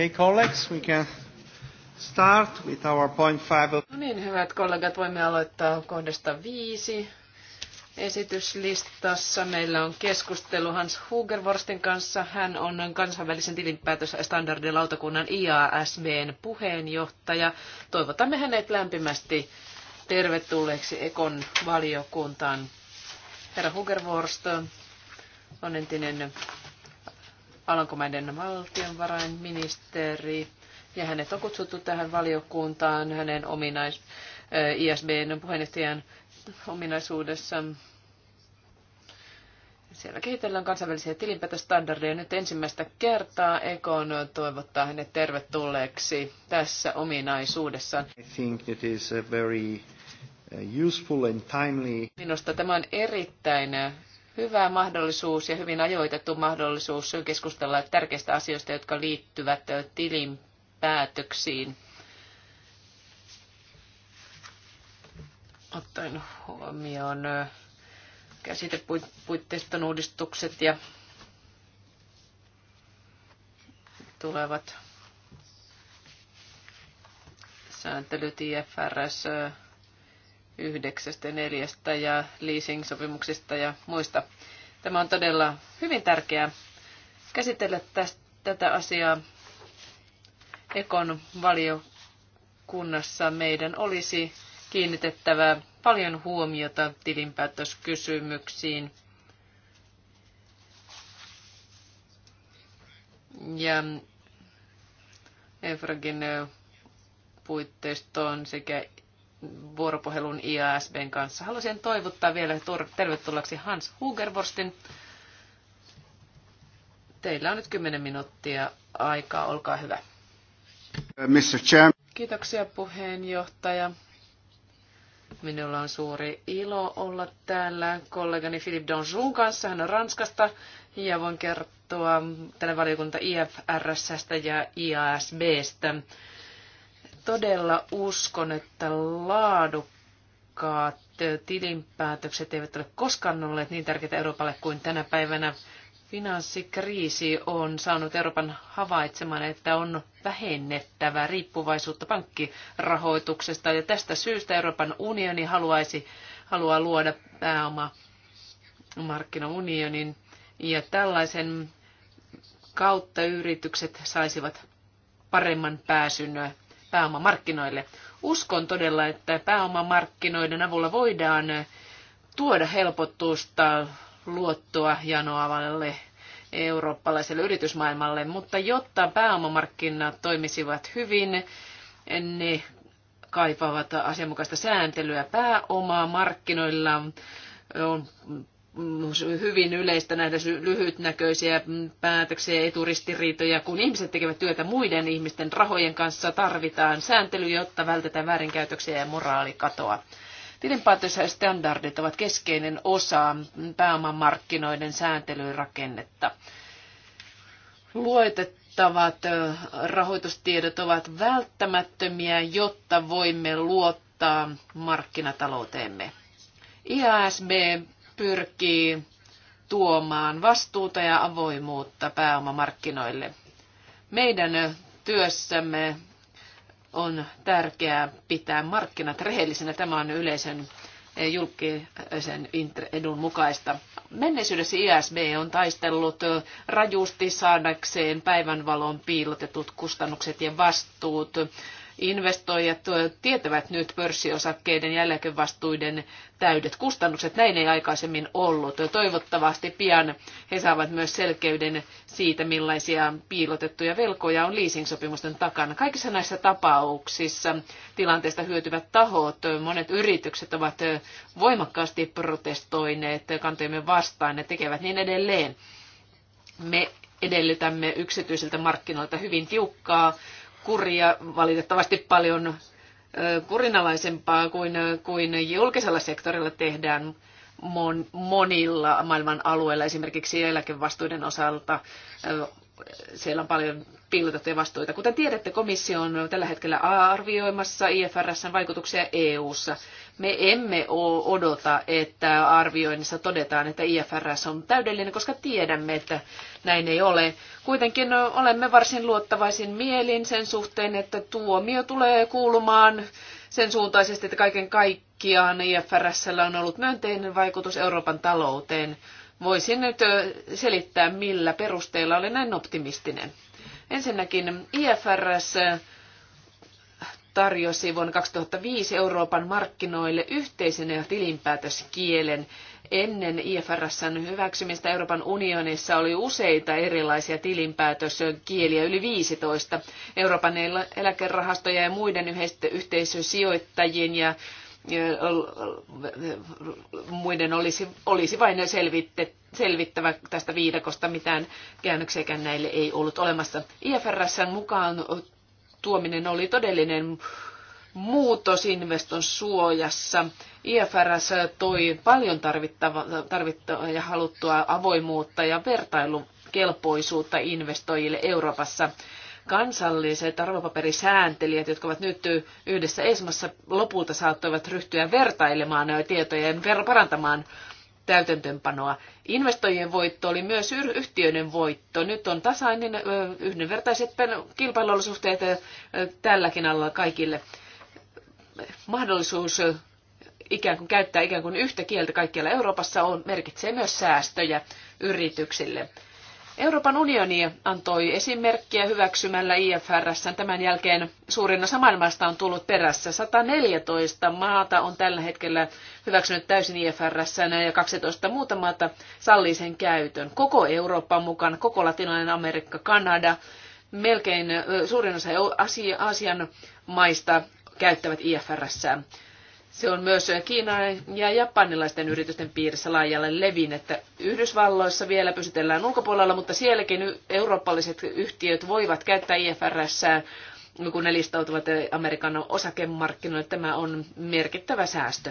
Okay, colleagues, we can start with our point five. No niin, hyvät kollegat, voimme aloittaa kohdasta viisi. Esityslistassa meillä on keskustelu Hans Hugervorstin kanssa. Hän on kansainvälisen standardilautakunnan IASBn puheenjohtaja. Toivotamme hänet lämpimästi tervetulleeksi Ekon valiokuntaan. Herra Hugervorst on entinen Alankomaiden valtionvarainministeri. Ja hänet on kutsuttu tähän valiokuntaan hänen ominais, eh, ISBn puheenjohtajan ominaisuudessa. Siellä kehitellään kansainvälisiä tilinpäätöstandardeja. Nyt ensimmäistä kertaa Ekon toivottaa hänet tervetulleeksi tässä ominaisuudessaan. I think it is a very eh, useful and timely. Minusta tämä on erittäin hyvä mahdollisuus ja hyvin ajoitettu mahdollisuus keskustella tärkeistä asioista, jotka liittyvät tilinpäätöksiin. Ottaen huomioon käsitepuitteiston uudistukset ja tulevat sääntelyt IFRS yhdeksästä neljästä ja leasing-sopimuksista ja muista. Tämä on todella hyvin tärkeää käsitellä tästä, tätä asiaa Ekon valiokunnassa. Meidän olisi kiinnitettävä paljon huomiota tilinpäätöskysymyksiin. Ja Efragin puitteistoon sekä vuoropuhelun IASBn kanssa. Haluaisin toivottaa vielä tervetulleeksi Hans Hugervorstin. Teillä on nyt 10 minuuttia aikaa, olkaa hyvä. Mr. Chairman. Kiitoksia puheenjohtaja. Minulla on suuri ilo olla täällä kollegani Philippe Donjon kanssa. Hän on Ranskasta ja voin kertoa tänne valiokunta IFRS ja IASBstä todella uskon, että laadukkaat tilinpäätökset eivät ole koskaan olleet niin tärkeitä Euroopalle kuin tänä päivänä. Finanssikriisi on saanut Euroopan havaitsemaan, että on vähennettävä riippuvaisuutta pankkirahoituksesta ja tästä syystä Euroopan unioni haluaisi, haluaa luoda pääoma markkinaunionin ja tällaisen kautta yritykset saisivat paremman pääsyn pääomamarkkinoille. Uskon todella, että pääomamarkkinoiden avulla voidaan tuoda helpotusta luottoa janoavalle eurooppalaiselle yritysmaailmalle, mutta jotta pääomamarkkinat toimisivat hyvin, ne kaipaavat asianmukaista sääntelyä. Pääomamarkkinoilla on hyvin yleistä nähdä lyhytnäköisiä päätöksiä, eturistiriitoja. Kun ihmiset tekevät työtä muiden ihmisten rahojen kanssa, tarvitaan sääntely, jotta vältetään väärinkäytöksiä ja moraalikatoa. Tilinpäätössä standardit ovat keskeinen osa pääomamarkkinoiden sääntelyrakennetta. Luotettavat rahoitustiedot ovat välttämättömiä, jotta voimme luottaa markkinatalouteemme. IASB pyrkii tuomaan vastuuta ja avoimuutta pääomamarkkinoille. Meidän työssämme on tärkeää pitää markkinat rehellisinä. Tämä on yleisen eh, julkisen edun mukaista. Menneisyydessä ISB on taistellut eh, rajusti saadakseen päivänvalon piilotetut kustannukset ja vastuut investoijat tietävät nyt pörssiosakkeiden jälkevastuiden täydet kustannukset. Näin ei aikaisemmin ollut. Toivottavasti pian he saavat myös selkeyden siitä, millaisia piilotettuja velkoja on leasing-sopimusten takana. Kaikissa näissä tapauksissa tilanteesta hyötyvät tahot, monet yritykset ovat voimakkaasti protestoineet kantojemme vastaan ja tekevät niin edelleen. Me edellytämme yksityisiltä markkinoilta hyvin tiukkaa kuria valitettavasti paljon kurinalaisempaa kuin, kuin julkisella sektorilla tehdään monilla maailman alueilla, esimerkiksi eläkevastuiden osalta siellä on paljon piilotettuja vastuita. Kuten tiedätte, komissio on tällä hetkellä arvioimassa IFRSn vaikutuksia EU-ssa. Me emme odota, että arvioinnissa todetaan, että IFRS on täydellinen, koska tiedämme, että näin ei ole. Kuitenkin olemme varsin luottavaisin mielin sen suhteen, että tuomio tulee kuulumaan sen suuntaisesti, että kaiken kaikkiaan IFRSllä on ollut myönteinen vaikutus Euroopan talouteen – Voisin nyt selittää, millä perusteella olen näin optimistinen. Ensinnäkin IFRS tarjosi vuonna 2005 Euroopan markkinoille yhteisen ja tilinpäätöskielen. Ennen IFRSn hyväksymistä Euroopan unionissa oli useita erilaisia tilinpäätöskieliä, yli 15. Euroopan eläkerahastoja ja muiden yhteisösijoittajien ja muiden olisi, olisi vain selvitte, selvittävä tästä viidakosta, mitään käännöksiäkään näille ei ollut olemassa. IFRSn mukaan tuominen oli todellinen muutos investon suojassa. IFRS toi paljon tarvittavaa tarvittava ja haluttua avoimuutta ja vertailukelpoisuutta investoijille Euroopassa kansalliset arvopaperisääntelijät, jotka ovat nyt yhdessä ESMassa, lopulta saattoivat ryhtyä vertailemaan tietoja ja parantamaan täytäntöönpanoa. Investoijien voitto oli myös yhtiöiden voitto. Nyt on tasainen yhdenvertaiset kilpailuolosuhteet tälläkin alalla kaikille. Mahdollisuus ikään kuin käyttää ikään kuin yhtä kieltä kaikkialla Euroopassa on, merkitsee myös säästöjä yrityksille. Euroopan unioni antoi esimerkkiä hyväksymällä IFRS. Tämän jälkeen suurin osa maailmasta on tullut perässä. 114 maata on tällä hetkellä hyväksynyt täysin IFRS ja 12 muuta maata sallii sen käytön. Koko Eurooppa on mukana, koko Latinalainen Amerikka, Kanada, melkein suurin osa Aasian maista käyttävät IFRS. -sää se on myös Kiinan ja japanilaisten yritysten piirissä laajalle levin, että Yhdysvalloissa vielä pysytellään ulkopuolella, mutta sielläkin eurooppalaiset yhtiöt voivat käyttää IFRS, kun ne listautuvat Amerikan osakemarkkinoille. Tämä on merkittävä säästö.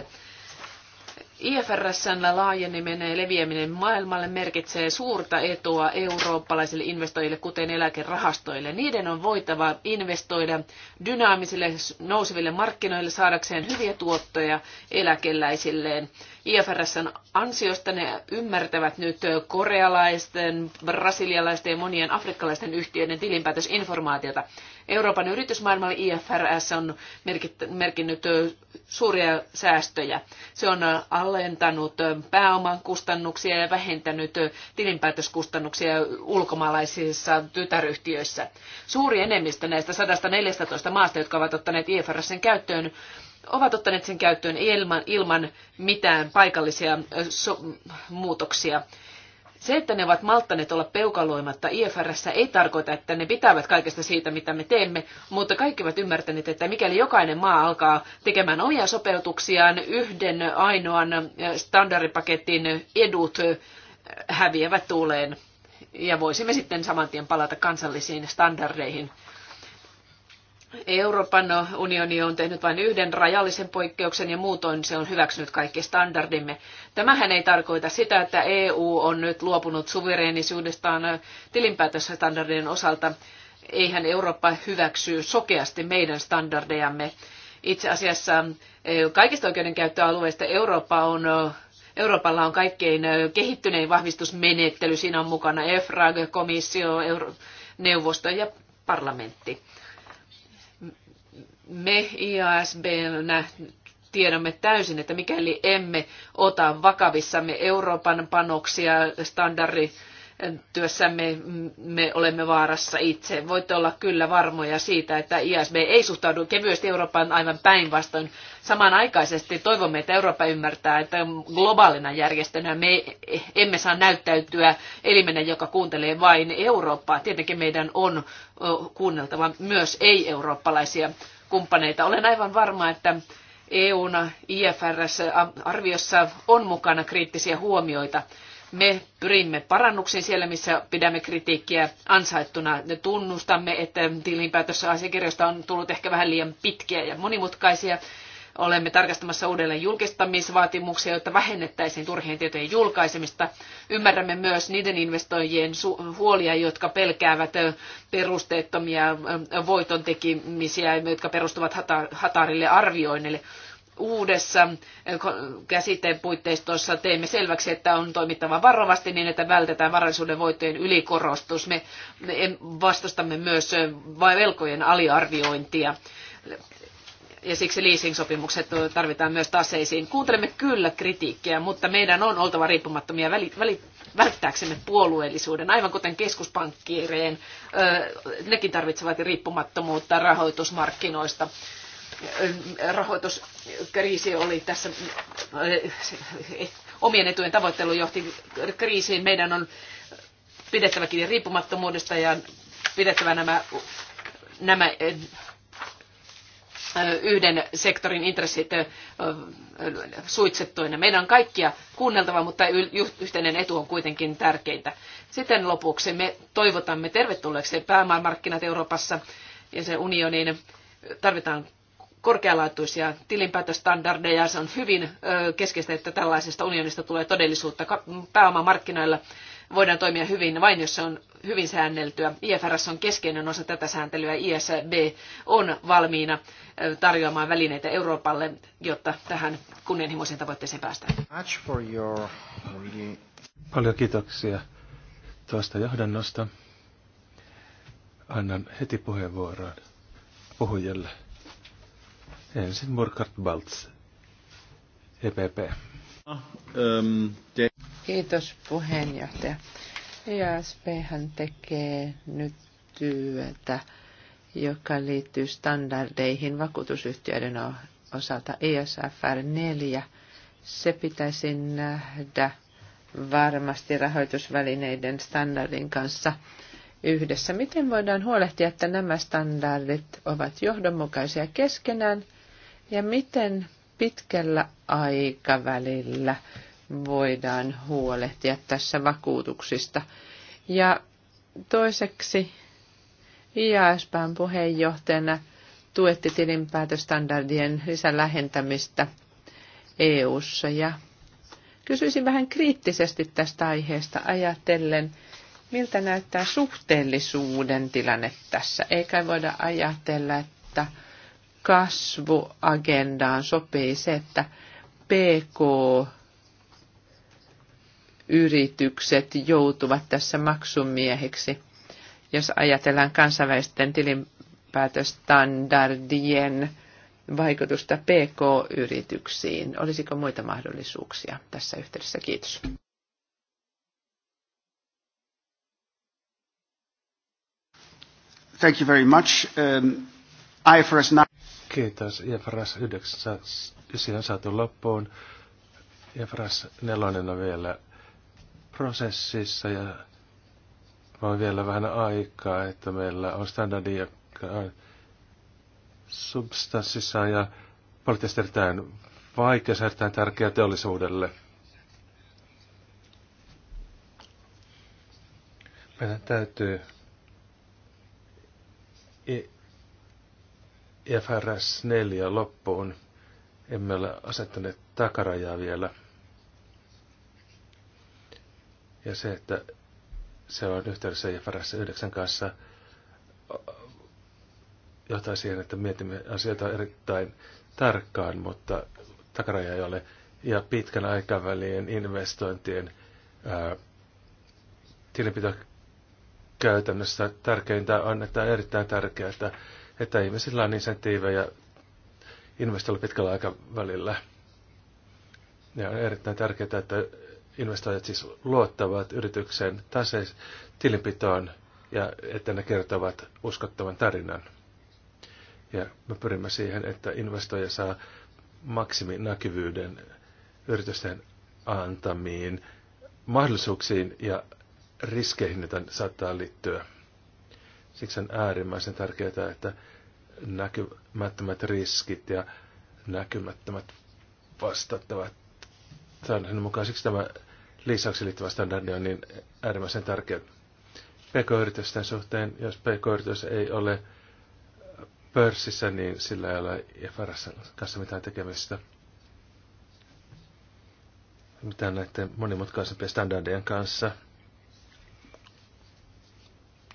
IFRSn laajeneminen ja leviäminen maailmalle merkitsee suurta etua eurooppalaisille investoijille, kuten eläkerahastoille. Niiden on voitava investoida dynaamisille nouseville markkinoille saadakseen hyviä tuottoja eläkeläisilleen IFRSn ansiosta ne ymmärtävät nyt korealaisten, brasilialaisten ja monien afrikkalaisten yhtiöiden tilinpäätösinformaatiota. Euroopan yritysmaailmalle IFRS on merkinnyt suuria säästöjä. Se on alentanut pääoman kustannuksia ja vähentänyt tilinpäätöskustannuksia ulkomaalaisissa tytäryhtiöissä. Suuri enemmistö näistä 114 maasta, jotka ovat ottaneet IFRSn käyttöön, ovat ottaneet sen käyttöön ilman, ilman mitään paikallisia so- muutoksia. Se, että ne ovat malttaneet olla peukaloimatta IFRssä ei tarkoita, että ne pitävät kaikesta siitä, mitä me teemme, mutta kaikki ovat ymmärtäneet, että mikäli jokainen maa alkaa tekemään omia sopeutuksiaan, yhden ainoan standardipaketin edut häviävät tuuleen. Ja voisimme sitten saman tien palata kansallisiin standardeihin Euroopan unioni on tehnyt vain yhden rajallisen poikkeuksen ja muutoin se on hyväksynyt kaikki standardimme. Tämähän ei tarkoita sitä, että EU on nyt luopunut suvereenisuudestaan tilinpäätösstandardien osalta. Eihän Eurooppa hyväksy sokeasti meidän standardejamme. Itse asiassa e, kaikista oikeudenkäyttöalueista Eurooppa on Euroopalla on kaikkein e, kehittynein vahvistusmenettely. Siinä on mukana EFRAG, komissio, Euro- neuvosto ja parlamentti me IASBnä tiedämme täysin, että mikäli emme ota vakavissamme Euroopan panoksia standardi työssämme me olemme vaarassa itse. Voitte olla kyllä varmoja siitä, että ISB ei suhtaudu kevyesti Euroopan aivan päinvastoin. Samanaikaisesti toivomme, että Eurooppa ymmärtää, että globaalina järjestönä me emme saa näyttäytyä elimenä, joka kuuntelee vain Eurooppaa. Tietenkin meidän on kuunneltava myös ei-eurooppalaisia kumppaneita. Olen aivan varma, että EUn IFRS-arviossa on mukana kriittisiä huomioita me pyrimme parannuksiin siellä, missä pidämme kritiikkiä ansaittuna. Me tunnustamme, että tilinpäätösasiakirjoista on tullut ehkä vähän liian pitkiä ja monimutkaisia. Olemme tarkastamassa uudelleen julkistamisvaatimuksia, jotta vähennettäisiin turhien tietojen julkaisemista. Ymmärrämme myös niiden investoijien huolia, jotka pelkäävät perusteettomia voiton tekemisiä, jotka perustuvat hata- hatarille arvioinnille uudessa eh, käsitteen puitteistossa teemme selväksi, että on toimittava varovasti niin, että vältetään varallisuuden voittojen ylikorostus. Me vastustamme myös eh, velkojen aliarviointia ja siksi leasing-sopimukset eh, tarvitaan myös taseisiin. Kuuntelemme kyllä kritiikkiä, mutta meidän on oltava riippumattomia väli, väli, välttääksemme puolueellisuuden, aivan kuten keskuspankkiireen. nekin tarvitsevat riippumattomuutta rahoitusmarkkinoista rahoituskriisi oli tässä eh, omien etujen tavoittelu johti kriisiin. Meidän on pidettävä kiinni riippumattomuudesta ja pidettävä nämä, nämä eh, yhden sektorin intressit eh, suitsettuina. Meidän on kaikkia kuunneltava, mutta yhteinen etu on kuitenkin tärkeintä. Sitten lopuksi me toivotamme tervetulleeksi päämaamarkkinat Euroopassa ja se unioniin. Tarvitaan korkealaatuisia tilinpäätöstandardeja. Se on hyvin keskeistä, että tällaisesta unionista tulee todellisuutta. Pääomamarkkinoilla voidaan toimia hyvin vain, jos se on hyvin säänneltyä. IFRS on keskeinen osa tätä sääntelyä. ISB on valmiina tarjoamaan välineitä Euroopalle, jotta tähän kunnianhimoiseen tavoitteeseen päästään. Paljon kiitoksia tuosta johdannosta. Annan heti puheenvuoron puhujalle. Ensin Burkhard Baltz, EPP. Kiitos puheenjohtaja. EASP tekee nyt työtä, joka liittyy standardeihin vakuutusyhtiöiden osalta ESFR 4. Se pitäisi nähdä varmasti rahoitusvälineiden standardin kanssa yhdessä. Miten voidaan huolehtia, että nämä standardit ovat johdonmukaisia keskenään – ja miten pitkällä aikavälillä voidaan huolehtia tässä vakuutuksista? Ja toiseksi IASPn puheenjohtajana tuetti tilinpäätöstandardien lisälähentämistä EU-ssa ja kysyisin vähän kriittisesti tästä aiheesta ajatellen, miltä näyttää suhteellisuuden tilanne tässä. Eikä voida ajatella, että kasvuagendaan sopii se, että PK yritykset joutuvat tässä maksumieheksi, Jos ajatellaan kansainvälisten tilinpäätöstandardien vaikutusta PK-yrityksiin, olisiko muita mahdollisuuksia tässä yhteydessä? Kiitos. Thank you very much. Um, IFRS 9. Kiitos. Jefras 9, on saatu loppuun. Jefras 4 on vielä prosessissa ja on vielä vähän aikaa, että meillä on standardi, joka on substanssissa ja poliittisesti erittäin vaikea, erittäin tärkeä teollisuudelle. Meidän täytyy FRS 4 loppuun. Emme ole asettaneet takarajaa vielä. Ja se, että se on yhteydessä FRS 9 kanssa, johtaa siihen, että mietimme asioita erittäin tarkkaan, mutta takaraja ei ole. Ja pitkän aikavälin investointien ää, tilinpito käytännössä tärkeintä on, että on erittäin tärkeää, että että ihmisillä on insentiivejä investoilla pitkällä aikavälillä. Ja on erittäin tärkeää, että investoijat siis luottavat yrityksen tase tilinpitoon ja että ne kertovat uskottavan tarinan. Ja me pyrimme siihen, että investoija saa maksiminäkyvyyden yritysten antamiin mahdollisuuksiin ja riskeihin, joita saattaa liittyä. Siksi on äärimmäisen tärkeää, että näkymättömät riskit ja näkymättömät vastattavat standardin mukaan. Siksi tämä lisäksi liittyvä standardi on niin äärimmäisen tärkeä pk-yritysten suhteen. Jos pk-yritys ei ole pörssissä, niin sillä ei ole IFRS kanssa mitään tekemistä. Mitään näiden monimutkaisempien standardien kanssa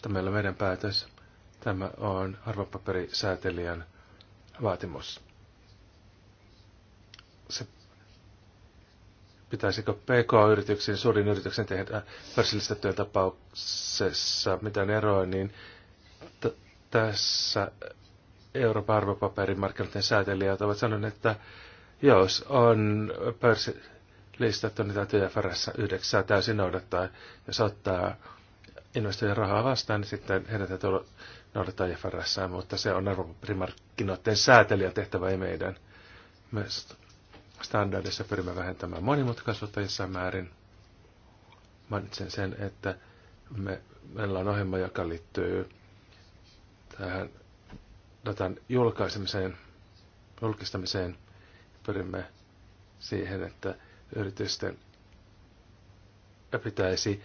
mutta meillä on meidän päätös. Tämä on arvopaperisäätelijän vaatimus. Se pitäisikö PK-yrityksiin, suurin yrityksen tehdä pörssillistä tapauksessa mitään eroa, niin tässä Euroopan arvopaperimarkkinoiden säätelijät ovat sanoneet, että jos on pörssilistattu, niin täytyy FRS 9 täysin noudattaa, jos ottaa investoida rahaa vastaan, niin sitten heidän täytyy noudattaa IFRS, mutta se on arvopaperimarkkinoiden säätelijän tehtävä, ei meidän. Me standardissa pyrimme vähentämään monimutkaisuutta jossain määrin. Mainitsen sen, että me, meillä on ohjelma, joka liittyy tähän datan julkaisemiseen, julkistamiseen. Pyrimme siihen, että yritysten pitäisi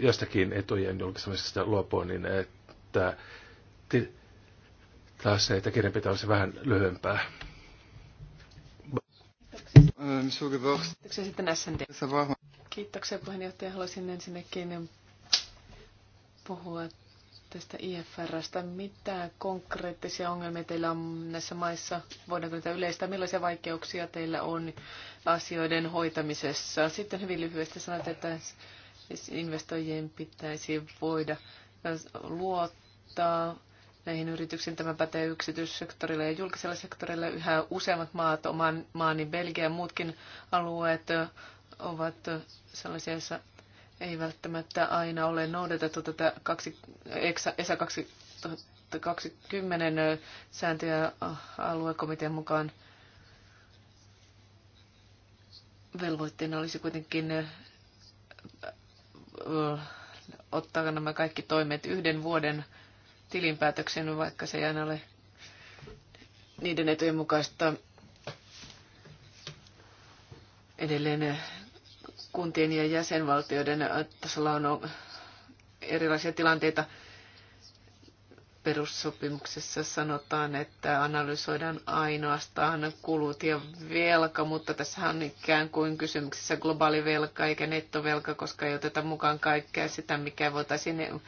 jostakin etujen julkisemisesta luopua, niin että taas se, että kirjan pitää olla vähän lyhyempää. Kiitoksia sitten SND. Kiitoksia puheenjohtaja. Haluaisin ensinnäkin puhua tästä IFRstä. Mitä konkreettisia ongelmia teillä on näissä maissa? Voidaanko niitä yleistä? Millaisia vaikeuksia teillä on asioiden hoitamisessa? Sitten hyvin lyhyesti sanoit, että Siis investoijien pitäisi voida luottaa näihin yrityksiin. Tämä pätee yksityissektorille ja julkisella sektorille Yhä useammat maat, oman maani Belgia ja muutkin alueet ovat sellaisia, joissa ei välttämättä aina ole noudatettu tätä kaksi, ESA 2020 sääntöjä aluekomitean mukaan. Velvoitteena olisi kuitenkin ottaa nämä kaikki toimet yhden vuoden tilinpäätöksen, vaikka se ei aina ole niiden etujen mukaista. Edelleen kuntien ja jäsenvaltioiden tasolla on erilaisia tilanteita perussopimuksessa sanotaan, että analysoidaan ainoastaan kulut ja velka, mutta tässä on ikään kuin kysymyksessä globaali velka eikä nettovelka, koska ei oteta mukaan kaikkea sitä, mikä voitaisiin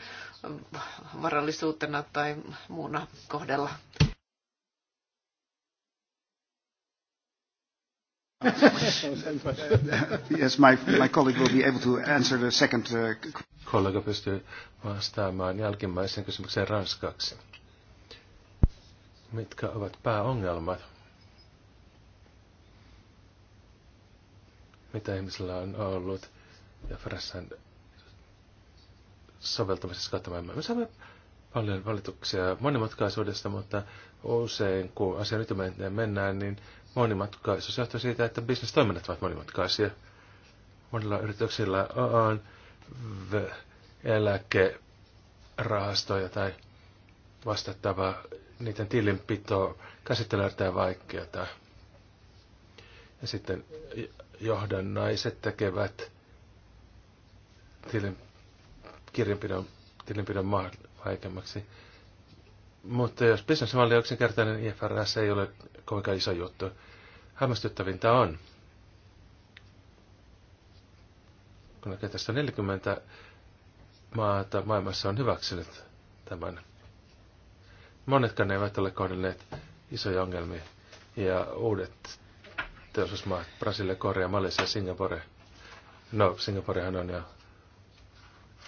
varallisuutena tai muuna kohdella. yes, my, my colleague will be able to answer the second... Uh... Kollega pystyy vastaamaan jälkimmäisen kysymykseen ranskaksi. Mitkä ovat pääongelmat? Mitä ihmisillä on ollut? Ja Frassan soveltamisessa katsomaan. Me saamme paljon valituksia monimutkaisuudesta, mutta usein kun asian ytimeen mennään, niin monimutkaisuus johtuu siitä, että bisnestoiminnat ovat monimutkaisia. Monilla yrityksillä on eläkerahastoja tai vastattava, Niiden tilinpito käsittelee erittäin vaikeata. Ja sitten johdannaiset tekevät tilin, kirjanpidon, tilinpidon vaikeammaksi. Mutta jos bisnesmalli on yksinkertainen, IFRS ei ole kovinkaan iso juttu. Hämmästyttävintä on, kun näkee tästä 40 maata maailmassa on hyväksynyt tämän. Monetkaan eivät ole kohdanneet isoja ongelmia. Ja uudet teollisuusmaat, Brasilia, Korea, Malesia, Singapore. No, Singaporehan on jo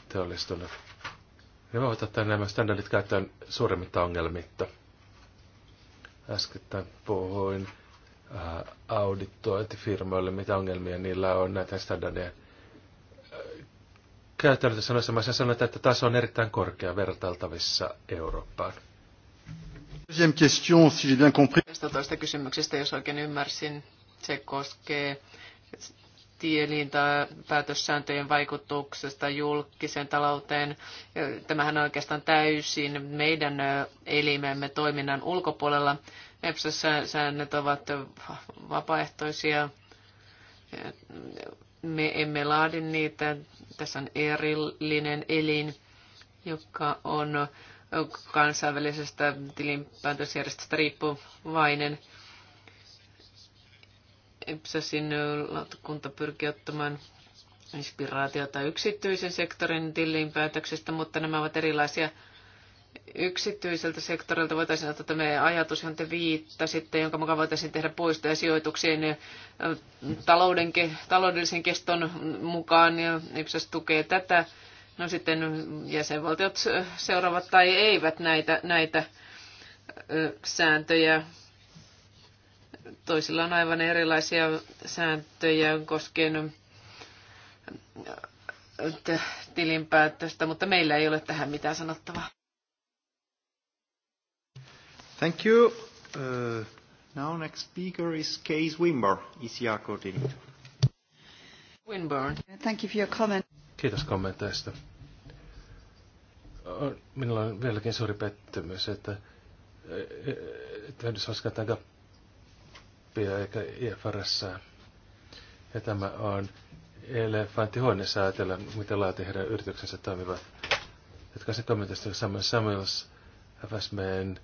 teollistunut ne voivat ottaa nämä standardit käyttöön suuremmitta ongelmitta. Äskettäin puhuin äh, auditointifirmoille, mitä ongelmia niillä on näitä standardeja. Äh, käytännössä sanoissa mä sanoin, että taso on erittäin korkea vertailtavissa Eurooppaan. Deuxième question, si j'ai bien compris. Toista kysymyksestä, jos oikein ymmärsin, se koskee tilinpäätössääntöjen vaikutuksesta julkiseen talouteen. Tämähän on oikeastaan täysin meidän elimemme toiminnan ulkopuolella. EPSA-säännöt ovat vapaaehtoisia. Me emme laadi niitä. Tässä on erillinen elin, joka on kansainvälisestä tilinpäätösjärjestöstä riippuvainen Ipsasin lautakunta pyrki ottamaan inspiraatiota yksityisen sektorin päätöksestä, mutta nämä ovat erilaisia yksityiseltä sektorilta voitaisiin ottaa tämä ajatus, johon te viittasitte, jonka mukaan voitaisiin tehdä poistoja sijoituksien talouden, taloudellisen keston mukaan, ja Ipsas tukee tätä. No sitten jäsenvaltiot seuraavat tai eivät näitä, näitä sääntöjä. Toisilla on aivan erilaisia sääntöjä koskien äh, tilinpäätöstä, mutta meillä ei ole tähän mitään sanottavaa. Thank you. Uh, now next speaker is Case Wimber, ecr coordinator. Winburn. Thank you for your comment. Kiitos kommenteista. Minulla on vieläkin suuri pettymys, että, että Yhdysvallat oppia eikä IFRS. Ja tämä on elefanttihuoneessa säätellä, miten laa tehdä yrityksensä toimivat. Jotka se kommentoista Samuel Samuels, FSBn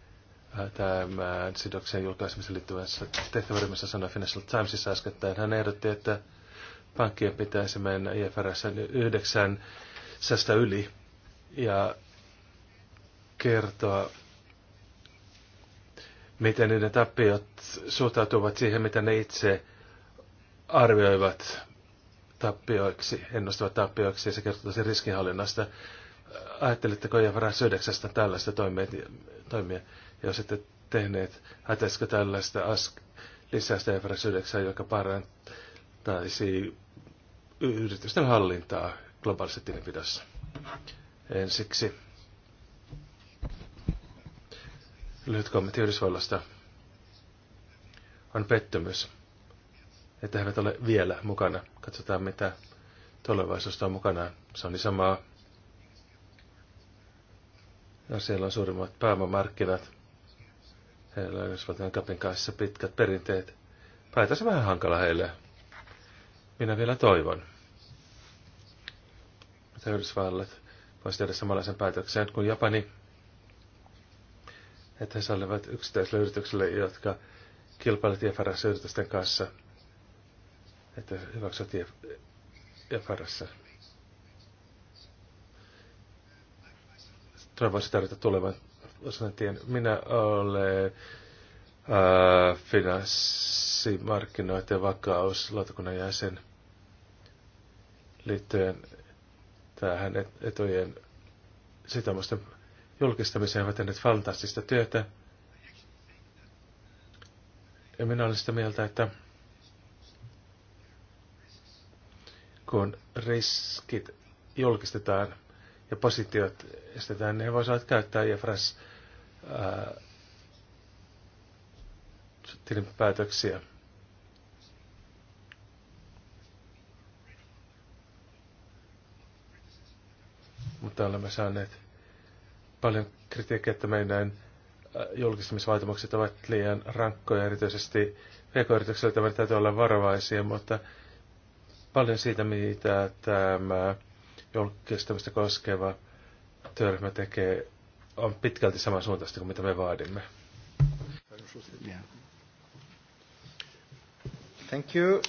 äh, tämän sidoksen julkaisemisen liittyvässä tehtäväryhmässä sanoi Financial Timesissa äskettäin. Hän ehdotti, että pankkien pitäisi mennä IFRS 9 yli ja kertoa miten niiden tappiot suhtautuvat siihen, mitä ne itse arvioivat tappioiksi, ennustavat tappioiksi, ja se kertoo sen riskinhallinnasta. Ajattelitteko varaa 9 tällaista toimia, toimia jos ette tehneet, ajattelisiko tällaista ask- lisäystä IFRS 9, joka parantaisi yritysten hallintaa globaalissa tilinpidossa? Ensiksi Lyhyt kommentti Yhdysvallasta. On pettymys, että he eivät ole vielä mukana. Katsotaan, mitä tulevaisuus on mukana. Se on niin samaa. Ja siellä on suurimmat pääomamarkkinat. Heillä on Yhdysvaltain kapin kanssa pitkät perinteet. Päätä se vähän hankala heille. Minä vielä toivon, että Yhdysvallat voisi tehdä samanlaisen päätöksen kuin Japani että he sallivat yksittäisille yrityksille, jotka kilpailivat IFRS-yritysten kanssa, että hyväksyvät IFRS. Toivoisin tarjota tulevan osantien. Minä olen ää, finanssimarkkinoiden vakauslautakunnan jäsen liittyen tähän etujen sitomusten julkistamiseen ovat tehneet fantastista työtä. Ja minä olen sitä mieltä, että kun riskit julkistetaan ja positiot estetään, niin he voisivat käyttää IFRS tilinpäätöksiä. Mutta olemme saaneet paljon kritiikkiä, että meidän äh, julkistamisvaatimukset ovat liian rankkoja, erityisesti pk-yrityksellä tämä täytyy olla varovaisia, mutta paljon siitä, mitä tämä julkistamista koskeva työryhmä tekee, on pitkälti samansuuntaista kuin mitä me vaadimme. Thank you.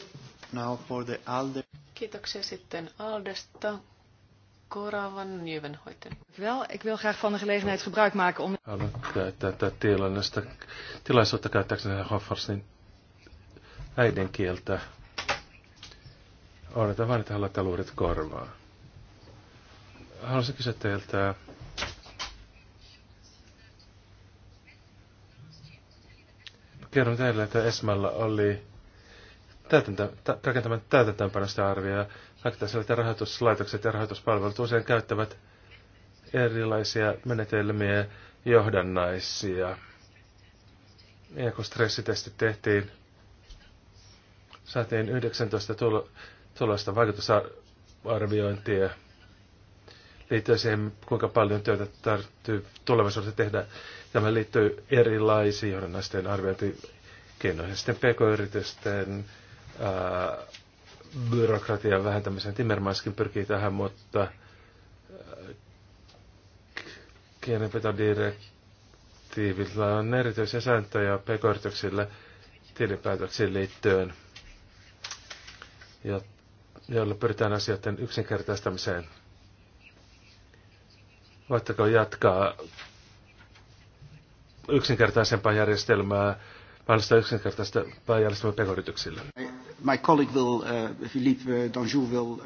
Now for the ALDE. Kiitoksia sitten Aldesta. Cora van Nieuwenhoiten. Wel, ik wil graag van de gelegenheid gebruik maken om... Haluan käyttää tilannesta, tilaisuutta käyttääkseni Hoffarsnin äidinkieltä. Odotan vain, että haluatte luurit korvaa. Haluaisin kysyä teiltä, kerron teille, että Esmalla oli täytäntä, rakentaminen täytäntöönpanosta arvio Aktiiviset ja rahoituslaitokset ja rahoituspalvelut usein käyttävät erilaisia menetelmiä johdannaisia. Ja kun stressitesti tehtiin, saatiin 19 tulosta vaikutusarviointia liittyen siihen, kuinka paljon työtä tarvitsee tulevaisuudessa tehdä. Tämä liittyy erilaisiin johdannaisten arviointikeinoihin. Sitten pk-yritysten byrokratian vähentämiseen. Timmermanskin pyrkii tähän, mutta äh, kielenpitodirektiivillä on erityisiä sääntöjä pk-yrityksille tilinpäätöksiin liittyen, joilla pyritään asioiden yksinkertaistamiseen. Voitteko jatkaa yksinkertaisempaa järjestelmää, mahdollista yksinkertaista järjestelmää pk my colleague will, uh, Philippe uh, Danjou will... Uh...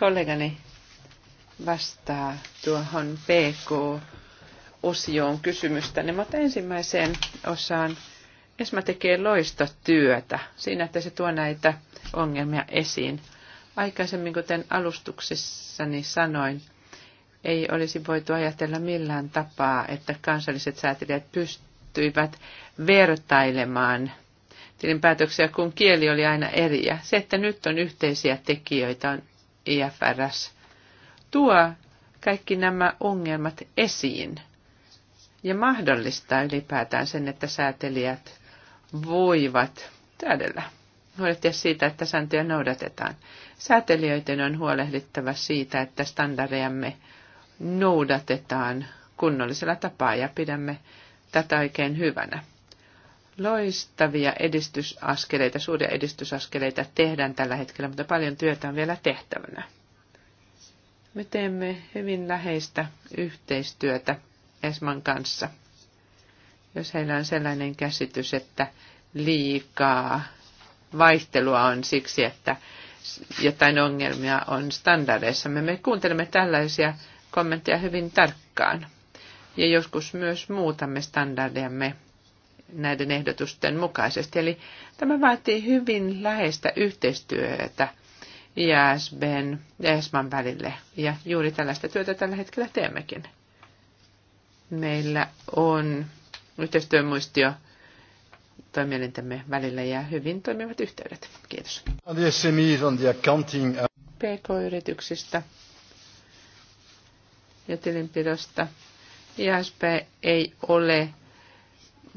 Kollegani vastaa tuohon PK-osioon kysymystä, niin mutta ensimmäiseen osaan ESMA tekee työtä siinä, että se tuo näitä ongelmia esiin. Aikaisemmin, kuten alustuksessani sanoin, ei olisi voitu ajatella millään tapaa, että kansalliset säätelijät pystyivät vertailemaan – tilinpäätöksiä, kun kieli oli aina eriä. Se, että nyt on yhteisiä tekijöitä, on IFRS. Tuo kaikki nämä ongelmat esiin ja mahdollistaa ylipäätään sen, että säätelijät voivat täydellä huolehtia siitä, että sääntöjä noudatetaan. Säätelijöiden on huolehdittava siitä, että standardejamme noudatetaan kunnollisella tapaa ja pidämme tätä oikein hyvänä. Loistavia edistysaskeleita, suuria edistysaskeleita tehdään tällä hetkellä, mutta paljon työtä on vielä tehtävänä. Me teemme hyvin läheistä yhteistyötä Esman kanssa, jos heillä on sellainen käsitys, että liikaa vaihtelua on siksi, että jotain ongelmia on standardeissa. Me kuuntelemme tällaisia kommentteja hyvin tarkkaan ja joskus myös muutamme standardejamme näiden ehdotusten mukaisesti. Eli tämä vaatii hyvin läheistä yhteistyötä IASBn ja ESMAn välille. Ja juuri tällaista työtä tällä hetkellä teemmekin. Meillä on yhteistyömuistio toimielintämme välillä ja hyvin toimivat yhteydet. Kiitos. PK-yrityksistä ja tilinpidosta. ISP ei ole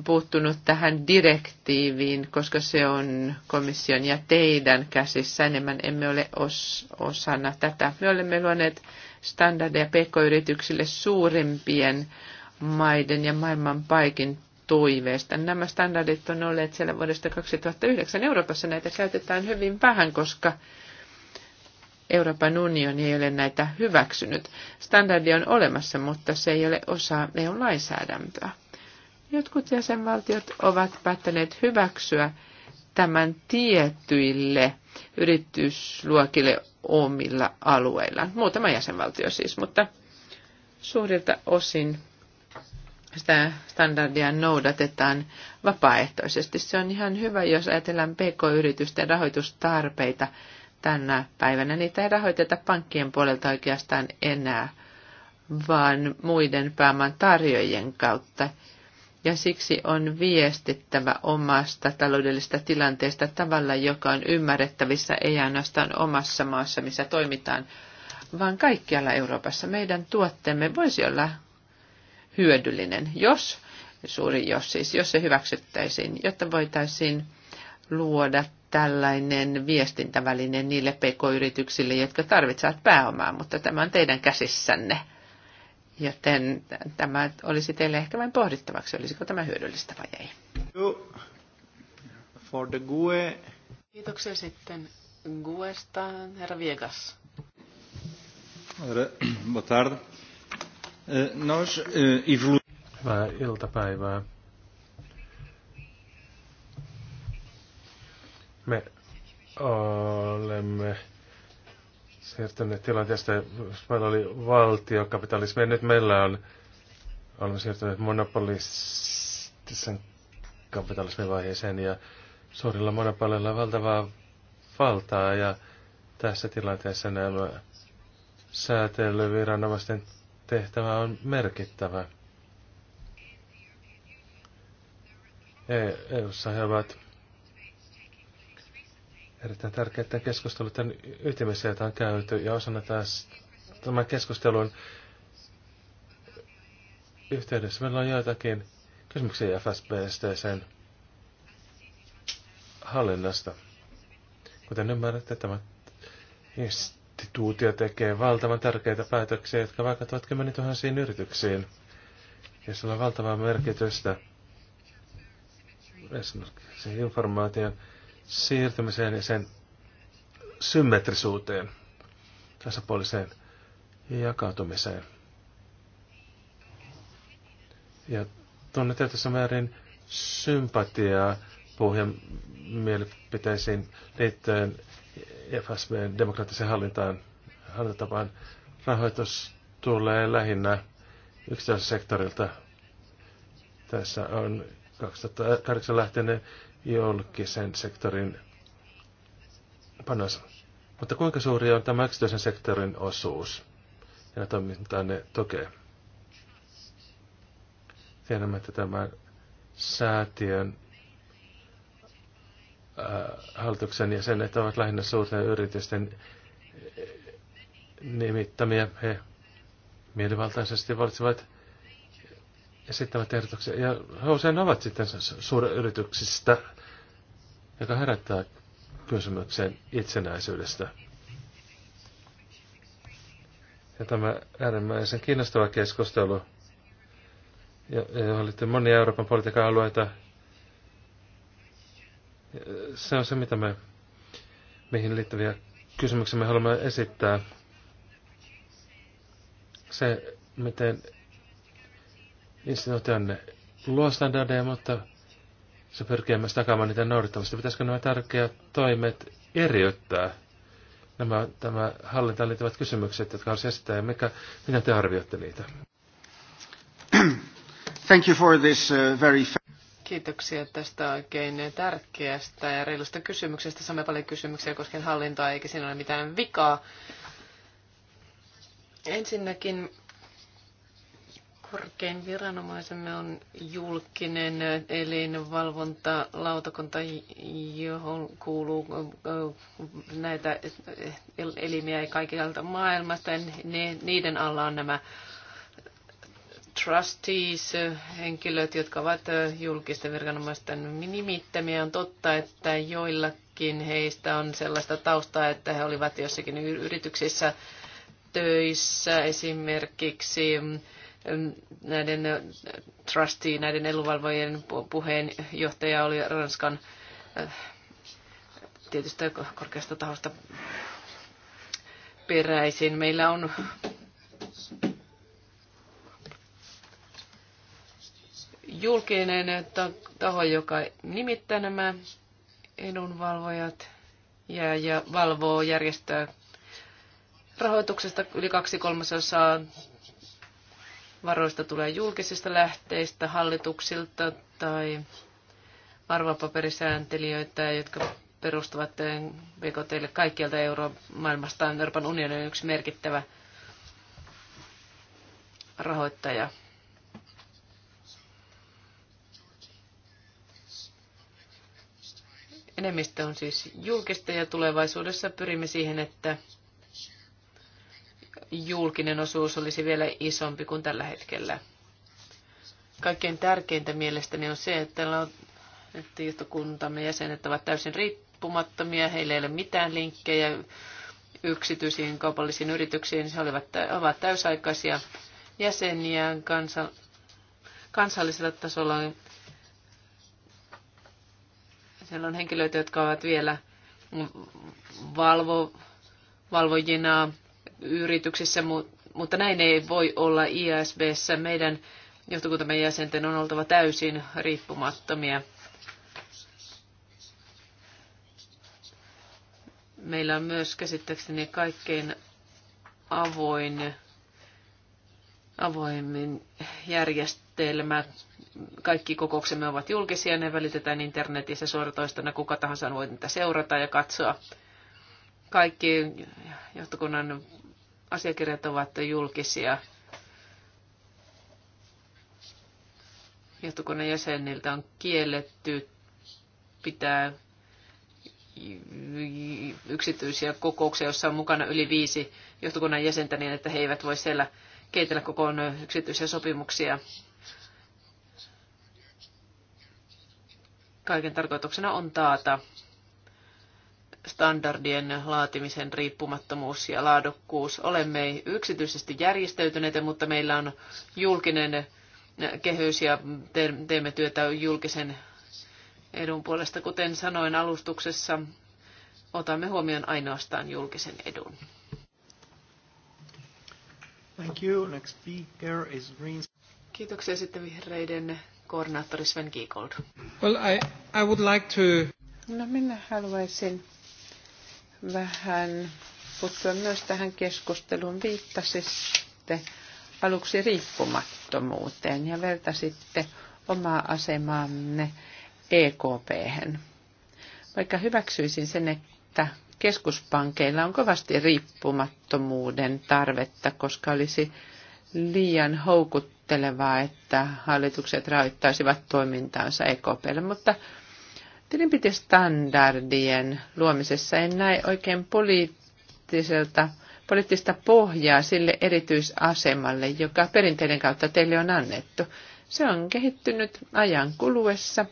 puuttunut tähän direktiiviin, koska se on komission ja teidän käsissä enemmän. Emme ole os, osana tätä. Me olemme luoneet standardeja pk-yrityksille suurimpien maiden ja maailman paikin toiveesta. Nämä standardit on olleet siellä vuodesta 2009. Euroopassa näitä käytetään hyvin vähän, koska Euroopan unioni ei ole näitä hyväksynyt. Standardi on olemassa, mutta se ei ole osa EU-lainsäädäntöä. Jotkut jäsenvaltiot ovat päättäneet hyväksyä tämän tiettyille yritysluokille omilla alueilla. Muutama jäsenvaltio siis, mutta suurilta osin sitä standardia noudatetaan vapaaehtoisesti. Se on ihan hyvä, jos ajatellaan pk-yritysten rahoitustarpeita tänä päivänä. Niitä ei rahoiteta pankkien puolelta oikeastaan enää, vaan muiden pääoman tarjoajien kautta, ja siksi on viestittävä omasta taloudellisesta tilanteesta tavalla, joka on ymmärrettävissä ei ainoastaan omassa maassa, missä toimitaan, vaan kaikkialla Euroopassa. Meidän tuotteemme voisi olla hyödyllinen, jos, suuri jos siis, jos se hyväksyttäisiin, jotta voitaisiin luoda tällainen viestintäväline niille pk-yrityksille, jotka tarvitsevat pääomaa, mutta tämä on teidän käsissänne. Joten tämä olisi teille ehkä vain pohdittavaksi, olisiko tämä hyödyllistä vai ei. For the GUE. Kiitoksia sitten GUEsta, herra Viegas. Eh, eh, Hyvää iltapäivää. Me olemme siirtyneet tilanteesta, jos meillä oli valtiokapitalismi, ja nyt meillä on, olemme siirtyneet monopolistisen kapitalismin vaiheeseen, ja suurilla monopoleilla valtavaa valtaa, ja tässä tilanteessa nämä säätelyviranomaisten tehtävä on merkittävä. E- EU-ssa he ovat erittäin tärkeiden keskusteluiden ytimessä, joita on käyty, ja osana taas tämän keskustelun yhteydessä meillä on joitakin kysymyksiä FSBstä ja sen hallinnasta. Kuten ymmärrätte, tämä instituutio tekee valtavan tärkeitä päätöksiä, jotka vaikuttavat kymmenituhansiin yrityksiin. Ja sillä on valtavaa merkitystä esimerkiksi informaation siirtymiseen ja sen symmetrisuuteen, tasapuoliseen jakautumiseen. Ja tunne tietyssä määrin sympatiaa puhujan mielipiteisiin liittyen FSBn demokraattiseen hallintaan, hallintatapaan Rahoitus tulee lähinnä yksityisellä sektorilta. Tässä on 2008 lähtenyt julkisen sektorin panos. Mutta kuinka suuri on tämä yksityisen sektorin osuus ja toimintaa ne tukee? Tiedämme, että tämä säätiön äh, hallituksen jäsenet ovat lähinnä suurten yritysten äh, nimittämiä. He mielivaltaisesti valitsevat esittämät ehdotuksia. Ja he usein ovat sitten suuryrityksistä joka herättää kysymyksen itsenäisyydestä. Ja tämä äärimmäisen kiinnostava keskustelu, johon liittyy monia Euroopan politiikan alueita, se on se, mitä me, mihin liittyviä kysymyksiä me haluamme esittää. Se, miten instituutio luo standardeja, mutta se pyrkii myös takaamaan niiden noudattamista. Pitäisikö nämä tärkeät toimet eriyttää? Nämä tämä hallintaan liittyvät kysymykset, jotka on esittää, ja mikä, miten te arvioitte niitä? Thank you for this uh, very Kiitoksia tästä oikein tärkeästä ja reilusta kysymyksestä. Saamme paljon kysymyksiä koskien hallintoa, eikä siinä ole mitään vikaa. Ensinnäkin Korkein viranomaisemme on julkinen elinvalvontalautakunta, johon kuuluu äh, näitä elimiä kaikilta maailmasta. niiden alla on nämä trustees, henkilöt, jotka ovat äh, julkisten viranomaisten nimittämiä. On totta, että joillakin heistä on sellaista taustaa, että he olivat jossakin yrityksissä töissä esimerkiksi mm, näiden trustee, näiden elunvalvojien puheenjohtaja oli Ranskan tietystä korkeasta tahosta peräisin. Meillä on julkinen taho, joka nimittää nämä edunvalvojat ja, ja valvoo järjestöä rahoituksesta yli kaksi kolmasosaa Varoista tulee julkisista lähteistä, hallituksilta tai arvopaperisääntelijöitä, jotka perustuvat BKTlle kaikkialta euromaailmasta. Euroopan unioni on yksi merkittävä rahoittaja. Enemmistö on siis julkista ja tulevaisuudessa pyrimme siihen, että julkinen osuus olisi vielä isompi kuin tällä hetkellä. Kaikkein tärkeintä mielestäni on se, että tietokuntamme jäsenet ovat täysin riippumattomia, heillä ei ole mitään linkkejä yksityisiin kaupallisiin yrityksiin, he olivat, ovat täysaikaisia jäseniä kansa, kansallisella tasolla. Siellä on henkilöitä, jotka ovat vielä valvo, valvojina yrityksissä, mutta näin ei voi olla ISBssä. Meidän johtokuntamme jäsenten on oltava täysin riippumattomia. Meillä on myös käsittääkseni kaikkein avoin, avoimin järjestelmä. Kaikki kokouksemme ovat julkisia, ne välitetään internetissä suoratoistona, kuka tahansa voi niitä seurata ja katsoa. Kaikki johtokunnan asiakirjat ovat julkisia. Johtokunnan jäseniltä on kielletty pitää yksityisiä kokouksia, joissa on mukana yli viisi johtokunnan jäsentä niin, että he eivät voi siellä keitellä kokoon yksityisiä sopimuksia. Kaiken tarkoituksena on taata standardien laatimisen riippumattomuus ja laadukkuus. Olemme yksityisesti järjestäytyneitä, mutta meillä on julkinen kehys ja teemme työtä julkisen edun puolesta. Kuten sanoin alustuksessa, otamme huomioon ainoastaan julkisen edun. Thank you. Next speaker is Green. Kiitoksia sitten vihreiden koordinaattori Sven Giegold. Well, I, I would like to... No minä haluaisin vähän puuttua myös tähän keskusteluun. Viittasitte aluksi riippumattomuuteen ja vertasitte omaa asemaamme ekp -hän. Vaikka hyväksyisin sen, että keskuspankeilla on kovasti riippumattomuuden tarvetta, koska olisi liian houkuttelevaa, että hallitukset rahoittaisivat toimintaansa EKPlle, mutta Tilinpitestandardien luomisessa en näe oikein poliittiselta, poliittista pohjaa sille erityisasemalle, joka perinteiden kautta teille on annettu. Se on kehittynyt ajan kuluessa.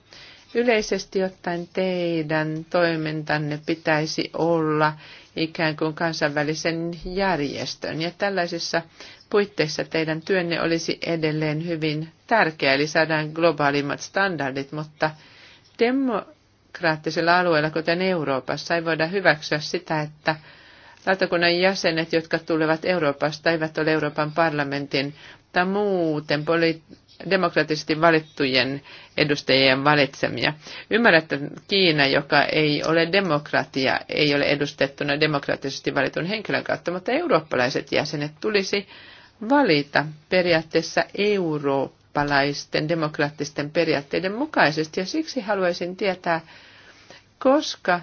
Yleisesti ottaen teidän toimintanne pitäisi olla ikään kuin kansainvälisen järjestön, ja tällaisissa puitteissa teidän työnne olisi edelleen hyvin tärkeä, eli saadaan globaalimmat standardit, mutta demo, demokraattisilla alueilla, kuten Euroopassa, ei voida hyväksyä sitä, että lautakunnan jäsenet, jotka tulevat Euroopasta, eivät ole Euroopan parlamentin tai muuten poli- demokraattisesti valittujen edustajien valitsemia. Ymmärrätte, että Kiina, joka ei ole demokratia, ei ole edustettuna demokraattisesti valitun henkilön kautta, mutta eurooppalaiset jäsenet tulisi valita periaatteessa eurooppalaisten demokraattisten periaatteiden mukaisesti. Ja siksi haluaisin tietää, koska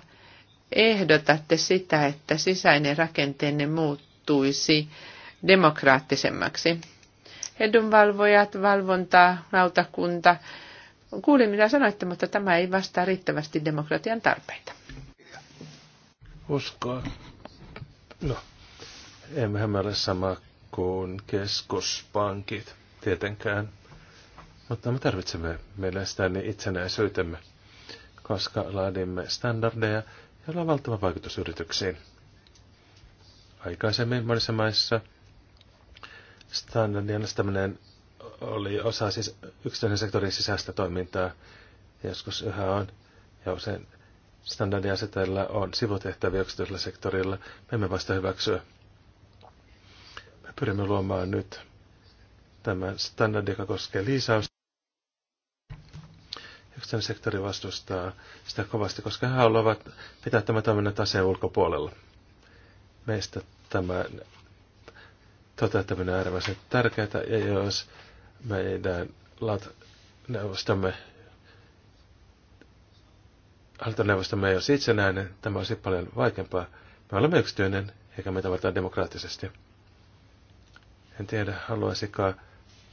ehdotatte sitä, että sisäinen rakenteenne muuttuisi demokraattisemmaksi? Edunvalvojat, valvonta, lautakunta. Kuulin, mitä sanoitte, mutta tämä ei vastaa riittävästi demokratian tarpeita. Uskoa. No, emmehän me ole sama kuin keskuspankit, tietenkään. Mutta me tarvitsemme mielestäni niin itsenäisyytemme koska laadimme standardeja, joilla on valtava vaikutus yrityksiin. Aikaisemmin monissa maissa standardien nostaminen oli osa siis yksityisen sektorin sisäistä toimintaa, joskus yhä on, ja usein standardiasetajilla on sivutehtäviä yksityisellä sektorilla, me emme vasta hyväksyä. Me pyrimme luomaan nyt tämän standardin, joka koskee liisausta yksityinen sektori vastustaa sitä kovasti, koska he haluavat pitää tämän toiminnan taseen ulkopuolella. Meistä tämä toteuttaminen on äärimmäisen tärkeää, ja jos meidän neuvostamme hallintoneuvostamme ei olisi itsenäinen, tämä olisi paljon vaikeampaa. Me olemme yksityinen, eikä meitä valtaan demokraattisesti. En tiedä, haluaisiko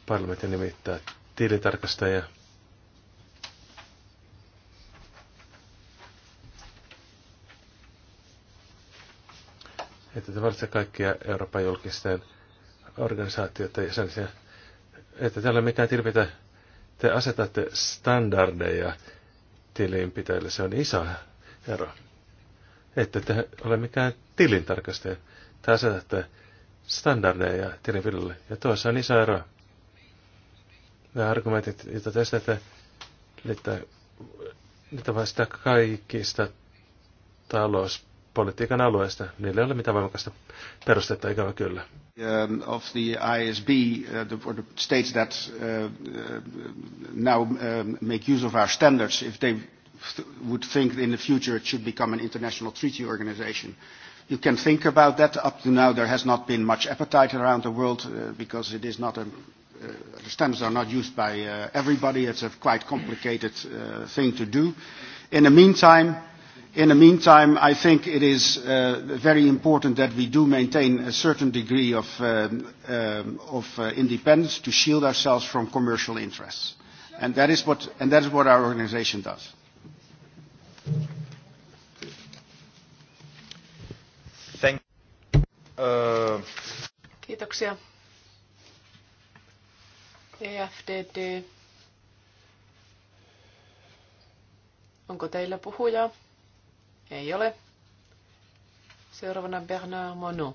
parlamentti nimittää tilitarkastajia. että te valitse kaikkia Euroopan julkisten organisaatioita ja sellaisia, että täällä mitään tilpitä, te asetatte standardeja tilinpitäjille, se on iso ero. Että te ole mikään tilintarkastaja, te asetatte standardeja tilinpidolle, ja tuossa on iso ero. Nämä argumentit, joita te esitätte, niitä, niitä vastaa kaikista talous politiikan alueesta. Niillä ei ole mitään voimakasta perustetta, ikävä kyllä. Um, of the ISB, uh, the, or the states that uh, uh now uh, make use of our standards, if they would think in the future it should become an international treaty organization. You can think about that. Up to now, there has not been much appetite around the world uh, because it is not a uh, the standards are not used by uh, everybody. It's a quite complicated uh, thing to do. In the meantime, In the meantime, I think it is uh, very important that we do maintain a certain degree of, uh, um, of uh, independence to shield ourselves from commercial interests. And that is what, and that is what our organization does. Thank uh. Kiitoksia. EFDD. Onko teillä puhujaa? Ei ole. Seuraavana Bernard Monod.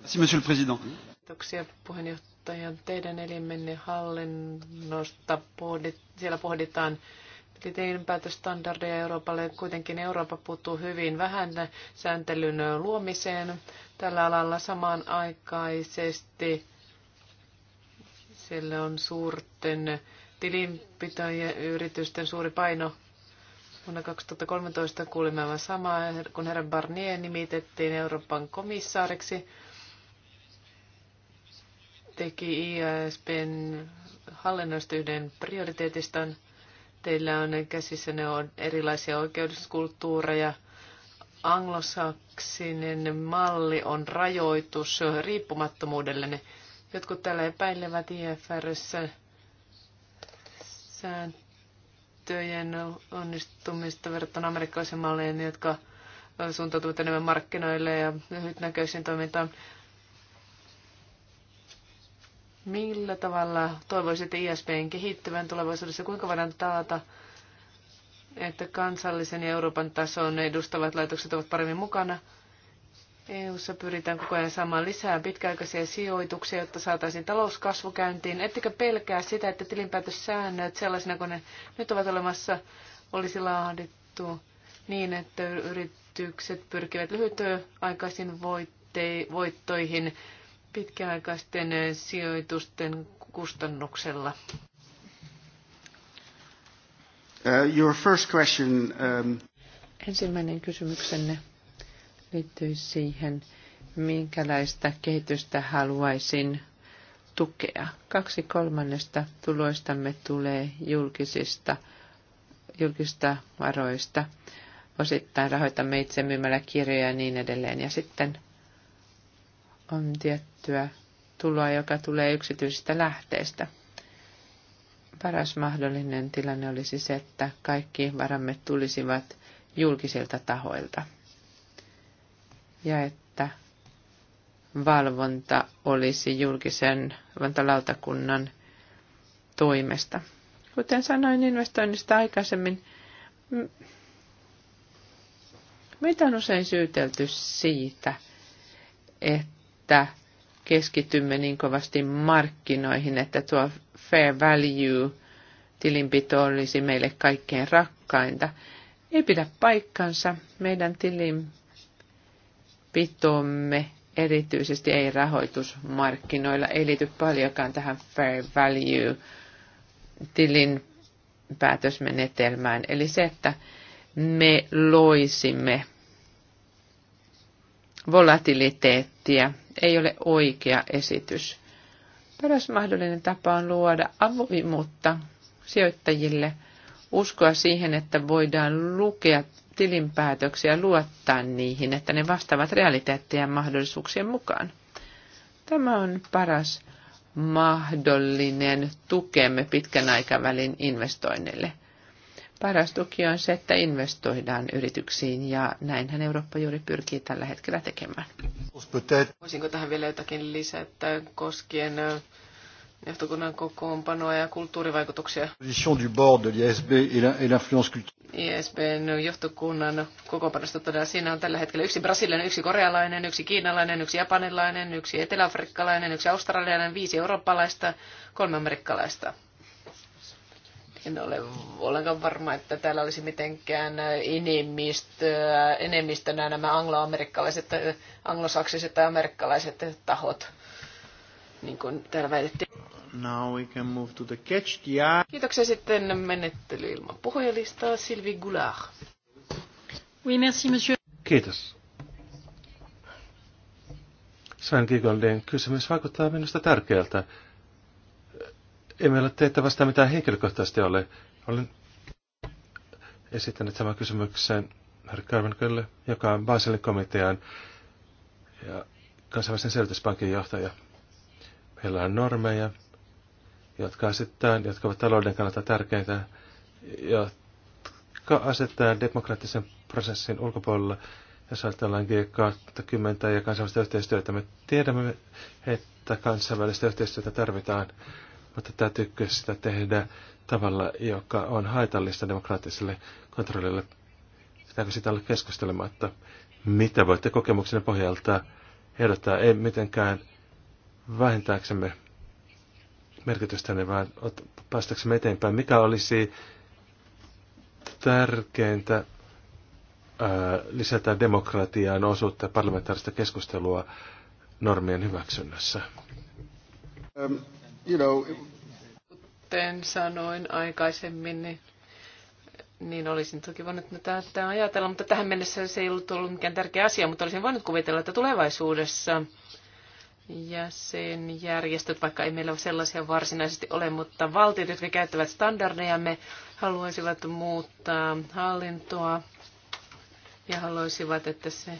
Merci, monsieur le président. Kiitoksia puheenjohtajan teidän elimenne hallinnosta. Siellä pohditaan tilinpäätöstandardeja Euroopalle. Kuitenkin Eurooppa puuttuu hyvin vähän sääntelyn luomiseen tällä alalla samanaikaisesti. Siellä on suurten tilinpitäjien yritysten suuri paino Vuonna 2013 kuulimme aivan samaa, kun herra Barnier nimitettiin Euroopan komissaariksi. Teki IASPn hallinnosta yhden prioriteetistaan. Teillä on käsissä ne on erilaisia oikeuskulttuureja. Anglosaksinen malli on rajoitus riippumattomuudelle. Jotkut täällä epäilevät IFRssä sääntöä työjen onnistumista verrattuna amerikkalaisiin malliin, jotka suuntautuvat enemmän markkinoille ja lyhytnäköisiin toimintaan. Millä tavalla toivoisitte ISPn kehittyvän tulevaisuudessa? Kuinka voidaan taata, että kansallisen ja Euroopan tason edustavat laitokset ovat paremmin mukana? EU-ssa pyritään koko ajan saamaan lisää pitkäaikaisia sijoituksia, jotta saataisiin talouskasvu käyntiin. Ettekö pelkää sitä, että tilinpäätössäännöt sellaisina kuin ne nyt ovat olemassa olisi laadittu niin, että yritykset pyrkivät lyhytaikaisiin voittoihin pitkäaikaisten sijoitusten kustannuksella? Uh, your first question, um... Ensimmäinen kysymyksenne liittyy siihen, minkälaista kehitystä haluaisin tukea. Kaksi kolmannesta tuloistamme tulee julkisista, julkista varoista. Osittain rahoitamme itse myymällä kirjoja ja niin edelleen. Ja sitten on tiettyä tuloa, joka tulee yksityisistä lähteistä. Paras mahdollinen tilanne olisi se, että kaikki varamme tulisivat julkisilta tahoilta – ja että valvonta olisi julkisen valvontalautakunnan toimesta. Kuten sanoin investoinnista aikaisemmin, meitä on usein syytelty siitä, että keskitymme niin kovasti markkinoihin, että tuo fair value tilinpito olisi meille kaikkein rakkainta. Ei pidä paikkansa. Meidän tilin pitomme erityisesti ei-rahoitusmarkkinoilla ei liity paljonkaan tähän fair value tilin päätösmenetelmään. Eli se, että me loisimme volatiliteettia, ei ole oikea esitys. Paras mahdollinen tapa on luoda avoimuutta sijoittajille, uskoa siihen, että voidaan lukea tilinpäätöksiä luottaa niihin, että ne vastaavat realiteetteja mahdollisuuksien mukaan. Tämä on paras mahdollinen tukemme pitkän aikavälin investoinneille. Paras tuki on se, että investoidaan yrityksiin ja näinhän Eurooppa juuri pyrkii tällä hetkellä tekemään. Voisinko tähän vielä jotakin lisätä koskien johtokunnan kokoonpanoa ja kulttuurivaikutuksia. Position du board de l'ISB et l'influence culturelle. ISBn johtokunnan kokoonpanosta todella siinä on tällä hetkellä yksi brasilialainen, yksi korealainen, yksi kiinalainen, yksi japanilainen, yksi eteläafrikkalainen, yksi australialainen, viisi eurooppalaista, kolme amerikkalaista. En ole ollenkaan varma, että täällä olisi mitenkään enemmistönä nämä angloamerikkalaiset, äh, anglosaksiset tai amerikkalaiset tahot, niin kuin täällä väitettiin. Now we can move to the catch the eye. Kiitoksia sitten menettely ilman puhujalistaa. Sylvie Goulard. Oui, merci, monsieur. Kiitos. Sven Gigoldin kysymys vaikuttaa minusta tärkeältä. Ei meillä teitä vastaan mitään henkilökohtaisesti ole. Olen esittänyt saman kysymyksen Harry Carvenkölle, joka on Baselin komitean ja kansainvälisen selvityspankin johtaja. Meillä on normeja, jotka asettaa, jotka ovat talouden kannalta tärkeitä, jotka asettaa demokraattisen prosessin ulkopuolella. Jos ajatellaan G20 ja kansainvälistä yhteistyötä, me tiedämme, että kansainvälistä yhteistyötä tarvitaan, mutta täytyykö sitä tehdä tavalla, joka on haitallista demokraattiselle kontrollille? Pitääkö sitä olla keskustelematta? Mitä voitte kokemuksen pohjalta ehdottaa? Ei mitenkään vähentääksemme merkitystäne, niin vaan päästäksemme eteenpäin. Mikä olisi tärkeintä lisätä demokratiaan osuutta parlamentaarista keskustelua normien hyväksynnässä? Um, you know... Kuten sanoin aikaisemmin, niin, niin olisin toki voinut tätä ajatella, mutta tähän mennessä se ei ollut ollut mikään tärkeä asia, mutta olisin voinut kuvitella, että tulevaisuudessa jäsenjärjestöt, vaikka ei meillä ole sellaisia varsinaisesti ole, mutta valtiot, jotka käyttävät standardejamme, haluaisivat muuttaa hallintoa ja haluaisivat, että se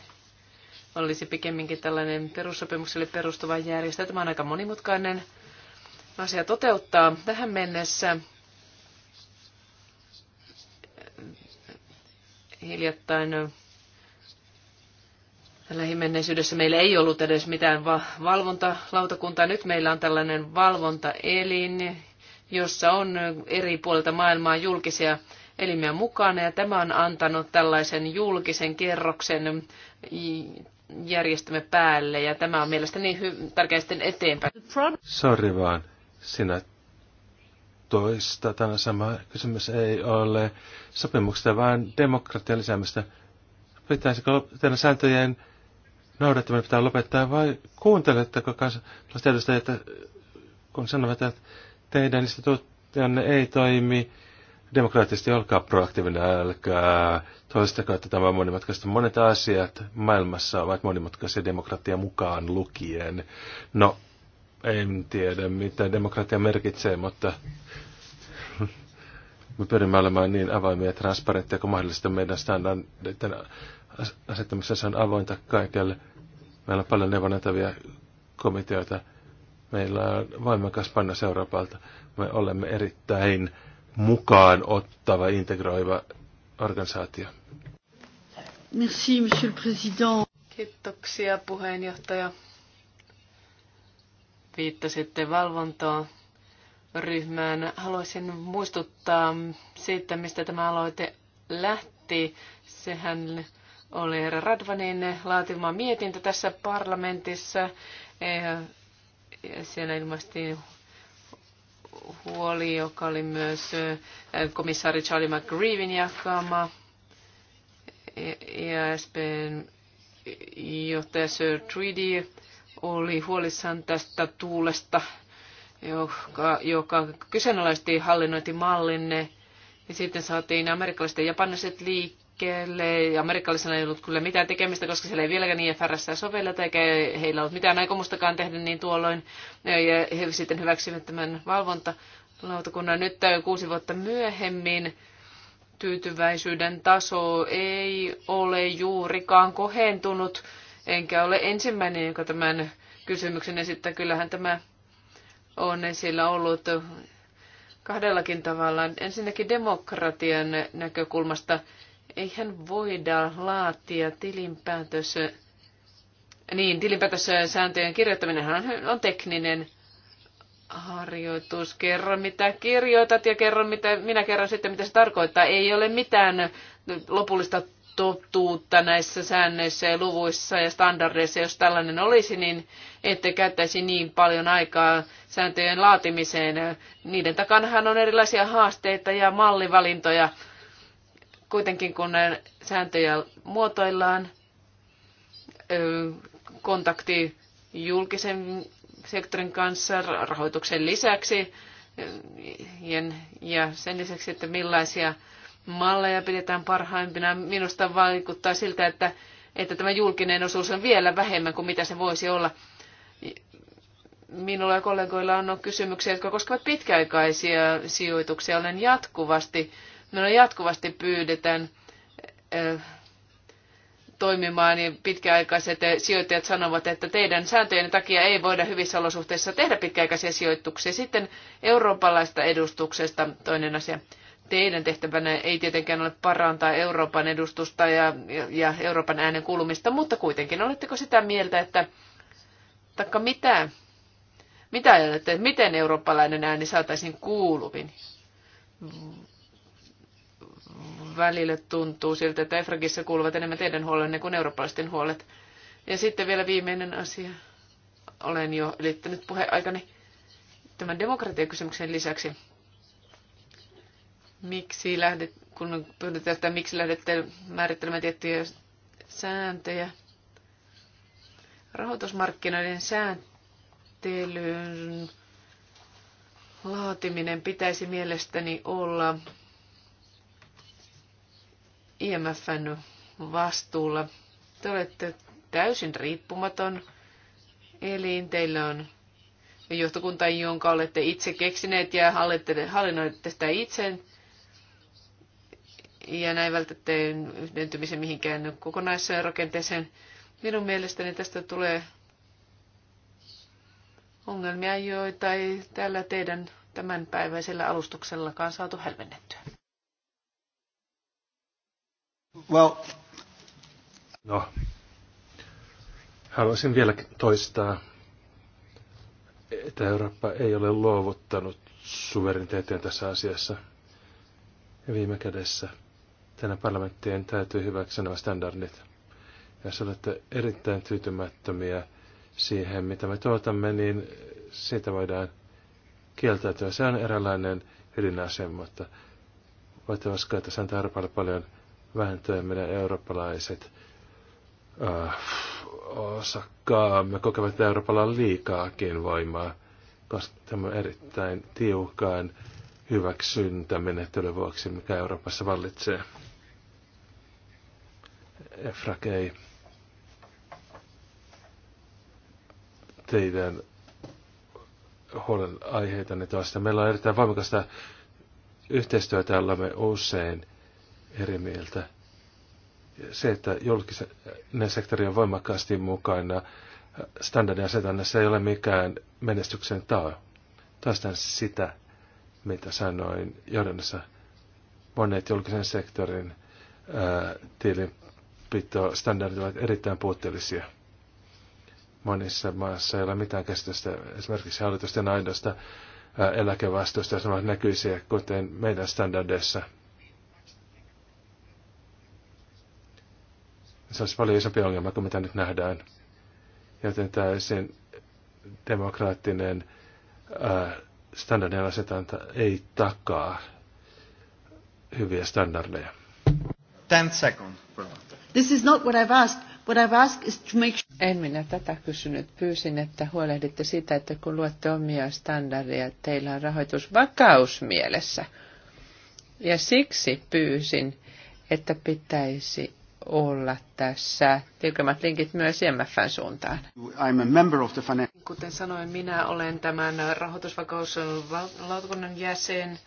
olisi pikemminkin tällainen perussopimukselle perustuva järjestö. Tämä on aika monimutkainen asia toteuttaa tähän mennessä. Hiljattain lähimenneisyydessä meillä ei ollut edes mitään valvontalautakuntaa. Nyt meillä on tällainen valvontaelin, jossa on eri puolilta maailmaa julkisia elimiä mukana ja tämä on antanut tällaisen julkisen kerroksen järjestämme päälle ja tämä on mielestäni hy- tärkeä sitten eteenpäin. Sori vaan, sinä toista tämä sama kysymys ei ole sopimuksesta, vaan demokratian lisäämistä. Pitäisikö tehdä sääntöjen noudattaminen pitää lopettaa, vai kuunteletteko kansalaisten edustajia, että kun sanovat, että teidän instituutionne ei toimi demokraattisesti, olkaa proaktiivinen, älkää toistako, että tämä on monimutkaista. Monet asiat maailmassa ovat monimutkaisia demokratia mukaan lukien. No, en tiedä, mitä demokratia merkitsee, mutta me pyrimme olemaan niin avoimia ja transparentteja kuin mahdollista meidän standardien asettamisessa on avointa kaikille. Meillä on paljon neuvonantavia komiteoita. Meillä on voimakas panna Euroopalta. Me olemme erittäin mukaan ottava, integroiva organisaatio. Merci, monsieur le président. Kiitoksia, puheenjohtaja. Viittasitte valvontaa ryhmään. Haluaisin muistuttaa siitä, mistä tämä aloite lähti. Sehän oli herra Radvanin laatima mietintö tässä parlamentissa. Siellä ilmasti huoli, joka oli myös eh, komissaari Charlie McGreevin jakama. EASPn johtaja Sir Tweedy oli huolissaan tästä tuulesta, joka, joka kyseenalaisti hallinnointimallinne. Ja sitten saatiin amerikkalaiset ja japanilaiset liikkeet liikkeelle. Amerikkalaisilla ei ollut kyllä mitään tekemistä, koska siellä ei vieläkään IFRS sovelleta, eikä heillä ollut mitään aikomustakaan tehdä niin tuolloin. Ja he sitten hyväksyivät tämän valvontalautakunnan nyt kuusi vuotta myöhemmin. Tyytyväisyyden taso ei ole juurikaan kohentunut, enkä ole ensimmäinen, joka tämän kysymyksen esittää. Kyllähän tämä on esillä ollut kahdellakin tavalla. Ensinnäkin demokratian näkökulmasta Eihän voida laatia tilinpäätös... Niin, tilinpäätössääntöjen kirjoittaminen on, on tekninen harjoitus. Kerro mitä kirjoitat ja kerro mitä, minä kerron sitten mitä se tarkoittaa. Ei ole mitään lopullista totuutta näissä säännöissä ja luvuissa ja standardeissa. Jos tällainen olisi, niin ette käyttäisi niin paljon aikaa sääntöjen laatimiseen. Niiden takanahan on erilaisia haasteita ja mallivalintoja. Kuitenkin kun sääntöjä muotoillaan, kontakti julkisen sektorin kanssa rahoituksen lisäksi ja sen lisäksi, että millaisia malleja pidetään parhaimpina. Minusta vaikuttaa siltä, että, että tämä julkinen osuus on vielä vähemmän kuin mitä se voisi olla. Minulla ja kollegoilla on kysymyksiä, jotka koskevat pitkäaikaisia sijoituksia. Olen jatkuvasti Meillä jatkuvasti pyydetään eh, toimimaan, niin pitkäaikaiset eh, sijoittajat sanovat, että teidän sääntöjen takia ei voida hyvissä olosuhteissa tehdä pitkäaikaisia sijoituksia. Sitten eurooppalaista edustuksesta toinen asia. Teidän tehtävänä ei tietenkään ole parantaa Euroopan edustusta ja, ja Euroopan äänen kuulumista, mutta kuitenkin oletteko sitä mieltä, että taikka mitä, mitä ajattelette, miten eurooppalainen ääni saataisiin kuuluvin? välillä tuntuu siltä, että Efragissa kuuluvat enemmän teidän huolenne kuin eurooppalaisten huolet. Ja sitten vielä viimeinen asia. Olen jo ylittänyt puheaikani tämän demokratiakysymyksen lisäksi. Miksi lähdet, kun pyydetään että miksi lähdette määrittelemään tiettyjä sääntöjä, rahoitusmarkkinoiden sääntelyn laatiminen pitäisi mielestäni olla IMFn vastuulla. Te olette täysin riippumaton elin. Teillä on johtokunta, jonka olette itse keksineet ja hallinnoitte sitä itse. Ja näin vältätte yhdentymisen mihinkään rakenteeseen. Minun mielestäni tästä tulee ongelmia, joita ei tällä teidän tämänpäiväisellä alustuksellakaan saatu hälvennettyä. Well. No. Haluaisin vielä toistaa, että Eurooppa ei ole luovuttanut suvereniteettiään tässä asiassa. Ja viime kädessä tänä parlamenttien täytyy hyväksyä nämä standardit. Jos olette erittäin tyytymättömiä siihen, mitä me tuotamme, niin siitä voidaan kieltäytyä. Se on eräänlainen ydinase, mutta voitte uskoa, että se antaa paljon vääntöä meidän eurooppalaiset äh, osakkaamme kokevat, että Euroopalla on liikaakin voimaa, koska tämä on erittäin hyväksyntä menettelyn vuoksi, mikä Euroopassa vallitsee. efra kei teidän huolen aiheita niin Meillä on erittäin voimakasta yhteistyötä, jolla me usein eri mieltä. Se, että julkinen sektori on voimakkaasti mukana äh, standardin asetannassa ei ole mikään menestyksen tae. Toistan sitä, mitä sanoin johdannossa. Monet julkisen sektorin ää, äh, standardit ovat erittäin puutteellisia. Monissa maissa ei ole mitään käsitystä esimerkiksi hallitusten aidosta äh, eläkevastuusta, jos ne ovat näkyisiä, kuten meidän standardeissa – Se olisi paljon isompi ongelma kuin mitä nyt nähdään. Joten täysin demokraattinen äh, standardien asetanta ei takaa hyviä standardeja. 10 second. This is not what I've asked. What I've asked is to make En minä tätä kysynyt. Pyysin, että huolehditte sitä, että kun luette omia standardeja, teillä on rahoitusvakaus mielessä. Ja siksi pyysin, että pitäisi olla tässä tiukemmat linkit myös IMFn suuntaan. I'm a member of the Kuten sanoin, minä olen tämän rahoitusvakauslautakunnan jäsen.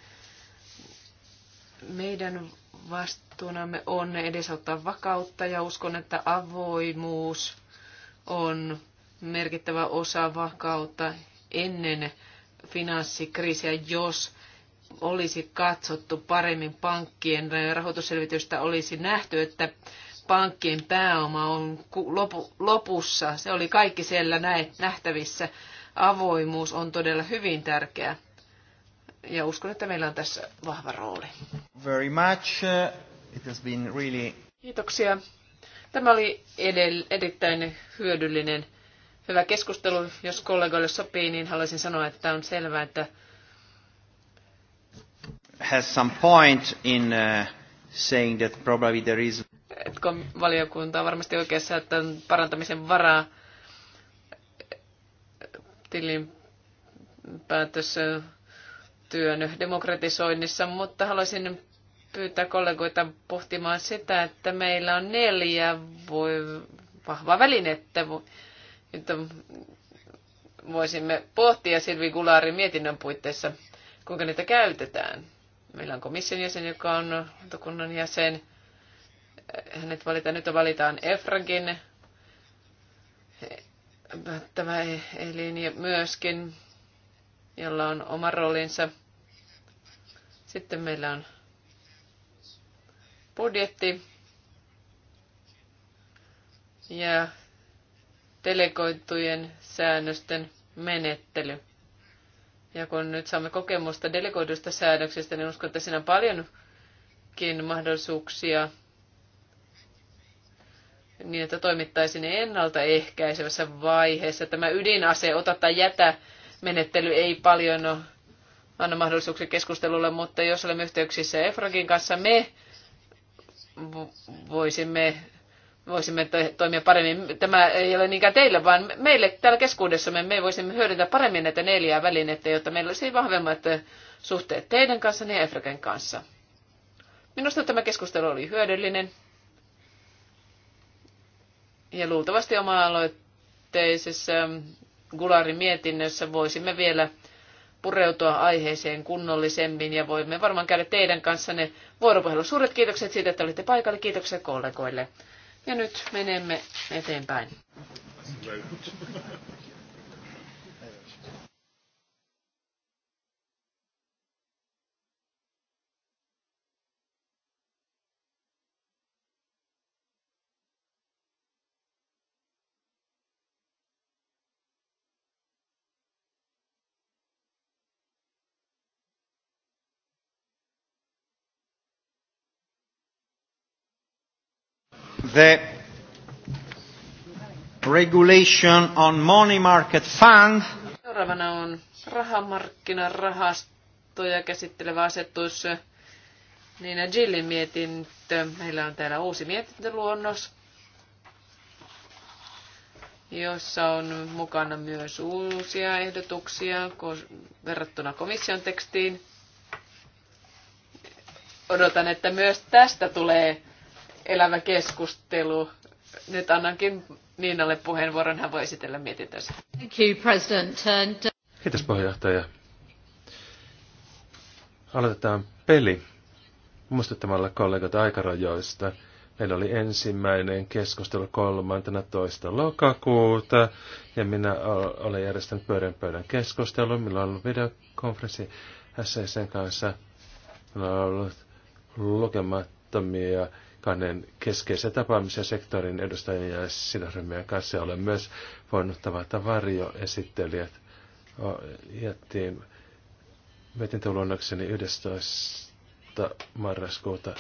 Meidän vastuunamme on edesauttaa vakautta ja uskon, että avoimuus on merkittävä osa vakautta ennen finanssikriisiä, jos olisi katsottu paremmin pankkien rahoitusselvitystä, olisi nähty, että pankkien pääoma on lopussa. Se oli kaikki siellä nähtävissä. Avoimuus on todella hyvin tärkeää. Ja uskon, että meillä on tässä vahva rooli. Very much. Uh, it has been really... Kiitoksia. Tämä oli edell- erittäin hyödyllinen, hyvä keskustelu. Jos kollegoille sopii, niin haluaisin sanoa, että on selvää, että has some point in uh, saying that probably there is... valiokunta on varmasti oikeassa, että on parantamisen varaa tilin päätös työn demokratisoinnissa, mutta haluaisin pyytää kollegoita pohtimaan sitä, että meillä on neljä voi, vahvaa välinettä, jota voisimme pohtia Silvi Gularin mietinnön puitteissa, kuinka niitä käytetään. Meillä on komission jäsen, joka on valtakunnan jäsen. Hänet valitaan, nyt valitaan Efrakin päättävä elin ja myöskin, jolla on oma roolinsa. Sitten meillä on budjetti ja delegoitujen säännösten menettely. Ja kun nyt saamme kokemusta delegoidusta säädöksestä, niin uskon, että siinä on paljonkin mahdollisuuksia niin, että toimittaisiin ennaltaehkäisevässä vaiheessa. Tämä ydinase ota tai jätä menettely ei paljon anna mahdollisuuksia keskustelulle, mutta jos olemme yhteyksissä Efrakin kanssa, me voisimme voisimme toimia paremmin. Tämä ei ole niinkään teille, vaan meille täällä keskuudessamme me voisimme hyödyntää paremmin näitä neljää välinettä, jotta meillä olisi vahvemmat suhteet teidän kanssa ja Afrikan kanssa. Minusta tämä keskustelu oli hyödyllinen. Ja luultavasti oma-aloitteisessa Gularin mietinnössä voisimme vielä pureutua aiheeseen kunnollisemmin ja voimme varmaan käydä teidän kanssanne vuoropuhelu. Suuret kiitokset siitä, että olitte paikalla. Kiitoksia kollegoille. Ja nyt menemme eteenpäin. the regulation on money market fund. Seuraavana on rahamarkkinarahastoja käsittelevä asetus. Niina Gillin mietintö. Meillä on täällä uusi mietintöluonnos, jossa on mukana myös uusia ehdotuksia verrattuna komission tekstiin. Odotan, että myös tästä tulee elävä keskustelu. Nyt annankin Niinalle puheenvuoron, hän voi esitellä mietintönsä. Thank you, President. And... Uh, Kiitos puheenjohtaja. Aloitetaan peli muistuttamalla kollegoita aikarajoista. Meillä oli ensimmäinen keskustelu 13. lokakuuta ja minä olen järjestänyt pöydän pöydän keskustelun. Meillä on ollut videokonferenssi SSN kanssa. Meillä on ollut lukemattomia kannen keskeisiä tapaamisia sektorin edustajien ja sidosryhmien kanssa. Olen myös voinut tavata varjoesittelijät. Jättiin mietintöluonnokseni 11. marraskuuta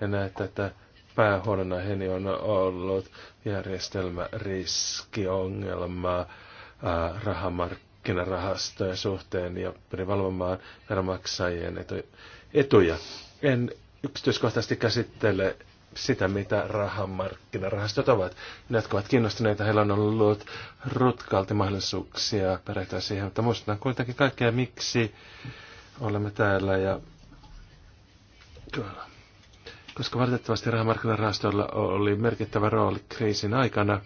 ja näet, että päähuolena heni on ollut järjestelmäriskiongelma rahamarkkinarahastojen suhteen ja pyrin valvomaan veronmaksajien etuja. En yksityiskohtaisesti käsittele sitä, mitä rahamarkkinarahastot ovat. Ne, jotka ovat kiinnostuneita, heillä on ollut rutkalti mahdollisuuksia perehtyä siihen, mutta muistetaan kuitenkin kaikkea, miksi olemme täällä. Ja... Koska valitettavasti rahamarkkinarahastoilla oli merkittävä rooli kriisin aikana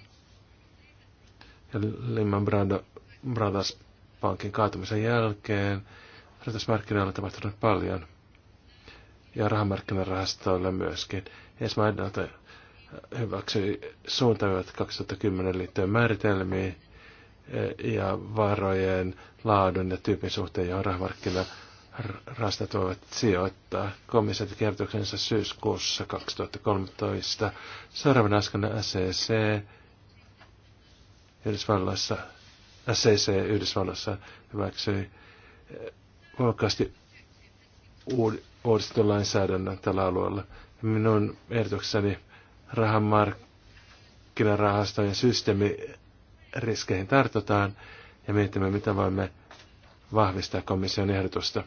ja Lehman Brothers pankin kaatumisen jälkeen, rahoitusmarkkinoilla on tapahtunut paljon – ja rahamarkkinarahastoilla myöskin. Esmaidalta hyväksyi suuntaviivat 2010 liittyen määritelmiin e, ja varojen laadun ja tyypin suhteen, johon rahamarkkinarastat voivat sijoittaa. Komissio teki kertoksensa syyskuussa 2013. Seuraavana askana SEC Yhdysvalloissa, SEC Yhdysvalloissa hyväksyi e, voimakkaasti uud- uudistetun lainsäädännön tällä alueella. Minun ehdotukseni rahamarkkinarahastojen systeemiriskeihin tartutaan ja mietimme, mitä voimme vahvistaa komission ehdotusta.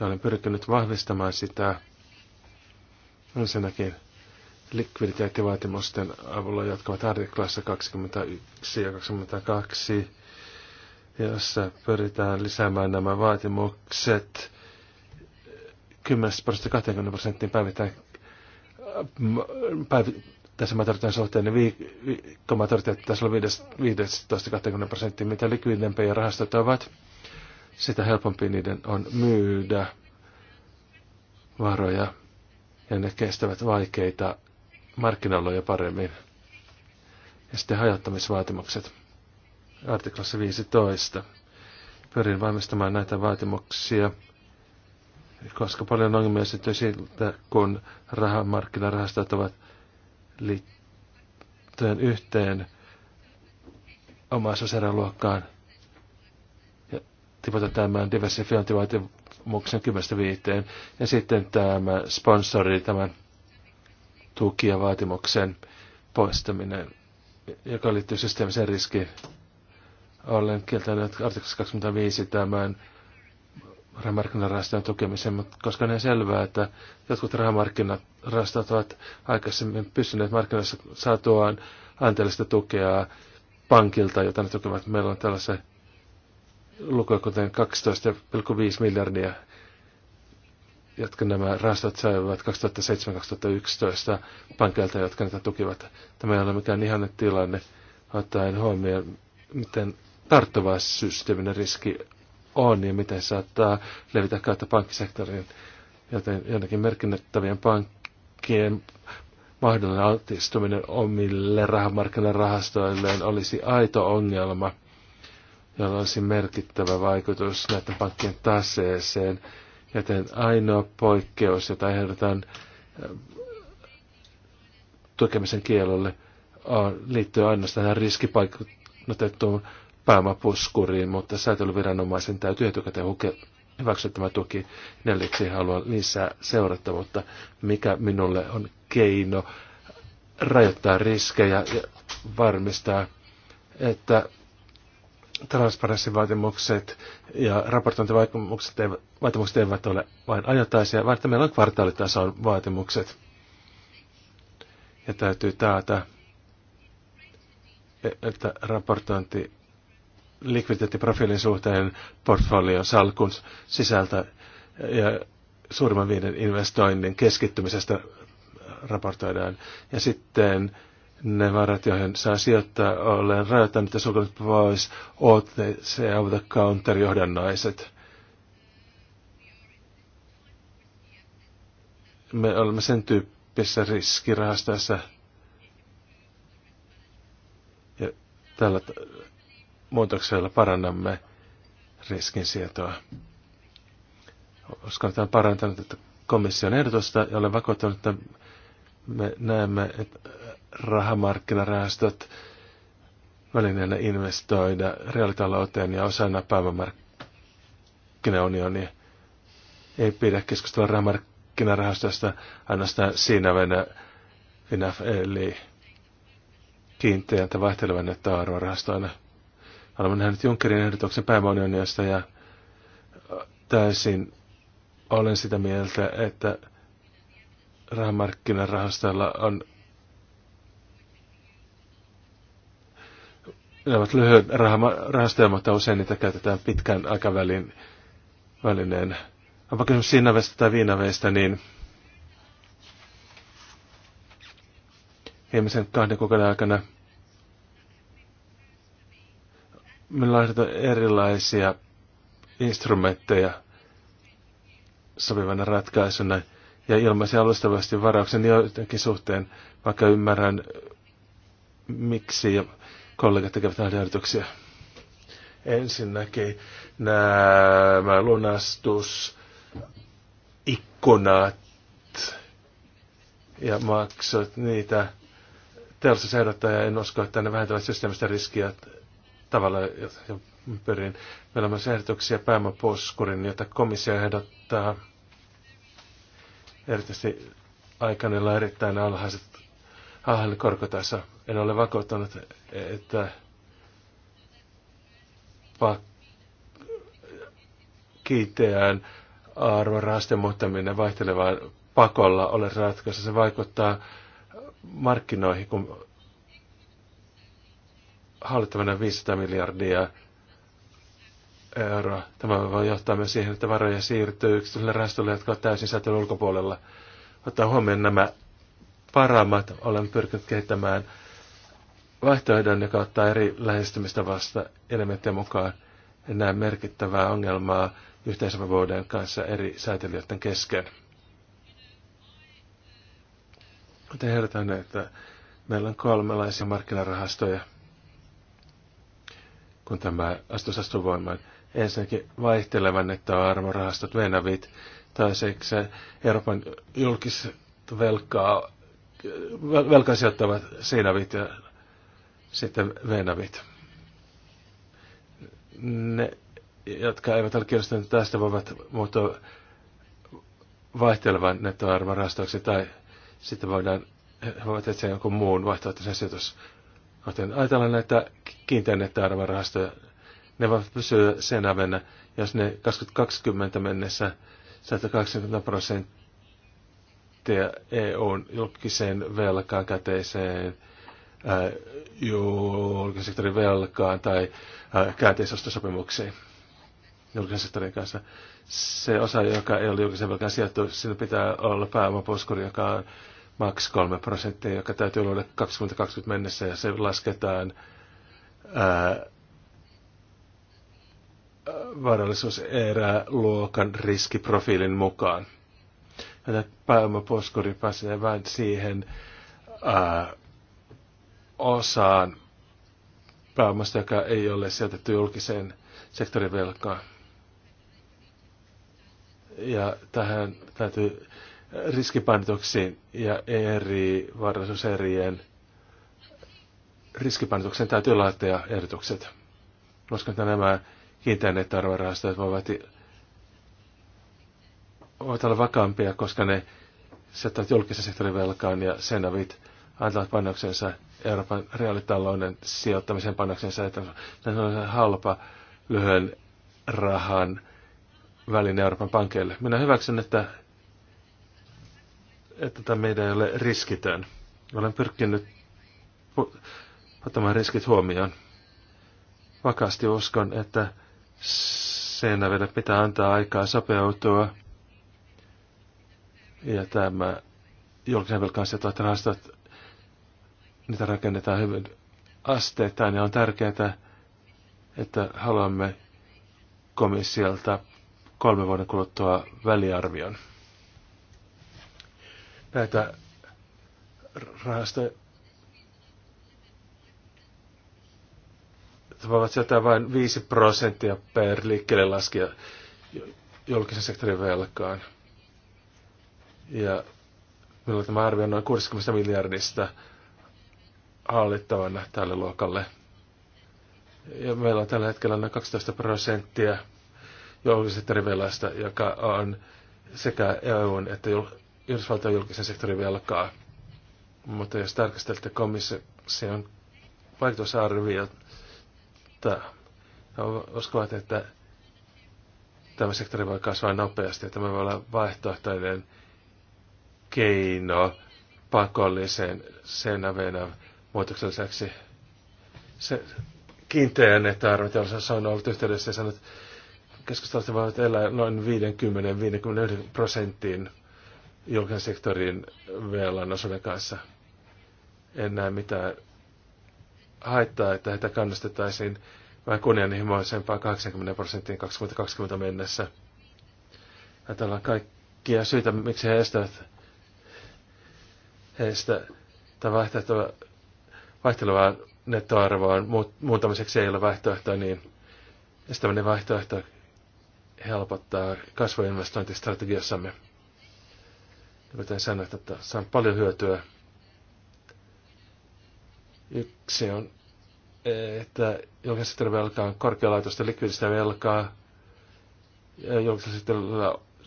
Ja olen pyrkinyt vahvistamaan sitä ensinnäkin likviditeettivaatimusten avulla, jotka ovat artiklassa 21 ja 22, jossa pyritään lisäämään nämä vaatimukset 10 20 prosenttiin päivittäin mä äh, tarvitsen suhteen, niin tarvitsen, että tässä on 15-20 prosenttia, mitä likvidempiä rahastot ovat, sitä helpompi niiden on myydä varoja ja ne kestävät vaikeita markkinoilla paremmin. Ja sitten hajottamisvaatimukset. Artiklassa 15. Pyrin valmistamaan näitä vaatimuksia koska paljon ongelmia syntyy siltä, kun rahamarkkinarahastot ovat liittyen yhteen omaisuuserän luokkaan ja tipata tämän diversifiointivaatimuksen 10 ja sitten tämä sponsori, tämän tukia vaatimuksen poistaminen, joka liittyy systeemiseen riskiin. Olen kieltänyt artiklassa 25 tämän rahamarkkinarahaston tukemiseen, mutta koska on niin selvää, että jotkut rahamarkkinarahastot ovat aikaisemmin pystyneet markkinoissa saatuaan anteellista tukea pankilta, jota ne tukevat. Meillä on tällaisia lukuja, kuten 12,5 miljardia, jotka nämä rahastot saivat 2007-2011 pankilta, jotka niitä tukivat. Tämä ei ole mikään ihanne tilanne, ottaen huomioon, miten tarttuvaa systeeminen riski on ja miten se saattaa levitä kautta pankkisektoriin. Joten jonnekin merkinnettävien pankkien mahdollinen altistuminen omille rahamarkkinarahastoilleen olisi aito ongelma, jolla olisi merkittävä vaikutus näiden pankkien taseeseen. Joten ainoa poikkeus, jota ehdotan äh, tukemisen kielolle, on, liittyy ainoastaan riskipaikotettuun pääomapuskuriin, mutta säätelyviranomaisen täytyy etukäteen hyväksyä tämä tuki. Neljäksi haluan lisää seurattavuutta, mikä minulle on keino rajoittaa riskejä ja varmistaa, että transparenssivaatimukset ja raportointivaatimukset eivät, vaatimukset eivät ole vain ajotaisia, vaan että meillä on kvartaalitason vaatimukset. Ja täytyy taata, että raportointi likviditeettiprofiilin suhteen portfoliosalkun sisältä ja suurimman viiden investoinnin keskittymisestä raportoidaan. Ja sitten ne varat, joihin saa sijoittaa, olen rajoittanut ja sulkenut pois OTC over the counter johdannaiset. Me olemme sen tyyppisessä riskirahastossa. Ja tällä muutoksella parannamme sietoa. Uskon, että on parantanut että komission ehdotusta ja olen vakuuttanut, että me näemme, että rahamarkkinarahastot välineenä investoida reaalitalouteen ja osana pääomamarkkinaunionia. Ei pidä keskustella rahamarkkinarahastosta ainoastaan siinä venä enough, eli kiinteän tai vaihtelevan nettoarvorahastoina. rahastoina Olemme nähneet Junckerin ehdotuksen päämaunioniosta ja täysin olen sitä mieltä, että rahamarkkinarahastoilla on ne ovat lyhyen rahastoja, mutta usein niitä käytetään pitkän aikavälin välineen. Onpa kysymys sinnaveista tai viinaveista, niin viimeisen kahden kuukauden aikana – me laitetaan erilaisia instrumentteja sopivana ratkaisuna ja ilmaisen alustavasti varauksen joidenkin suhteen, vaikka ymmärrän miksi ja kollegat tekevät näitä ehdotuksia. Ensinnäkin nämä lunastus, ikkunat ja maksut, niitä teollisuus ehdottaa ja en usko, että ne vähentävät systeemistä riskiä tavalla, ja pyrin. Meillä on myös ehdotuksia pääomaposkurin, jota komissio ehdottaa erityisesti aikanilla erittäin alhaiset alhainen korkotaso. En ole vakuuttanut, että kiinteään rahastojen muuttaminen vaihtelevaan pakolla ole ratkaisu. Se vaikuttaa markkinoihin, kun hallittavana 500 miljardia euroa. Tämä voi johtaa myös siihen, että varoja siirtyy yksityisille rahastolle, jotka ovat täysin säätelyn ulkopuolella. Ottaa huomioon nämä paramat, olen pyrkinyt kehittämään vaihtoehdon, joka ottaa eri lähestymistä vasta elementtien mukaan. En näe merkittävää ongelmaa yhteisvapauden kanssa eri säätelijöiden kesken. Te herätään, että meillä on kolmenlaisia markkinarahastoja – kun tämä astus astuu voimaan. Ensinnäkin vaihtelevan, että arvorahastot venävit, tai seksi Euroopan julkisvelkaa, velkaa sijoittavat siinävit ja sitten venävit. Ne, jotka eivät ole kiinnostuneet tästä, voivat muuttua vaihtelevan nettoarvorahastoksi tai sitten voidaan, he voivat etsiä jonkun muun vaihtoehtoisen sijoitus Joten ajatellaan näitä kiinteännettä arvorahastoja. Ne voivat pysyä sen avenna, jos ne 2020 mennessä 180 prosenttia EUn julkiseen velkaan käteiseen, äh, julkisen sektorin velkaan tai äh, käteisostosopimuksiin julkisen sektorin kanssa. Se osa, joka ei ole julkisen velkaan sijoittu, sinne pitää olla pääomapuskuri, joka on maks 3 prosenttia, joka täytyy luoda 2020 mennessä ja se lasketaan ää, luokan riskiprofiilin mukaan. Ja pääomaposkuri pääsee vain siihen ää, osaan pääomasta, joka ei ole sijoitettu julkiseen sektorivelkaan. Ja tähän täytyy riskipainotuksiin ja eri varallisuuserien riskipainotuksen täytyy laittaa ehdotukset. Koska nämä kiinteänneet arvorahastot voivat, voivat olla vakaampia, koska ne sijoittavat julkisen sektorin velkaan ja sen avit antavat panoksensa Euroopan reaalitalouden sijoittamisen panoksensa, että ne on halpa lyhyen rahan väline Euroopan pankeille. Minä hyväksyn, että että tämä meidän ei ole riskitön. Olen pyrkinyt ottamaan riskit huomioon. Vakaasti uskon, että Seinävelle pitää antaa aikaa sopeutua. Ja tämä julkisen velkaan sijoittavat rahastot, niitä rakennetaan hyvin asteittain ja niin on tärkeää, että haluamme komissiolta kolme vuoden kuluttua väliarvion näitä rahastoja voivat sieltä vain 5 prosenttia per liikkeelle laskea julkisen sektorin velkaan. Ja minulla tämä arvio on noin 60 miljardista hallittavana tälle luokalle. Ja meillä on tällä hetkellä noin 12 prosenttia julkisen sektorin velasta, joka on sekä EUn että Yhdysvaltain julkisen sektorin velkaa. Mutta jos tarkastelette komission vaikutusarviota, uskovat, että tämä sektori voi kasvaa nopeasti ja tämä voi olla vaihtoehtoinen keino pakolliseen sen avena muutoksen lisäksi. Se kiinteän etäarviteollisuus on ollut yhteydessä ja sanonut, että keskustelusta voivat elää noin 50-51 prosenttiin julkisen sektorin velan osuuden kanssa. En näe mitään haittaa, että heitä kannustettaisiin vähän kunnianhimoisempaa 80 prosenttiin 2020 mennessä. Ajatellaan kaikkia syitä, miksi he estävät heistä tai vaihtelevaa, vaihtelevaa nettoarvoa muuntamiseksi ei ole vaihtoehtoa, niin estäminen vaihtoehto helpottaa kasvuinvestointistrategiassamme. Kuten sanoit, että saan paljon hyötyä. Yksi on, että julkisen velka on korkealaitoista likvidistä velkaa. Ja julkisen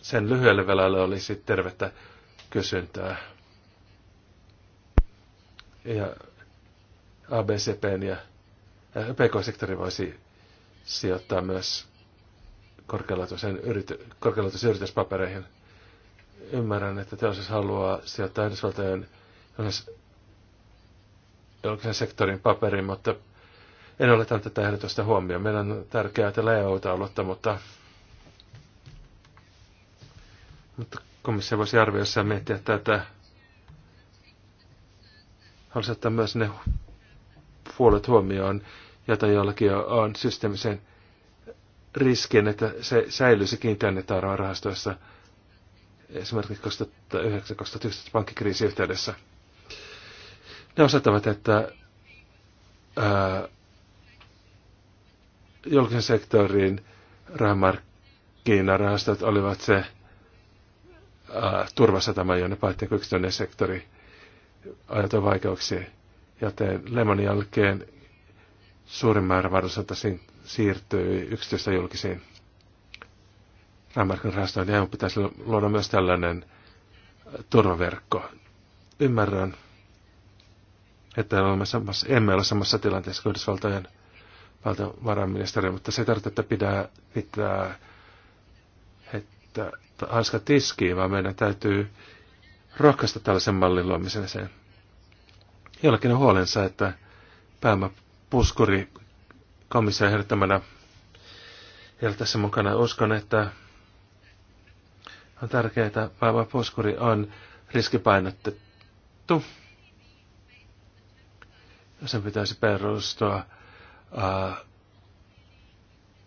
sen lyhyelle velalle olisi tervettä kysyntää. Ja ABCPn ja äh, PK-sektori voisi sijoittaa myös korkealaatuisen yrity, yrityspapereihin. Ymmärrän, että teollisuus haluaa sijoittaa Yhdysvaltojen julkisen sektorin paperiin, mutta en ole tämän tätä ehdotusta huomioon. Meillä on tärkeää tällä EU-taulutta, mutta, mutta komissio voisi arvioissa miettiä tätä. Haluaisi ottaa myös ne puolet huomioon, joita jollakin on systeemisen riskin, että se säilyisi kiinteän rahastoissa – esimerkiksi 2009-2011 pankkikriisin yhteydessä. Ne osoittavat, että ää, julkisen sektorin rahamarkkinarahastot olivat se ää, turvasatama, jonne päätti yksityinen sektori ajatoi vaikeuksia. Joten Lemon jälkeen suurin määrä varoista siirtyi yksityistä julkisiin rahastoon, niin EU pitäisi luoda myös tällainen turvaverkko. Ymmärrän, että olemme samassa, emme ole samassa tilanteessa kuin Yhdysvaltojen valtiovarainministeriö, mutta se tarkoittaa, että pitää, pitää että hanska tiskii, vaan meidän täytyy rohkaista tällaisen mallin luomiseen. Jollakin on huolensa, että pääomapuskuri puskuri ehdottamana ei ole tässä mukana. Uskon, että on tärkeää. Vahva puskuri on riskipainotettu. Sen pitäisi perustua ää, äh,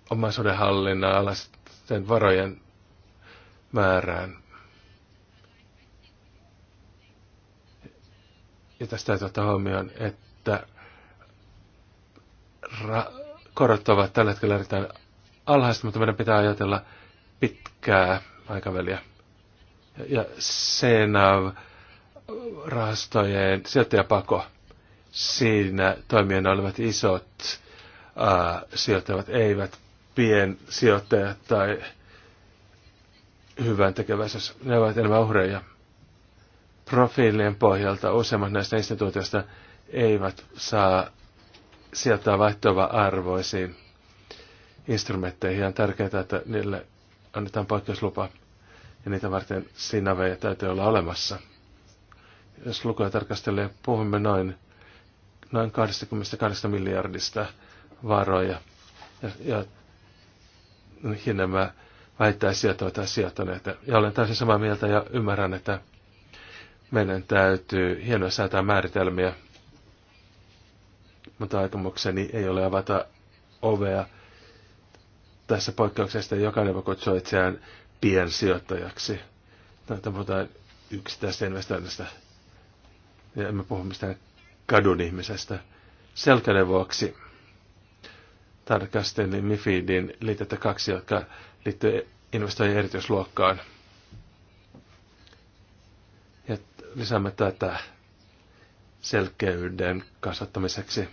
omaisuuden hallinnan alaisten varojen määrään. Ja tästä täytyy ottaa huomioon, että ra- korot ovat tällä hetkellä erittäin alhaista, mutta meidän pitää ajatella pitkää aikaväliä. Ja CNAV rahastojen sijoittajapako, siinä toimijana olivat isot ää, sijoittajat, eivät sijoittajat tai hyvän tekeväisyys. Ne ovat enemmän uhreja. Profiilien pohjalta useimmat näistä instituutioista eivät saa sijoittaa vaihtova arvoisiin instrumentteihin. On tärkeää, että niille annetaan poikkeuslupa ja niitä varten sinaveja täytyy olla olemassa. Jos lukuja tarkastelee, puhumme noin, noin 28 miljardista varoja, ja, ja niin nämä väittää sijoittavat sijoittaneet. Ja olen täysin samaa mieltä ja ymmärrän, että meidän täytyy hienoa säätää määritelmiä, mutta aikomukseni ei ole avata ovea tässä poikkeuksessa jokainen voi kutsua itseään piensijoittajaksi. Tämä puhutaan yksittäisestä investoinnista. Ja emme puhu mistään kadun ihmisestä. Selkäinen vuoksi tarkastelin Mifidin liitettä kaksi, jotka liittyy investoijien erityisluokkaan. Ja lisäämme tätä selkeyden kasvattamiseksi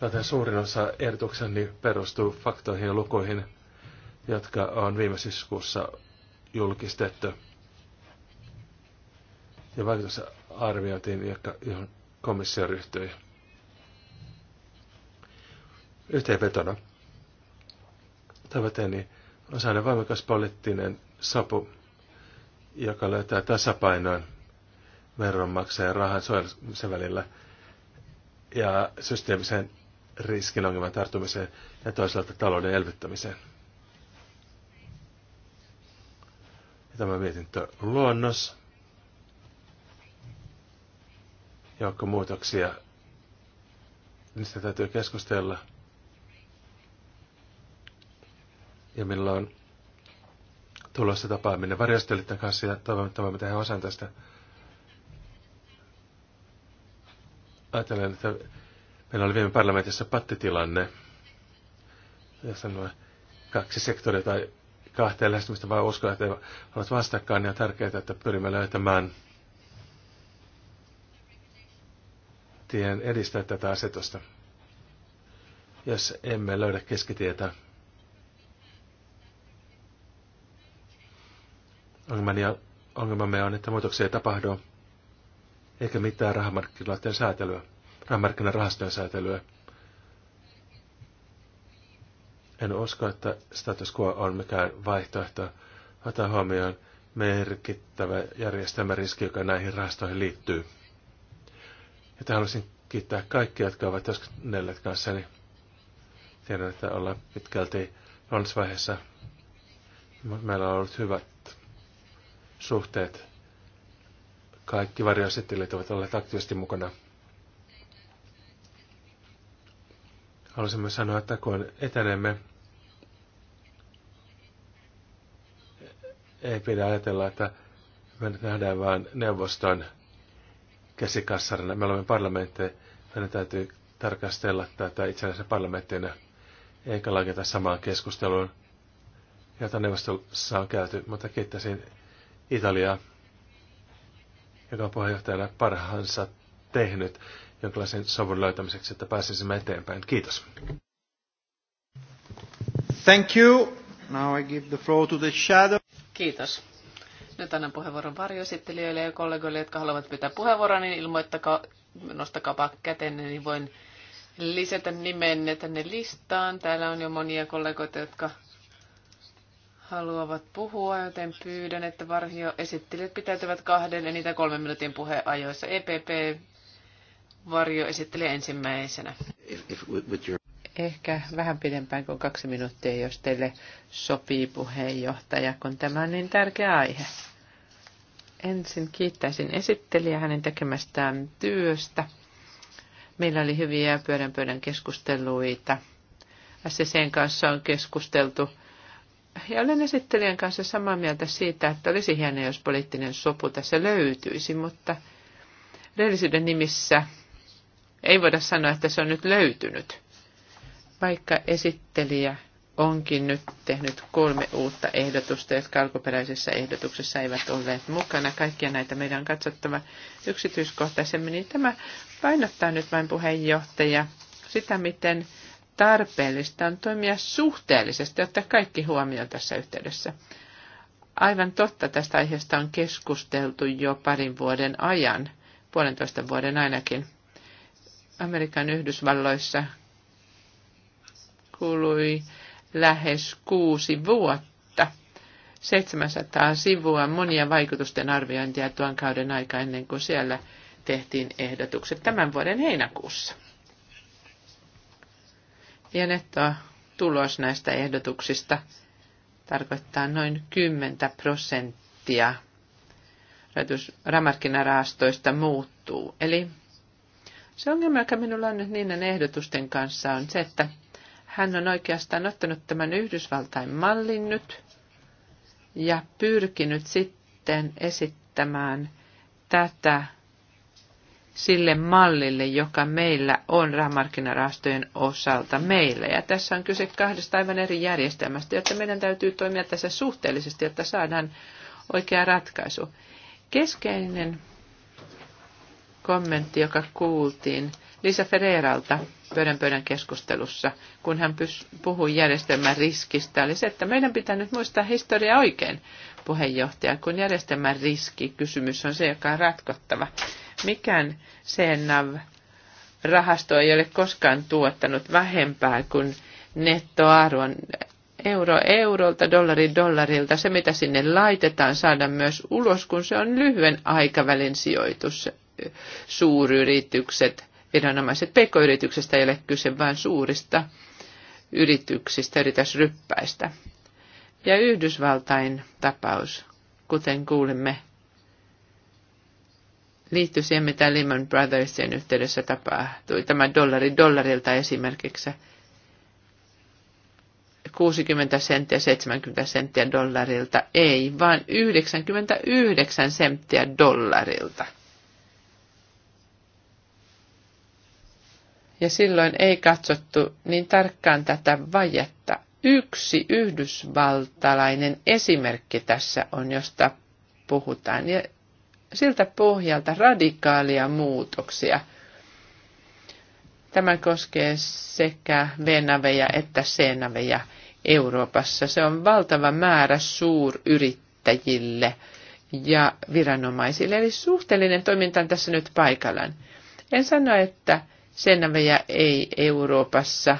joten suurin osa ehdotukseni perustuu faktoihin ja lukuihin, jotka on viime syyskuussa julkistettu. Ja vaikutusarviointiin, jotka, johon komissio ryhtyi. Yhteenvetona tavoitteeni on saada voimakas poliittinen sapu, joka löytää tasapainon veronmaksajan rahan suojelmisen välillä ja systeemisen riskin ongelman tarttumiseen ja toisaalta talouden elvyttämiseen. Ja tämä mietintö luonnos. Joukko muutoksia. Niistä täytyy keskustella. Ja on tulossa tapaaminen varjostelijoiden kanssa ja toivon, että voimme tehdä osan tästä. Ajattelen, että Meillä oli viime parlamentissa pattitilanne, ja on kaksi sektoria tai kahteen lähestymistä vaan uskoa, että ovat vastakkain, ja tärkeää, että pyrimme löytämään tien edistää tätä asetusta. Jos emme löydä keskitietä, ongelmamme on, että muutoksia ei tapahdu, eikä mitään rahamarkkinoiden säätelyä rahastojen säätelyä. En usko, että status quo on mikään vaihtoehto. Ota huomioon merkittävä järjestelmäriski, joka näihin rahastoihin liittyy. Ja tähän haluaisin kiittää kaikkia, jotka ovat työskennelleet kanssani. Tiedän, että ollaan pitkälti lonsvaiheessa. Meillä on ollut hyvät suhteet. Kaikki varjoesittelijät ovat olleet aktiivisesti mukana Haluaisimme sanoa, että kun etenemme, ei pidä ajatella, että me nähdään vain neuvoston käsikassarina. Me olemme parlamentti, meidän täytyy tarkastella tätä asiassa parlamenttina, eikä laketa samaan keskusteluun, jota neuvostossa on käyty. Mutta kiittäisin Italiaa, joka on puheenjohtajana parhaansa tehnyt jonkinlaisen sovun löytämiseksi, että pääsisimme eteenpäin. Kiitos. Thank you. Now I give the floor to the shadow. Kiitos. Nyt annan puheenvuoron varjoesittelijöille ja kollegoille, jotka haluavat pitää puheenvuoron, niin ilmoittakaa, nostakaa käteen, niin voin lisätä nimenne tänne listaan. Täällä on jo monia kollegoita, jotka haluavat puhua, joten pyydän, että varjoesittelijät pitäytyvät kahden niitä kolmen minuutin ajoissa. EPP Varjo esittelee ensimmäisenä. Ehkä vähän pidempään kuin kaksi minuuttia, jos teille sopii puheenjohtaja, kun tämä on niin tärkeä aihe. Ensin kiittäisin esittelijä hänen tekemästään työstä. Meillä oli hyviä pyörän pöydän keskusteluita. SCCn kanssa on keskusteltu ja olen esittelijän kanssa samaa mieltä siitä, että olisi hienoa, jos poliittinen sopu tässä löytyisi, mutta rehellisyyden nimissä ei voida sanoa, että se on nyt löytynyt. Vaikka esittelijä onkin nyt tehnyt kolme uutta ehdotusta, jotka alkuperäisessä ehdotuksessa eivät olleet mukana. Kaikkia näitä meidän on katsottava yksityiskohtaisemmin. Niin tämä painottaa nyt vain puheenjohtaja sitä, miten tarpeellista on toimia suhteellisesti, ottaa kaikki huomioon tässä yhteydessä. Aivan totta, tästä aiheesta on keskusteltu jo parin vuoden ajan, puolentoista vuoden ainakin. Amerikan Yhdysvalloissa kului lähes kuusi vuotta. 700 sivua, monia vaikutusten arviointia tuon kauden aika ennen kuin siellä tehtiin ehdotukset tämän vuoden heinäkuussa. Ja netto tulos näistä ehdotuksista tarkoittaa noin 10 prosenttia ramarkkinarahastoista muuttuu. Eli se ongelma, joka minulla on nyt niiden ehdotusten kanssa, on se, että hän on oikeastaan ottanut tämän Yhdysvaltain mallin nyt ja pyrkinyt sitten esittämään tätä sille mallille, joka meillä on rahamarkkinarahastojen osalta meillä. Ja tässä on kyse kahdesta aivan eri järjestelmästä, jotta meidän täytyy toimia tässä suhteellisesti, jotta saadaan oikea ratkaisu. Keskeinen kommentti, joka kuultiin Lisa Ferreiralta pöydän pöydän keskustelussa, kun hän puhui järjestelmän riskistä, oli se, että meidän pitää nyt muistaa historia oikein, puheenjohtaja, kun järjestelmän riski kysymys on se, joka on ratkottava. Mikään CNAV rahasto ei ole koskaan tuottanut vähempää kuin nettoarvon euro eurolta, dollari dollarilta. Se, mitä sinne laitetaan, saadaan myös ulos, kun se on lyhyen aikavälin sijoitus suuryritykset, viranomaiset pk-yrityksestä ei ole kyse, vain suurista yrityksistä, yritysryppäistä. Ja Yhdysvaltain tapaus, kuten kuulimme, liittyy siihen, mitä Lehman Brothersin yhteydessä tapahtui. Tämä dollari dollarilta esimerkiksi 60 senttiä, 70 senttiä dollarilta, ei, vaan 99 senttiä dollarilta – Ja silloin ei katsottu niin tarkkaan tätä vajetta. Yksi yhdysvaltalainen esimerkki tässä on, josta puhutaan. Ja siltä pohjalta radikaalia muutoksia. Tämä koskee sekä venaveja että senaveja Euroopassa. Se on valtava määrä suuryrittäjille ja viranomaisille. Eli suhteellinen toiminta on tässä nyt paikallaan. En sano, että sen ja ei Euroopassa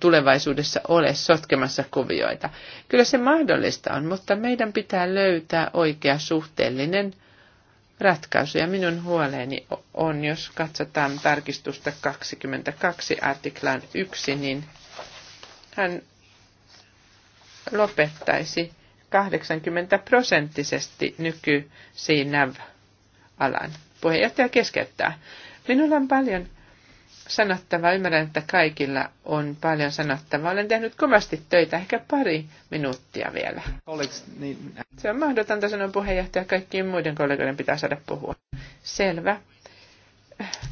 tulevaisuudessa ole sotkemassa kuvioita. Kyllä se mahdollista on, mutta meidän pitää löytää oikea suhteellinen ratkaisu. Ja minun huoleeni on, jos katsotaan tarkistusta 22 artiklaan 1, niin hän lopettaisi 80 prosenttisesti nyky alan Puheenjohtaja keskeyttää. Minulla on paljon sanottavaa. Ymmärrän, että kaikilla on paljon sanottavaa. Olen tehnyt kovasti töitä, ehkä pari minuuttia vielä. Niin- Se on mahdotonta, sanoa puheenjohtaja. Kaikkien muiden kollegoiden pitää saada puhua. Selvä.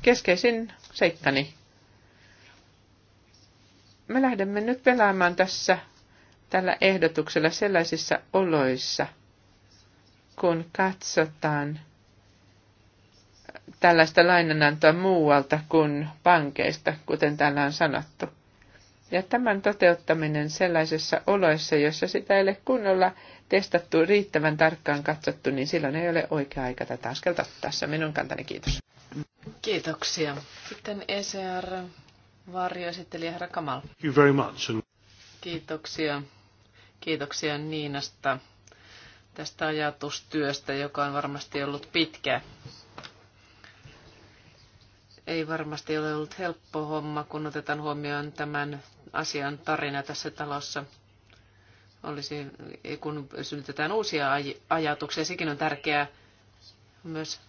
Keskeisin seikkani. Me lähdemme nyt pelaamaan tässä tällä ehdotuksella sellaisissa oloissa, kun katsotaan tällaista lainanantoa muualta kuin pankeista, kuten täällä on sanottu. Ja tämän toteuttaminen sellaisessa oloissa, jossa sitä ei ole kunnolla testattu riittävän tarkkaan katsottu, niin silloin ei ole oikea aika tätä askelta tässä. Minun kantani kiitos. Kiitoksia. Sitten ECR varjoesittelijä herra Kamal. Thank you very much. Kiitoksia. Kiitoksia Niinasta tästä ajatustyöstä, joka on varmasti ollut pitkä ei varmasti ole ollut helppo homma, kun otetaan huomioon tämän asian tarina tässä talossa. Olisi, kun synnytetään uusia aj- ajatuksia, sekin on tärkeää myös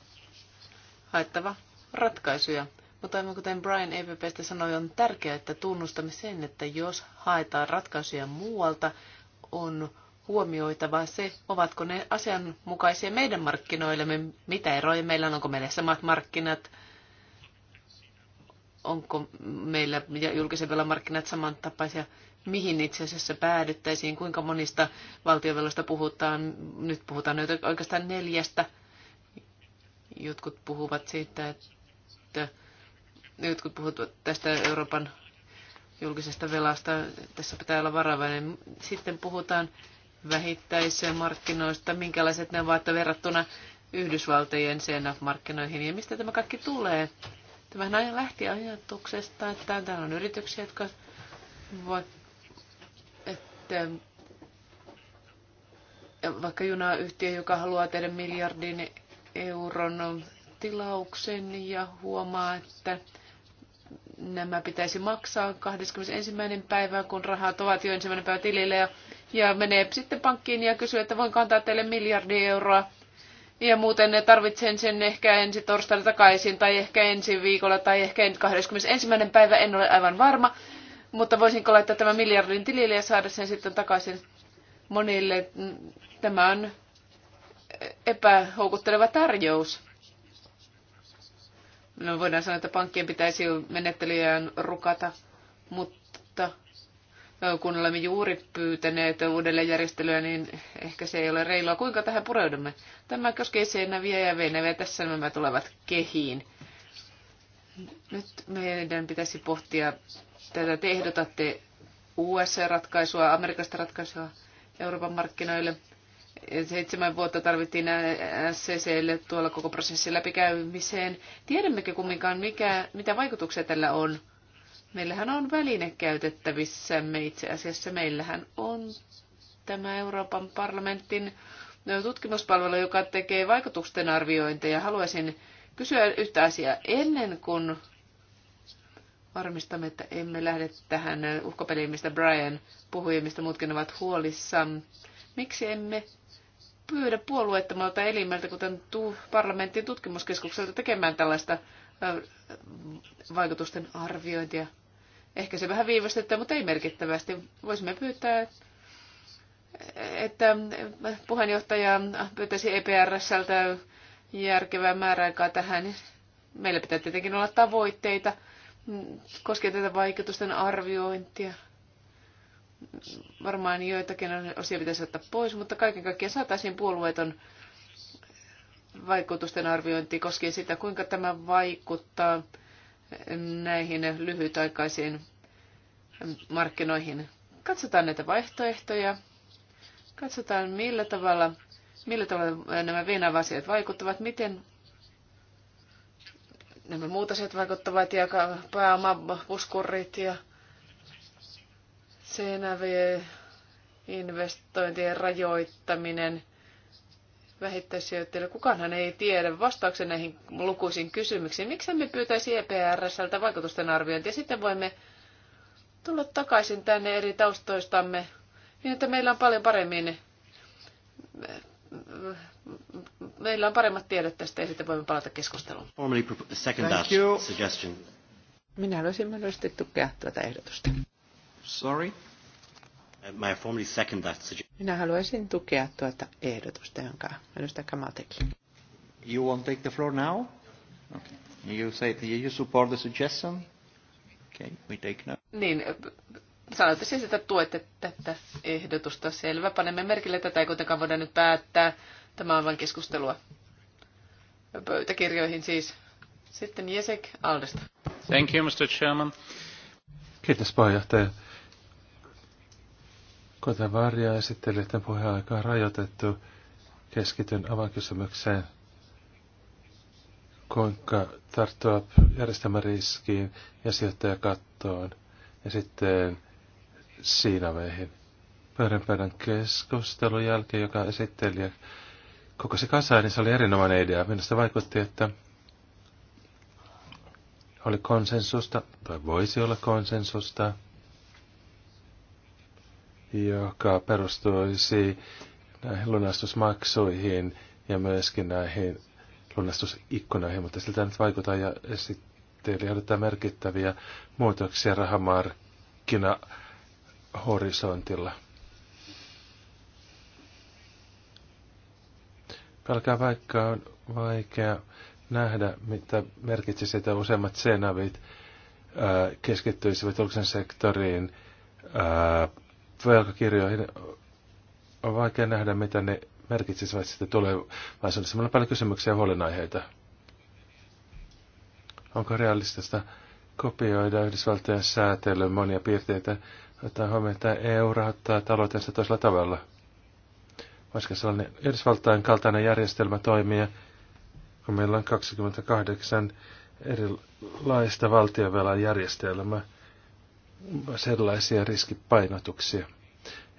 haettava ratkaisuja. Mutta aivan kuten Brian EPPstä sanoi, on tärkeää, että tunnustamme sen, että jos haetaan ratkaisuja muualta, on huomioitava se, ovatko ne asianmukaisia meidän markkinoillemme, mitä eroja meillä on, onko meillä samat markkinat, onko meillä ja julkisen velan markkinat samantapaisia, mihin itse asiassa päädyttäisiin, kuinka monista valtiovelosta puhutaan. Nyt puhutaan nyt oikeastaan neljästä. Jotkut puhuvat siitä, että jotkut puhuvat tästä Euroopan julkisesta velasta. Tässä pitää olla varovainen. Sitten puhutaan vähittäismarkkinoista, minkälaiset ne ovat verrattuna Yhdysvaltojen CNF-markkinoihin ja mistä tämä kaikki tulee näin lähti ajatuksesta, että täällä on yrityksiä, jotka voivat, että vaikka junayhtiö, joka haluaa tehdä miljardin euron tilauksen ja huomaa, että nämä pitäisi maksaa 21. päivää, kun rahat ovat jo ensimmäinen päivä tilille, ja, ja menee sitten pankkiin ja kysyy, että voin kantaa teille miljardi euroa ja muuten ne tarvitsen sen ehkä ensi torstaina takaisin, tai ehkä ensi viikolla, tai ehkä 21. päivä, en ole aivan varma. Mutta voisinko laittaa tämän miljardin tilille ja saada sen sitten takaisin monille. Mm, tämä on epähoukutteleva tarjous. No voidaan sanoa, että pankkien pitäisi menettelyjään rukata, mutta kun olemme juuri pyytäneet uudelleenjärjestelyä, niin ehkä se ei ole reilua. Kuinka tähän pureudumme? Tämä koskee Seinäviä ja Venäviä. Tässä nämä tulevat kehiin. Nyt meidän pitäisi pohtia tätä. Te ehdotatte USA-ratkaisua, Amerikasta ratkaisua Euroopan markkinoille. Seitsemän vuotta tarvittiin SCClle tuolla koko prosessin läpikäymiseen. Tiedämmekö kumminkaan, mikä, mitä vaikutuksia tällä on? Meillähän on väline käytettävissämme itse asiassa. Meillähän on tämä Euroopan parlamentin tutkimuspalvelu, joka tekee vaikutusten arviointeja. Haluaisin kysyä yhtä asiaa ennen kuin varmistamme, että emme lähde tähän uhkapeliin, mistä Brian puhui mistä muutkin ovat huolissaan. Miksi emme pyydä puolueettomalta elimeltä, kuten parlamentin tutkimuskeskukselta, tekemään tällaista vaikutusten arviointia? Ehkä se vähän viivästyttää, mutta ei merkittävästi. Voisimme pyytää, että puheenjohtaja pyytäisi EPRSltä järkevää määräaikaa tähän. Meillä pitää tietenkin olla tavoitteita koskien tätä vaikutusten arviointia. Varmaan joitakin osia pitäisi ottaa pois, mutta kaiken kaikkiaan saataisiin puolueeton vaikutusten arviointi koskien sitä, kuinka tämä vaikuttaa näihin lyhytaikaisiin markkinoihin. Katsotaan näitä vaihtoehtoja, katsotaan millä tavalla, millä tavalla nämä viinavasiat vaikuttavat, miten nämä muut asiat vaikuttavat ja pääomapuskurit ja CNV investointien rajoittaminen vähittäissijoittajille. Kukaanhan ei tiedä vastauksen näihin lukuisiin kysymyksiin. Miksi me pyytäisi EPRSltä vaikutusten arviointia? Sitten voimme tulla takaisin tänne eri taustoistamme niin, että meillä on paljon paremmin meillä on paremmat tiedot tästä ja sitten voimme palata keskusteluun. Thank you. Minä haluaisin mahdollisesti tukea tuota ehdotusta. Sorry? Uh, My formally second that suggestion. Minä haluaisin tukea tuota ehdotusta, jonka edustaja Kamal teki. You won't take the floor now? Okay. You say that you support the suggestion? Okay, we take note. Niin, sanotte siis, että tuette tätä ehdotusta. Selvä, panemme merkille tätä, ei kuitenkaan voida nyt päättää. Tämä on vain keskustelua. Pöytäkirjoihin siis. Sitten Jesek Aldesta. Thank you, Mr. Chairman. Kiitos, puheenjohtaja. Kuten varja esittelijöiden puheaika on rajoitettu, keskityn avainkysymykseen, kuinka tarttua riskiin ja sijoittajakattoon ja sitten siinaveihin. Pöydänpöydän keskustelun jälkeen, joka esittelijä koko se kasaan, niin se oli erinomainen idea. Minusta vaikutti, että oli konsensusta, tai voisi olla konsensusta, joka perustuisi näihin lunastusmaksuihin ja myöskin näihin lunastusikkunoihin, mutta siltä nyt vaikuttaa ja esitteli odottaa merkittäviä muutoksia rahamarkkinahorisontilla. Pelkää vaikka on vaikea nähdä, mitä merkitsi sitä useimmat senavit keskittyisivät julkisen sektoriin ää, velkakirjoihin on vaikea nähdä, mitä ne merkitsisivät sitten tulevaisuudessa. Meillä on paljon kysymyksiä ja huolenaiheita. Onko realistista kopioida Yhdysvaltojen säätelyn monia piirteitä, ottaa huomioon, että EU rahoittaa taloutensa toisella tavalla? Voisiko sellainen Yhdysvaltain kaltainen järjestelmä toimia, kun meillä on 28 erilaista valtionvelan järjestelmää? sellaisia riskipainotuksia.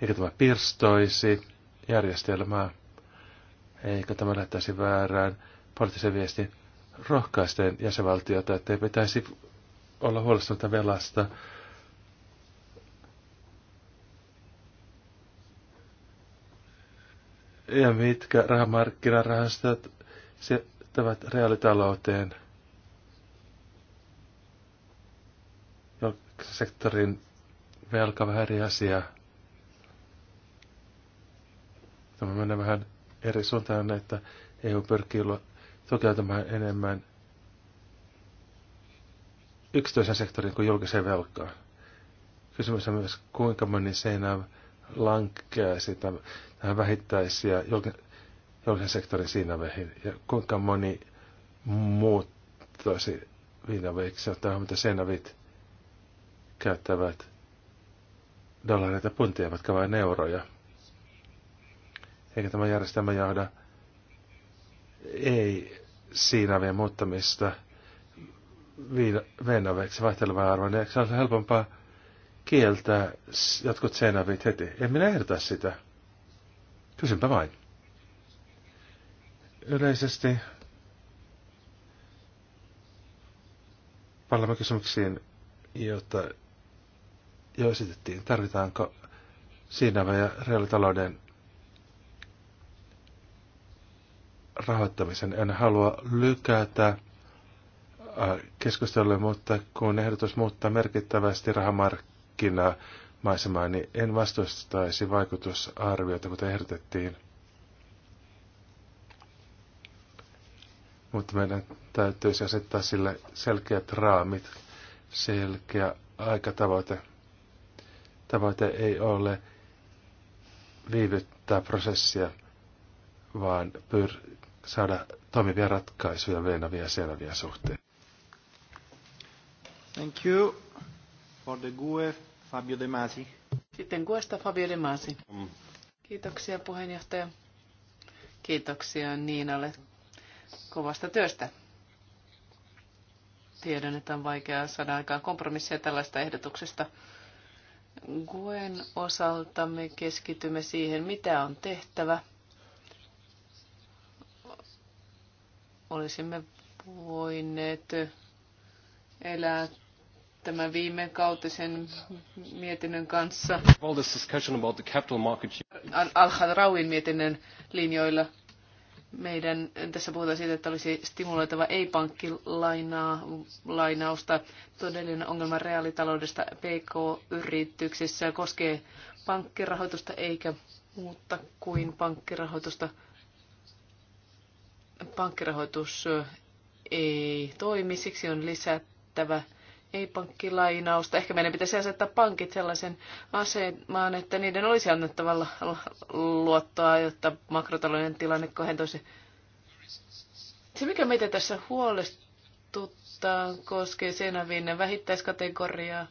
Eikä tämä pirstoisi järjestelmää, eikä tämä lähtäisi väärään poliittisen viestin rohkaisten jäsenvaltiota, että ei pitäisi olla huolestunut velasta. Ja mitkä rahamarkkinarahastot sijoittavat reaalitalouteen – sektorin velka vähän eri asia. Tämä menee vähän eri suuntaan, että EU pyrkii toteutamaan enemmän yksityisen sektorin kuin julkiseen velkaan. Kysymys on myös, kuinka moni seinä lankkea sitä, tähän vähittäisiä julkisen sektorin siinäveihin ja kuinka moni muuttaisi viinaveiksi, ottaa mitä seinävit käyttävät dollareita puntia, eivätkä vain euroja. Eikä tämä järjestelmä johda ei siinä vielä muuttamista venaveiksi vaihtelevaa arvoa, niin se on helpompaa kieltää jotkut senavit heti. En minä ehdota sitä. Kysynpä vain. Yleisesti palaamme kysymyksiin, jotta jo esitettiin. Tarvitaanko siinä vai reaalitalouden rahoittamisen? En halua lykätä äh, keskustelua, mutta kun ehdotus muuttaa merkittävästi rahamarkkinaa, maisemaa, niin en vastustaisi vaikutusarviota, kuten ehdotettiin. Mutta meidän täytyisi asettaa sille selkeät raamit, selkeä aikatavoite tavoite ei ole viivyttää prosessia, vaan pyr- saada toimivia ratkaisuja venäviä ja selviä suhteen. Thank you. For the GUE, Fabio De Masi. Sitten GUEsta Fabio De Masi. Mm. Kiitoksia puheenjohtaja. Kiitoksia Niinalle kovasta työstä. Tiedän, että on vaikeaa saada aikaan kompromissia tällaista ehdotuksesta. Guen osalta me keskitymme siihen, mitä on tehtävä. Olisimme voineet elää tämän viime kautisen mietinnön kanssa. Al-Hadrawin mietinnön linjoilla meidän, tässä puhutaan siitä, että olisi stimuloitava ei-pankkilainausta. Todellinen ongelma reaalitaloudesta PK-yrityksissä koskee pankkirahoitusta eikä muuta kuin pankkirahoitusta. Pankkirahoitus ei toimi, siksi on lisättävä ei pankkilainausta. Ehkä meidän pitäisi asettaa pankit sellaisen asemaan, että niiden olisi annettava luottoa, jotta makrotalouden tilanne kohentuisi. Se, mikä meitä tässä huolestuttaa, koskee Senavin vähittäiskategoriaa.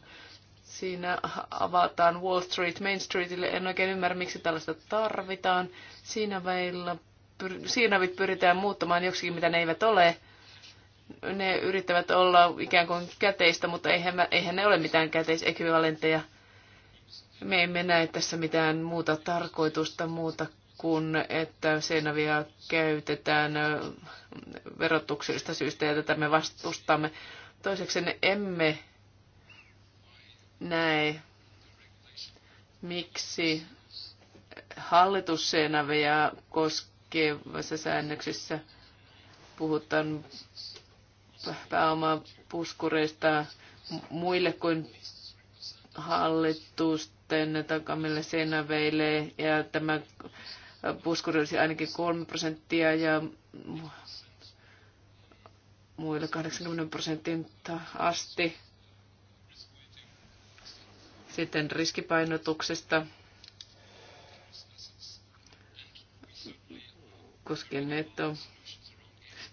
Siinä avataan Wall Street Main Streetille. En oikein ymmärrä, miksi tällaista tarvitaan. Siinä väillä, siinä pyritään muuttamaan joksikin, mitä ne eivät ole ne yrittävät olla ikään kuin käteistä, mutta eihän, eihän ne ole mitään käteisekvivalentteja. Me emme näe tässä mitään muuta tarkoitusta muuta kuin, että Senavia käytetään verotuksellista syystä ja tätä me vastustamme. Toiseksi emme näe, miksi hallitus koskevassa säännöksessä puhutaan pääomaa puskureista muille kuin hallitusten takamille senaveille ja tämä puskuri olisi ainakin 3 prosenttia ja muille 80 prosentin asti. Sitten riskipainotuksesta koskien netto-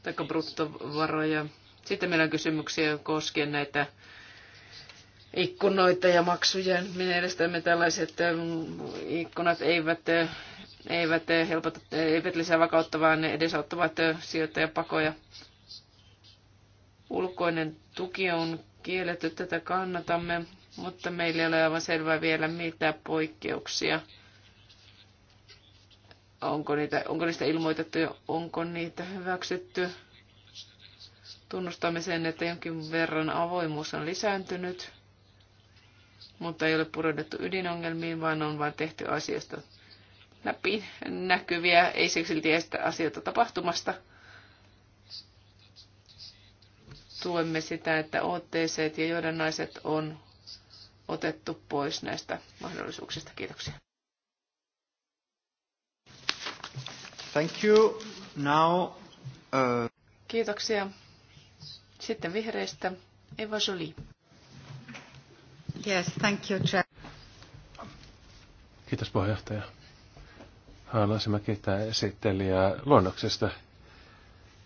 tai bruttovaroja. Sitten meillä on kysymyksiä koskien näitä ikkunoita ja maksuja. Mielestämme tällaiset ähm, ikkunat eivät, äh, eivät, äh, helpota, äh, eivät lisää vakautta, vaan ne edesauttavat sijoittajapakoja. Ulkoinen tuki on kielletty, tätä kannatamme, mutta meillä ei ole aivan selvää vielä mitä poikkeuksia. Onko niitä, onko niistä ilmoitettu ja onko niitä hyväksytty? Tunnustamme sen, että jonkin verran avoimuus on lisääntynyt, mutta ei ole pudotettu ydinongelmiin, vaan on vain tehty asioista läpi näkyviä, ei siksi silti estä asioita tapahtumasta. Tuemme sitä, että OTC ja johdannaiset on otettu pois näistä mahdollisuuksista. Kiitoksia. Thank you. Now, uh... Kiitoksia. Sitten vihreistä Eva Jolie. Yes, thank you, Chair. Kiitos puheenjohtaja. Haluaisimme kiittää esittelijää luonnoksesta.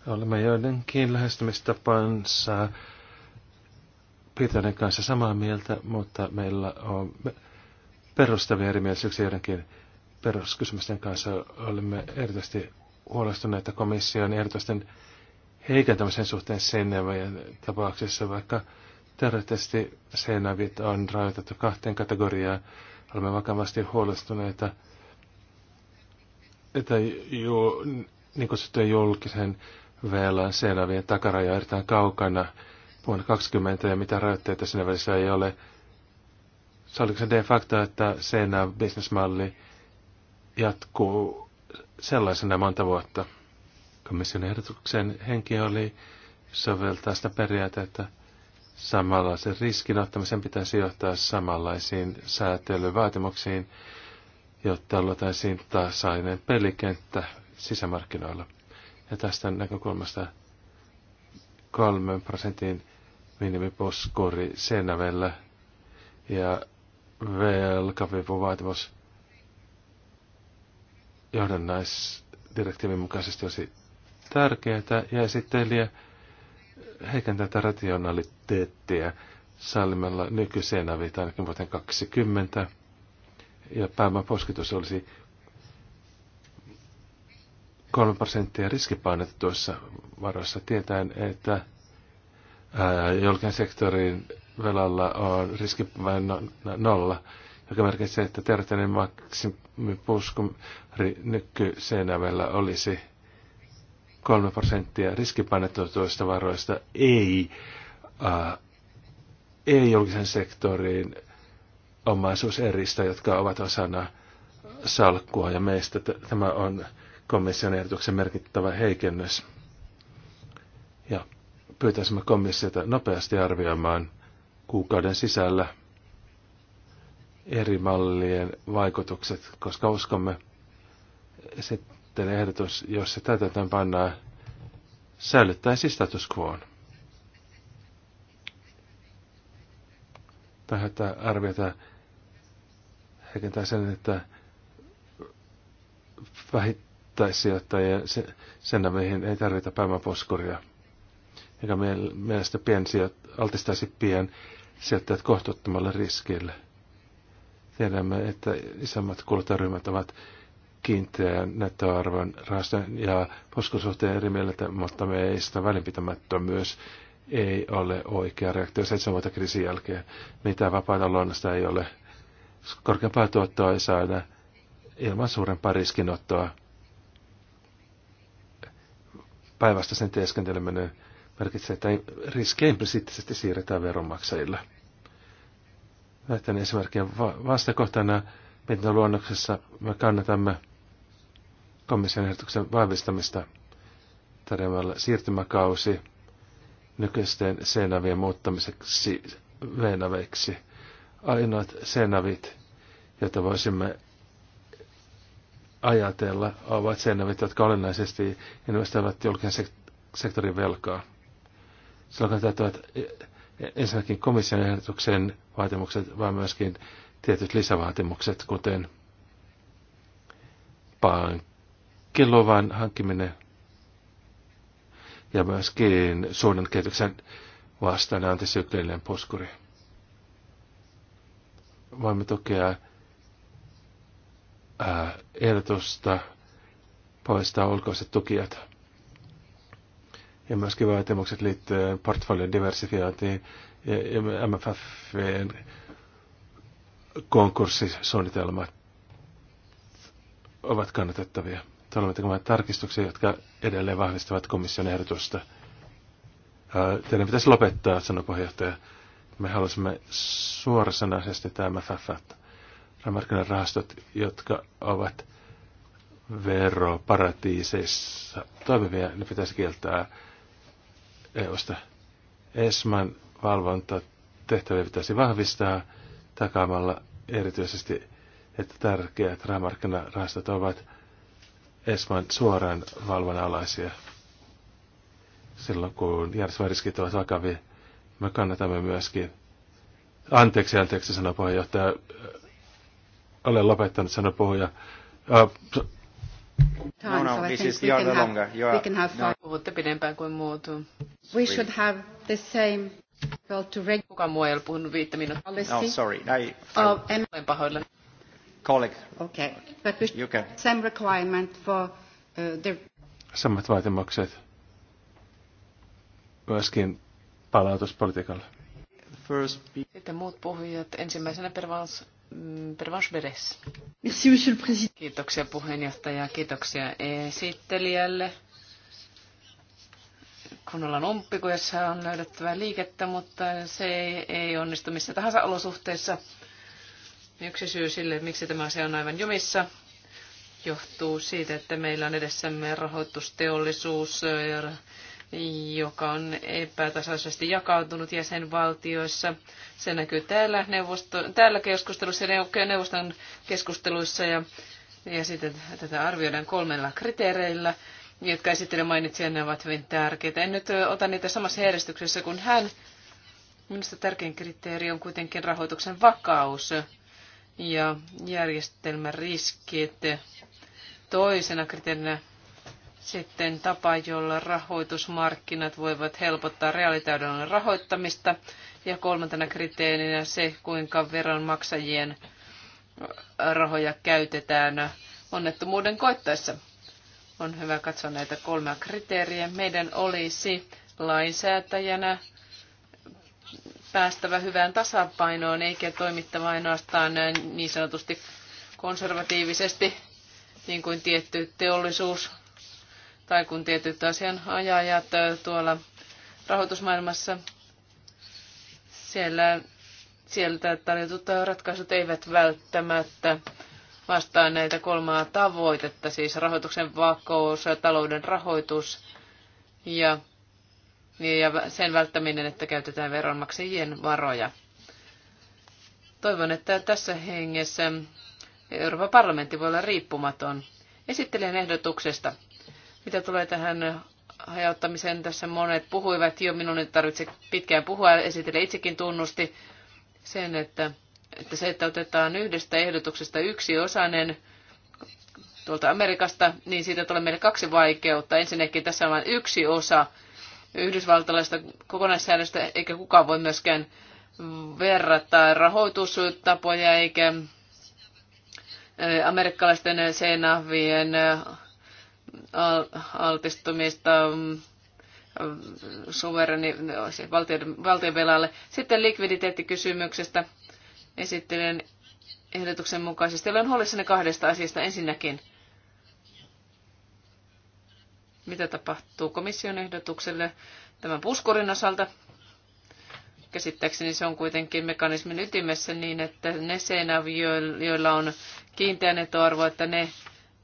Olemme joidenkin lähestymistapansa Piitonen kanssa samaa mieltä, mutta meillä on perustavia erimielisyyksiä joidenkin peruskysymysten kanssa. Olemme erityisesti huolestuneita komission ehdotusten heikentämisen suhteen Seinäjoen tapauksessa, vaikka terveellisesti Seinävit on rajoitettu kahteen kategoriaan. Olemme vakavasti huolestuneita, että jo, niin kutsuttujen julkisen velan Seinävien takaraja erittäin kaukana vuonna 20 ja mitä rajoitteita siinä välissä ei ole. Se oliko se de facto, että Seinäjoen bisnesmalli jatkuu sellaisena monta vuotta? Komission ehdotuksen henki oli soveltaa sitä periaatetta, samanlaisen riskin ottamisen pitäisi johtaa samanlaisiin säätelyvaatimuksiin, jotta luotaisiin tasainen pelikenttä sisämarkkinoilla. Ja tästä näkökulmasta kolmen prosentin minimiposkori Senävellä ja velkavipuvaatimus johdannaisdirektiivin mukaisesti olisi tärkeää ja esittelijä heikentää tätä rationaliteettia Salmella nykyiseen avit ainakin vuoteen 20 ja pääoman posketus olisi 3 prosenttia riskipainettuissa varoissa tietäen, että julkisen sektorin velalla on riski vain no, nolla, joka merkitsee, että terveyden maksimipusku nyky olisi 3 prosenttia riskipainottuista varoista ei, äh, ei julkisen sektorin omaisuuseristä, jotka ovat osana salkkua, ja meistä tämä on komission ehdotuksen merkittävä heikennys. Ja pyytäisimme komissiota nopeasti arvioimaan kuukauden sisällä eri mallien vaikutukset, koska uskomme, että ajattelen ehdotus, jos se täytäntöön pannaan, säilyttäisi siis status quoon. Tähän arviota heikentää sen, että vähittäissijoittajia, sen mihin ei tarvita pääomaposkuria, eikä mielestä piensijoit, altistaisi pien sijoittajat kohtuuttomalle riskille. Tiedämme, että isommat kuluttajaryhmät ovat kiinteän näyttöarvon rahaston ja poskosuhteen eri mieltä, mutta meistä myös ei ole oikea reaktio seitsemän vuotta kriisin jälkeen. mitä vapaata luonnosta ei ole. Korkeampaa tuottoa ei saada ilman suurempaa riskinottoa. Päivästä sen teeskenteleminen merkitsee, että riskejä implisiittisesti siirretään veronmaksajille. Näiden esimerkkien vastakohtana mitä luonnoksessa me kannatamme komission ehdotuksen vahvistamista tarjoamalla siirtymäkausi nykyisten senavien muuttamiseksi venaveiksi. Ainoat senavit, joita voisimme ajatella, ovat senavit, jotka olennaisesti investoivat julkisen sektorin velkaa. Silloin täyttävät ensinnäkin komission ehdotuksen vaatimukset, vaan myöskin tietyt lisävaatimukset, kuten pankki killuvan hankkiminen ja myöskin suunnan kehityksen vastainen antisyklinen puskuri. Voimme tukea ehdotusta poistaa ulkoiset tukijat. Ja myöskin vaatimukset liittyen portfolion diversifiointiin ja MFFn konkurssisuunnitelmat ovat kannatettavia tulemme tekemään tarkistuksia, jotka edelleen vahvistavat komission ehdotusta. Teidän pitäisi lopettaa, sanoi puheenjohtaja. Me halusimme suorasanaisesti tämä MFF, rahamarkkinoiden rahastot, jotka ovat veroparatiiseissa toimivia, ne pitäisi kieltää EUsta. ESMAn valvontatehtäviä pitäisi vahvistaa takaamalla erityisesti, että tärkeät rahamarkkinarahastot ovat ESMAn suoraan valvon alaisia. Silloin kun järjestelmäriskit ovat vakavia, me kannatamme myöskin. Anteeksi, anteeksi, sanoi puheenjohtaja. Olen lopettanut, sanoi puheenjohtaja. No, no, this is the other longer. You are, we can have no. Puhutte pidempään kuin muut. We should have the same well to reg... Kuka muu ei ole puhunut viittä minuuttia. No, sorry. I, oh, I... Oh, en... ole pahoillani. Colleague. Okay. But you can. Same requirement for uh, the... Samat vaatimukset myöskin palautuspolitiikalle. First... Sitten muut puhujat. Ensimmäisenä Pervans mm, Pervans Merci, monsieur le président. Kiitoksia puheenjohtaja, kiitoksia esittelijälle. Kun ollaan umppikujassa, on löydettävä liikettä, mutta se ei, ei onnistu missä tahansa olosuhteissa. Yksi syy sille, miksi tämä asia on aivan jumissa, johtuu siitä, että meillä on edessämme rahoitusteollisuus, joka on epätasaisesti jakautunut jäsenvaltioissa. Se näkyy täällä, neuvosto, täällä keskustelussa ja neuvoston keskusteluissa ja, ja sitten tätä arvioidaan kolmella kriteereillä, jotka esittelen mainitsi, ne ovat hyvin tärkeitä. En nyt ota niitä samassa järjestyksessä kuin hän. Minusta tärkein kriteeri on kuitenkin rahoituksen vakaus ja järjestelmän riskit. Toisena kriteerinä sitten tapa, jolla rahoitusmarkkinat voivat helpottaa reaalitalouden rahoittamista. Ja kolmantena kriteerinä se, kuinka veronmaksajien rahoja käytetään onnettomuuden koittaessa. On hyvä katsoa näitä kolmea kriteeriä. Meidän olisi lainsäätäjänä päästävä hyvään tasapainoon, eikä toimittava ainoastaan niin sanotusti konservatiivisesti, niin kuin tietty teollisuus tai kun tietyt asianajajat tuolla rahoitusmaailmassa siellä, sieltä tarjotut ratkaisut eivät välttämättä vastaa näitä kolmaa tavoitetta, siis rahoituksen vakaus, talouden rahoitus ja niin, ja sen välttäminen, että käytetään veronmaksajien varoja. Toivon, että tässä hengessä Euroopan parlamentti voi olla riippumaton Esittelen ehdotuksesta. Mitä tulee tähän hajauttamiseen, tässä monet puhuivat jo, minun ei tarvitse pitkään puhua, Esittelen itsekin tunnusti sen, että, että se, että otetaan yhdestä ehdotuksesta yksi osainen, tuolta Amerikasta, niin siitä tulee meille kaksi vaikeutta. Ensinnäkin tässä on vain yksi osa yhdysvaltalaista kokonaissäännöstä, eikä kukaan voi myöskään verrata rahoitustapoja eikä eh, amerikkalaisten seenahvien eh, altistumista mm, suvereni no, siis valtion velalle. Sitten likviditeettikysymyksestä esittelen ehdotuksen mukaisesti. Olen huolissani kahdesta asiasta. Ensinnäkin mitä tapahtuu komission ehdotukselle tämän puskurin osalta. Käsittääkseni se on kuitenkin mekanismin ytimessä niin, että ne seinät, joilla on kiinteä netoarvo, että ne,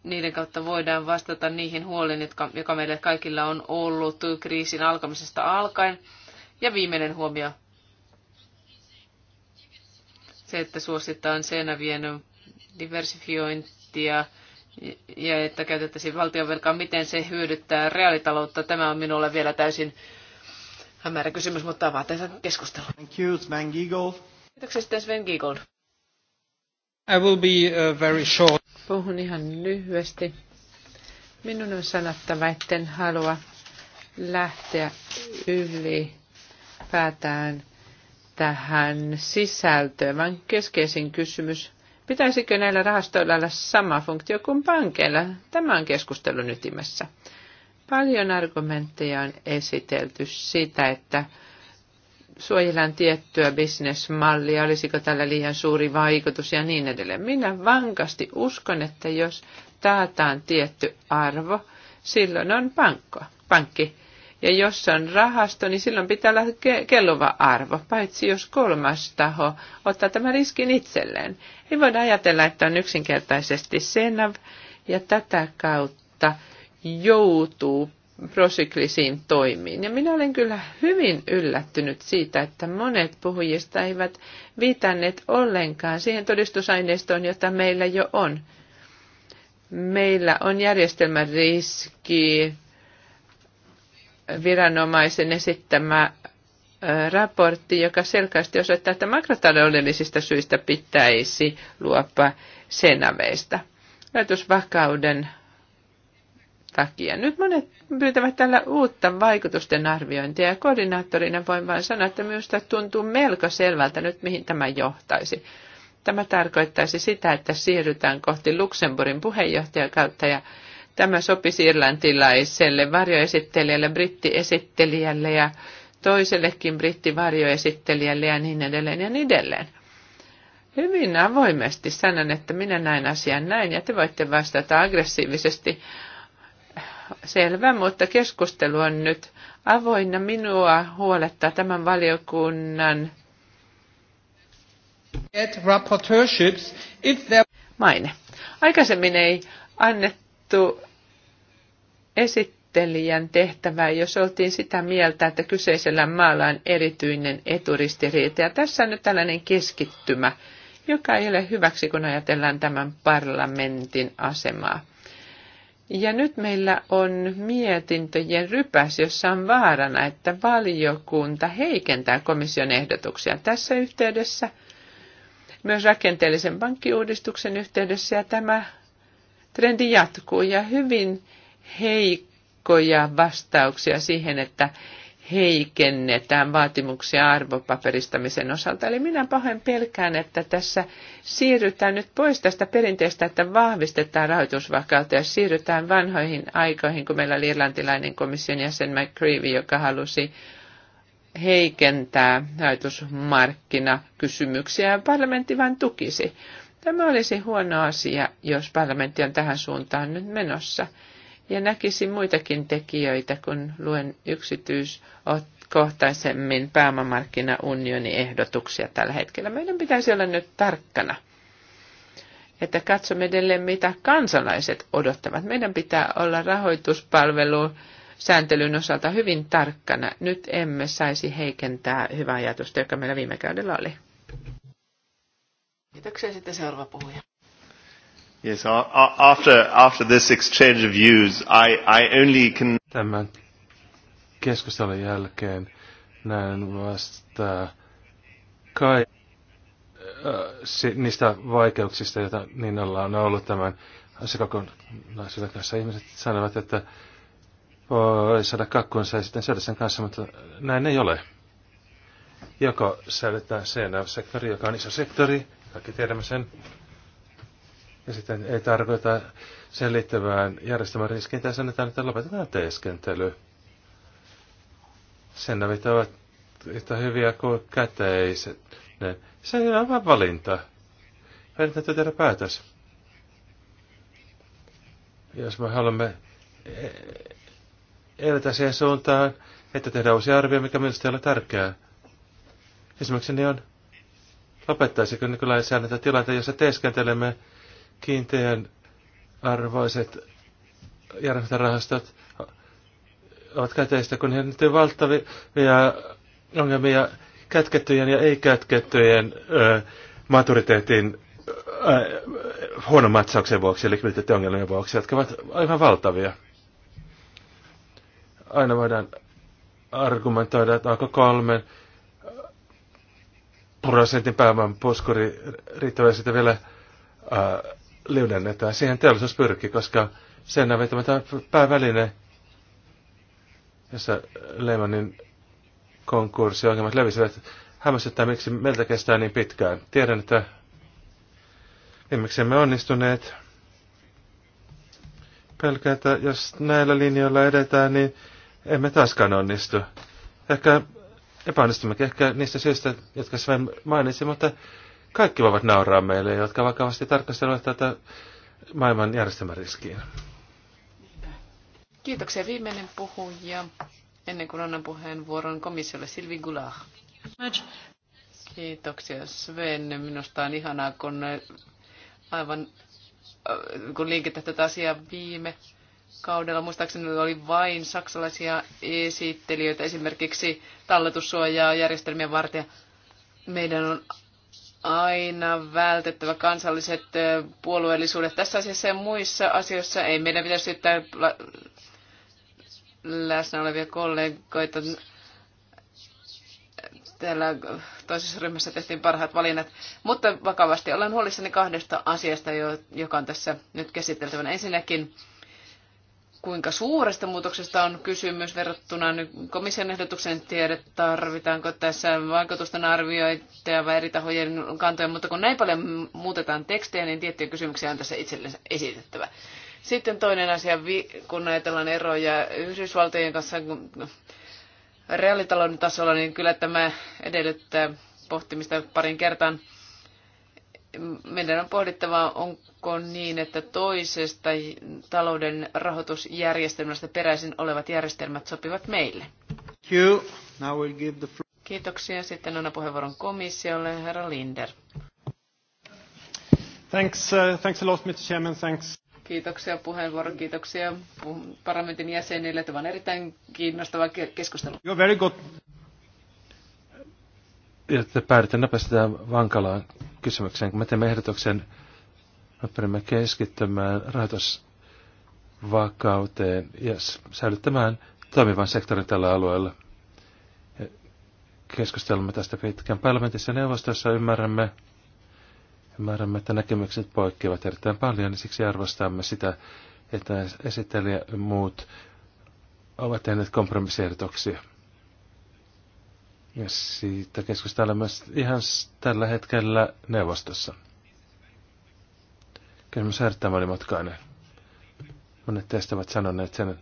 niiden kautta voidaan vastata niihin huoliin, jotka, joka meille kaikilla on ollut kriisin alkamisesta alkaen. Ja viimeinen huomio. Se, että suositaan seinävien diversifiointia ja että käytettäisiin valtionvelkaa, miten se hyödyttää reaalitaloutta. Tämä on minulle vielä täysin hämärä kysymys, mutta avaa tätä keskustelua. Thank you, Sven Giegold. Kiitoksia sitten Sven Giegold. I will be uh, very short. Puhun ihan lyhyesti. Minun on sanottava, etten halua lähteä yli päätään tähän sisältöön, vaan keskeisin kysymys Pitäisikö näillä rahastoilla olla sama funktio kuin pankeilla? Tämä on keskustelun ytimessä. Paljon argumentteja on esitelty sitä, että suojellaan tiettyä bisnesmallia, olisiko tällä liian suuri vaikutus ja niin edelleen. Minä vankasti uskon, että jos taataan tietty arvo, silloin on pankko, pankki ja jos on rahasto, niin silloin pitää olla kelluva arvo, paitsi jos kolmas taho ottaa tämän riskin itselleen. Ei voidaan ajatella, että on yksinkertaisesti senav ja tätä kautta joutuu prosyklisiin toimiin. Ja minä olen kyllä hyvin yllättynyt siitä, että monet puhujista eivät viitanneet ollenkaan siihen todistusaineistoon, jota meillä jo on. Meillä on järjestelmän riski, viranomaisen esittämä raportti, joka selkeästi osoittaa, että makrotaloudellisista syistä pitäisi luopua senaveista Vakauden takia. Nyt monet pyytävät tällä uutta vaikutusten arviointia ja koordinaattorina voin vain sanoa, että minusta tuntuu melko selvältä nyt, mihin tämä johtaisi. Tämä tarkoittaisi sitä, että siirrytään kohti Luxemburgin puheenjohtajakautta ja Tämä sopisi irlantilaiselle varjoesittelijälle, brittiesittelijälle ja toisellekin brittivarjoesittelijälle ja niin edelleen ja niin edelleen. Hyvin avoimesti sanon, että minä näin asian näin ja te voitte vastata aggressiivisesti. Selvä, mutta keskustelu on nyt avoinna. Minua huolettaa tämän valiokunnan maine. Aikaisemmin ei annettu esittelijän tehtävää, jos oltiin sitä mieltä, että kyseisellä maalla on erityinen eturistiriita. Ja tässä on nyt tällainen keskittymä, joka ei ole hyväksi, kun ajatellaan tämän parlamentin asemaa. Ja nyt meillä on mietintöjen rypäs, jossa on vaarana, että valiokunta heikentää komission ehdotuksia tässä yhteydessä, myös rakenteellisen pankkiuudistuksen yhteydessä, ja tämä trendi jatkuu. Ja hyvin heikkoja vastauksia siihen, että heikennetään vaatimuksia arvopaperistamisen osalta. Eli minä pahoin pelkään, että tässä siirrytään nyt pois tästä perinteestä, että vahvistetaan rahoitusvakautta ja siirrytään vanhoihin aikoihin, kun meillä oli irlantilainen komission jäsen McCreevy, joka halusi heikentää rahoitusmarkkinakysymyksiä ja parlamentti vain tukisi. Tämä olisi huono asia, jos parlamentti on tähän suuntaan nyt menossa. Ja näkisin muitakin tekijöitä, kun luen yksityiskohtaisemmin pääomamarkkinaunionin ehdotuksia tällä hetkellä. Meidän pitäisi olla nyt tarkkana, että katsomme edelleen, mitä kansalaiset odottavat. Meidän pitää olla rahoituspalvelu sääntelyn osalta hyvin tarkkana. Nyt emme saisi heikentää hyvää ajatusta, joka meillä viime kaudella oli. Kiitoksia sitten seuraava puhuja. Yes, after, after this exchange of views, I, I only can... Tämän keskustelun jälkeen näen vasta kai äh, niistä vaikeuksista, joita niin on ollut tämän asiakokonaisuuden kanssa. Ihmiset sanovat, että voi saada kakkunsa ja sitten syödä sen kanssa, mutta näin ei ole. Joko säilytetään CNF-sektori, joka on iso sektori, kaikki tiedämme sen, ja sitten ei tarkoita sen liittyvään järjestelmän riskiintään sanotaan, että lopetetaan teeskentely. Sen navit ovat yhtä hyviä kuin käteiset. Ne. Se on vain valinta. Meidän täytyy tehdä päätös. Jos me haluamme elätä siihen suuntaan, että tehdään uusia arvioita, mikä minusta ei ole tärkeää. Esimerkiksi niin on, lopettaisiko nykylainsäädäntö niin tilanteen, jossa teeskentelemme kiinteän arvoiset järjestelmärahastot ovat käteistä, kun he nyt valtavia ongelmia kätkettyjen ja ei-kätkettyjen maturiteetin huonon matsauksen vuoksi ja likviditeettiongelmien vuoksi, jotka ovat aivan valtavia. Aina voidaan argumentoida, että onko kolmen prosentin pääoman puskuri riittävä sitten vielä liudennetään Siihen teollisuuspyrkkiin, koska sen tämä pääväline, jossa Lehmanin konkurssiongelmat levisivät, hämmästyttää, miksi meiltä kestää niin pitkään. Tiedän, että viimeksi emme onnistuneet. Pelkää, että jos näillä linjoilla edetään, niin emme taaskaan onnistu. Ehkä epäonnistumme ehkä niistä syistä, jotka Sven mainitsi, mutta kaikki voivat nauraa meille, jotka vakavasti tarkastelevat tätä maailman järjestelmäriskiin. Kiitoksia. Viimeinen puhuja ennen kuin annan puheenvuoron komissiolle Silvi Gulah. Kiitoksia Sven. Minusta on ihanaa, kun aivan äh, kun liikitte tätä asiaa viime kaudella. Muistaakseni oli vain saksalaisia esittelijöitä esimerkiksi talletussuojaa järjestelmien varten. Meidän on aina vältettävä kansalliset puolueellisuudet tässä asiassa ja muissa asioissa. Ei meidän pitäisi syyttää läsnä olevia kollegoita. Täällä toisessa ryhmässä tehtiin parhaat valinnat. Mutta vakavasti olen huolissani kahdesta asiasta, joka on tässä nyt käsiteltävänä. Ensinnäkin kuinka suuresta muutoksesta on kysymys verrattuna komission ehdotuksen tiedet, tarvitaanko tässä vaikutusten arviointeja vai eri tahojen kantoja, mutta kun näin paljon muutetaan tekstejä, niin tiettyjä kysymyksiä on tässä itsellensä esitettävä. Sitten toinen asia, kun ajatellaan eroja Yhdysvaltojen kanssa reaalitalouden tasolla, niin kyllä tämä edellyttää pohtimista parin kertaan meidän on pohdittava, onko niin, että toisesta talouden rahoitusjärjestelmästä peräisin olevat järjestelmät sopivat meille. Kiitoksia. Sitten annan puheenvuoron komissiolle, herra Linder. Thanks, uh, thanks a lot, Mr. Chairman. Thanks. Kiitoksia puheenvuoron, kiitoksia parlamentin jäsenille. Tämä on erittäin kiinnostava keskustelu. You're very good. Ja te nopeasti tähän vankalaan kysymykseen. Kun me teemme ehdotuksen, me pyrimme keskittymään rahoitusvakauteen ja säilyttämään toimivan sektorin tällä alueella. Keskustelemme tästä pitkään parlamentissa ja neuvostossa. Ymmärrämme, ymmärrämme, että näkemykset poikkeavat erittäin paljon, niin siksi arvostamme sitä, että esittelijä ja muut ovat tehneet kompromissiehdotuksia. Ja siitä keskustellaan myös ihan tällä hetkellä neuvostossa. Kysymys Herttämä oli matkainen. Monet teistä ovat sanoneet sen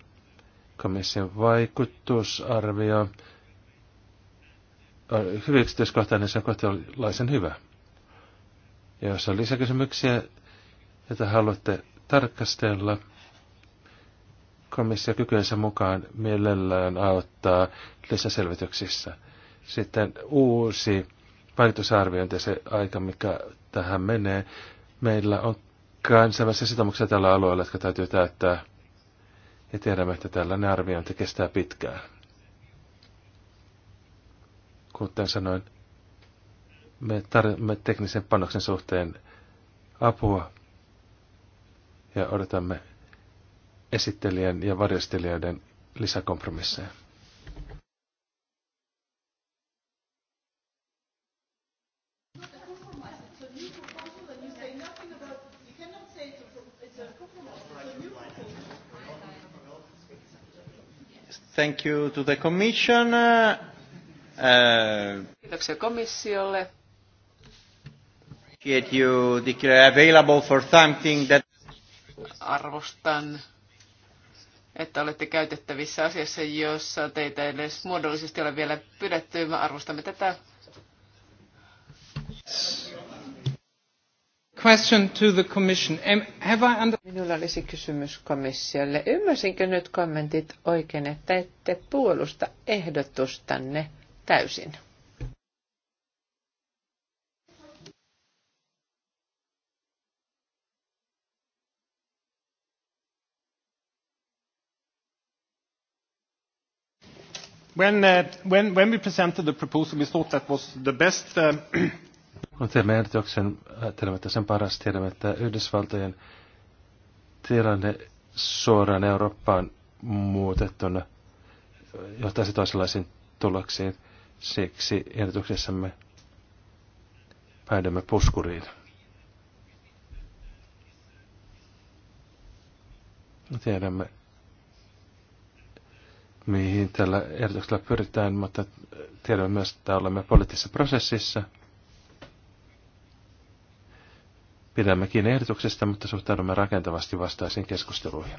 komission vaikutusarvio hyvin yksityiskohtainen, niin se on kohtalaisen hyvä. Ja jos on lisäkysymyksiä, joita haluatte tarkastella, komissio kykyensä mukaan mielellään auttaa lisäselvityksissä – sitten uusi vaikutusarviointi se aika, mikä tähän menee. Meillä on kansainvälisiä sitoumuksia tällä alueella, jotka täytyy täyttää. Ja tiedämme, että tällainen arviointi kestää pitkään. Kuten sanoin, me tarvitsemme teknisen panoksen suhteen apua ja odotamme esittelijän ja varjostelijoiden lisäkompromisseja. Thank you to the commission. Uh, uh Kiitoksia komissiolle. Get You declare available for something that... Arvostan, että olette käytettävissä asiassa, jossa teitä ei edes muodollisesti ole vielä pyydetty. Arvostamme tätä. Yes. Question to the commission. Have I under- Minulla olisi kysymys komissiolle. Ymmärsinkö nyt kommentit oikein, että ette puolusta ehdotustanne täysin? When, uh, when, when we presented the proposal, we thought that was the best uh, On teemme ehdotuksen, ajattelematta sen paras tiedämme, että Yhdysvaltojen tilanne suoraan Eurooppaan muutettuna johtaisi toisenlaisiin tuloksiin. Siksi ehdotuksessamme päädymme puskuriin. Tiedämme, mihin tällä ehdotuksella pyritään, mutta tiedämme myös, että olemme poliittisessa prosessissa – Pidämme kiinni ehdotuksesta, mutta suhtaudumme rakentavasti vastaisiin keskusteluihin.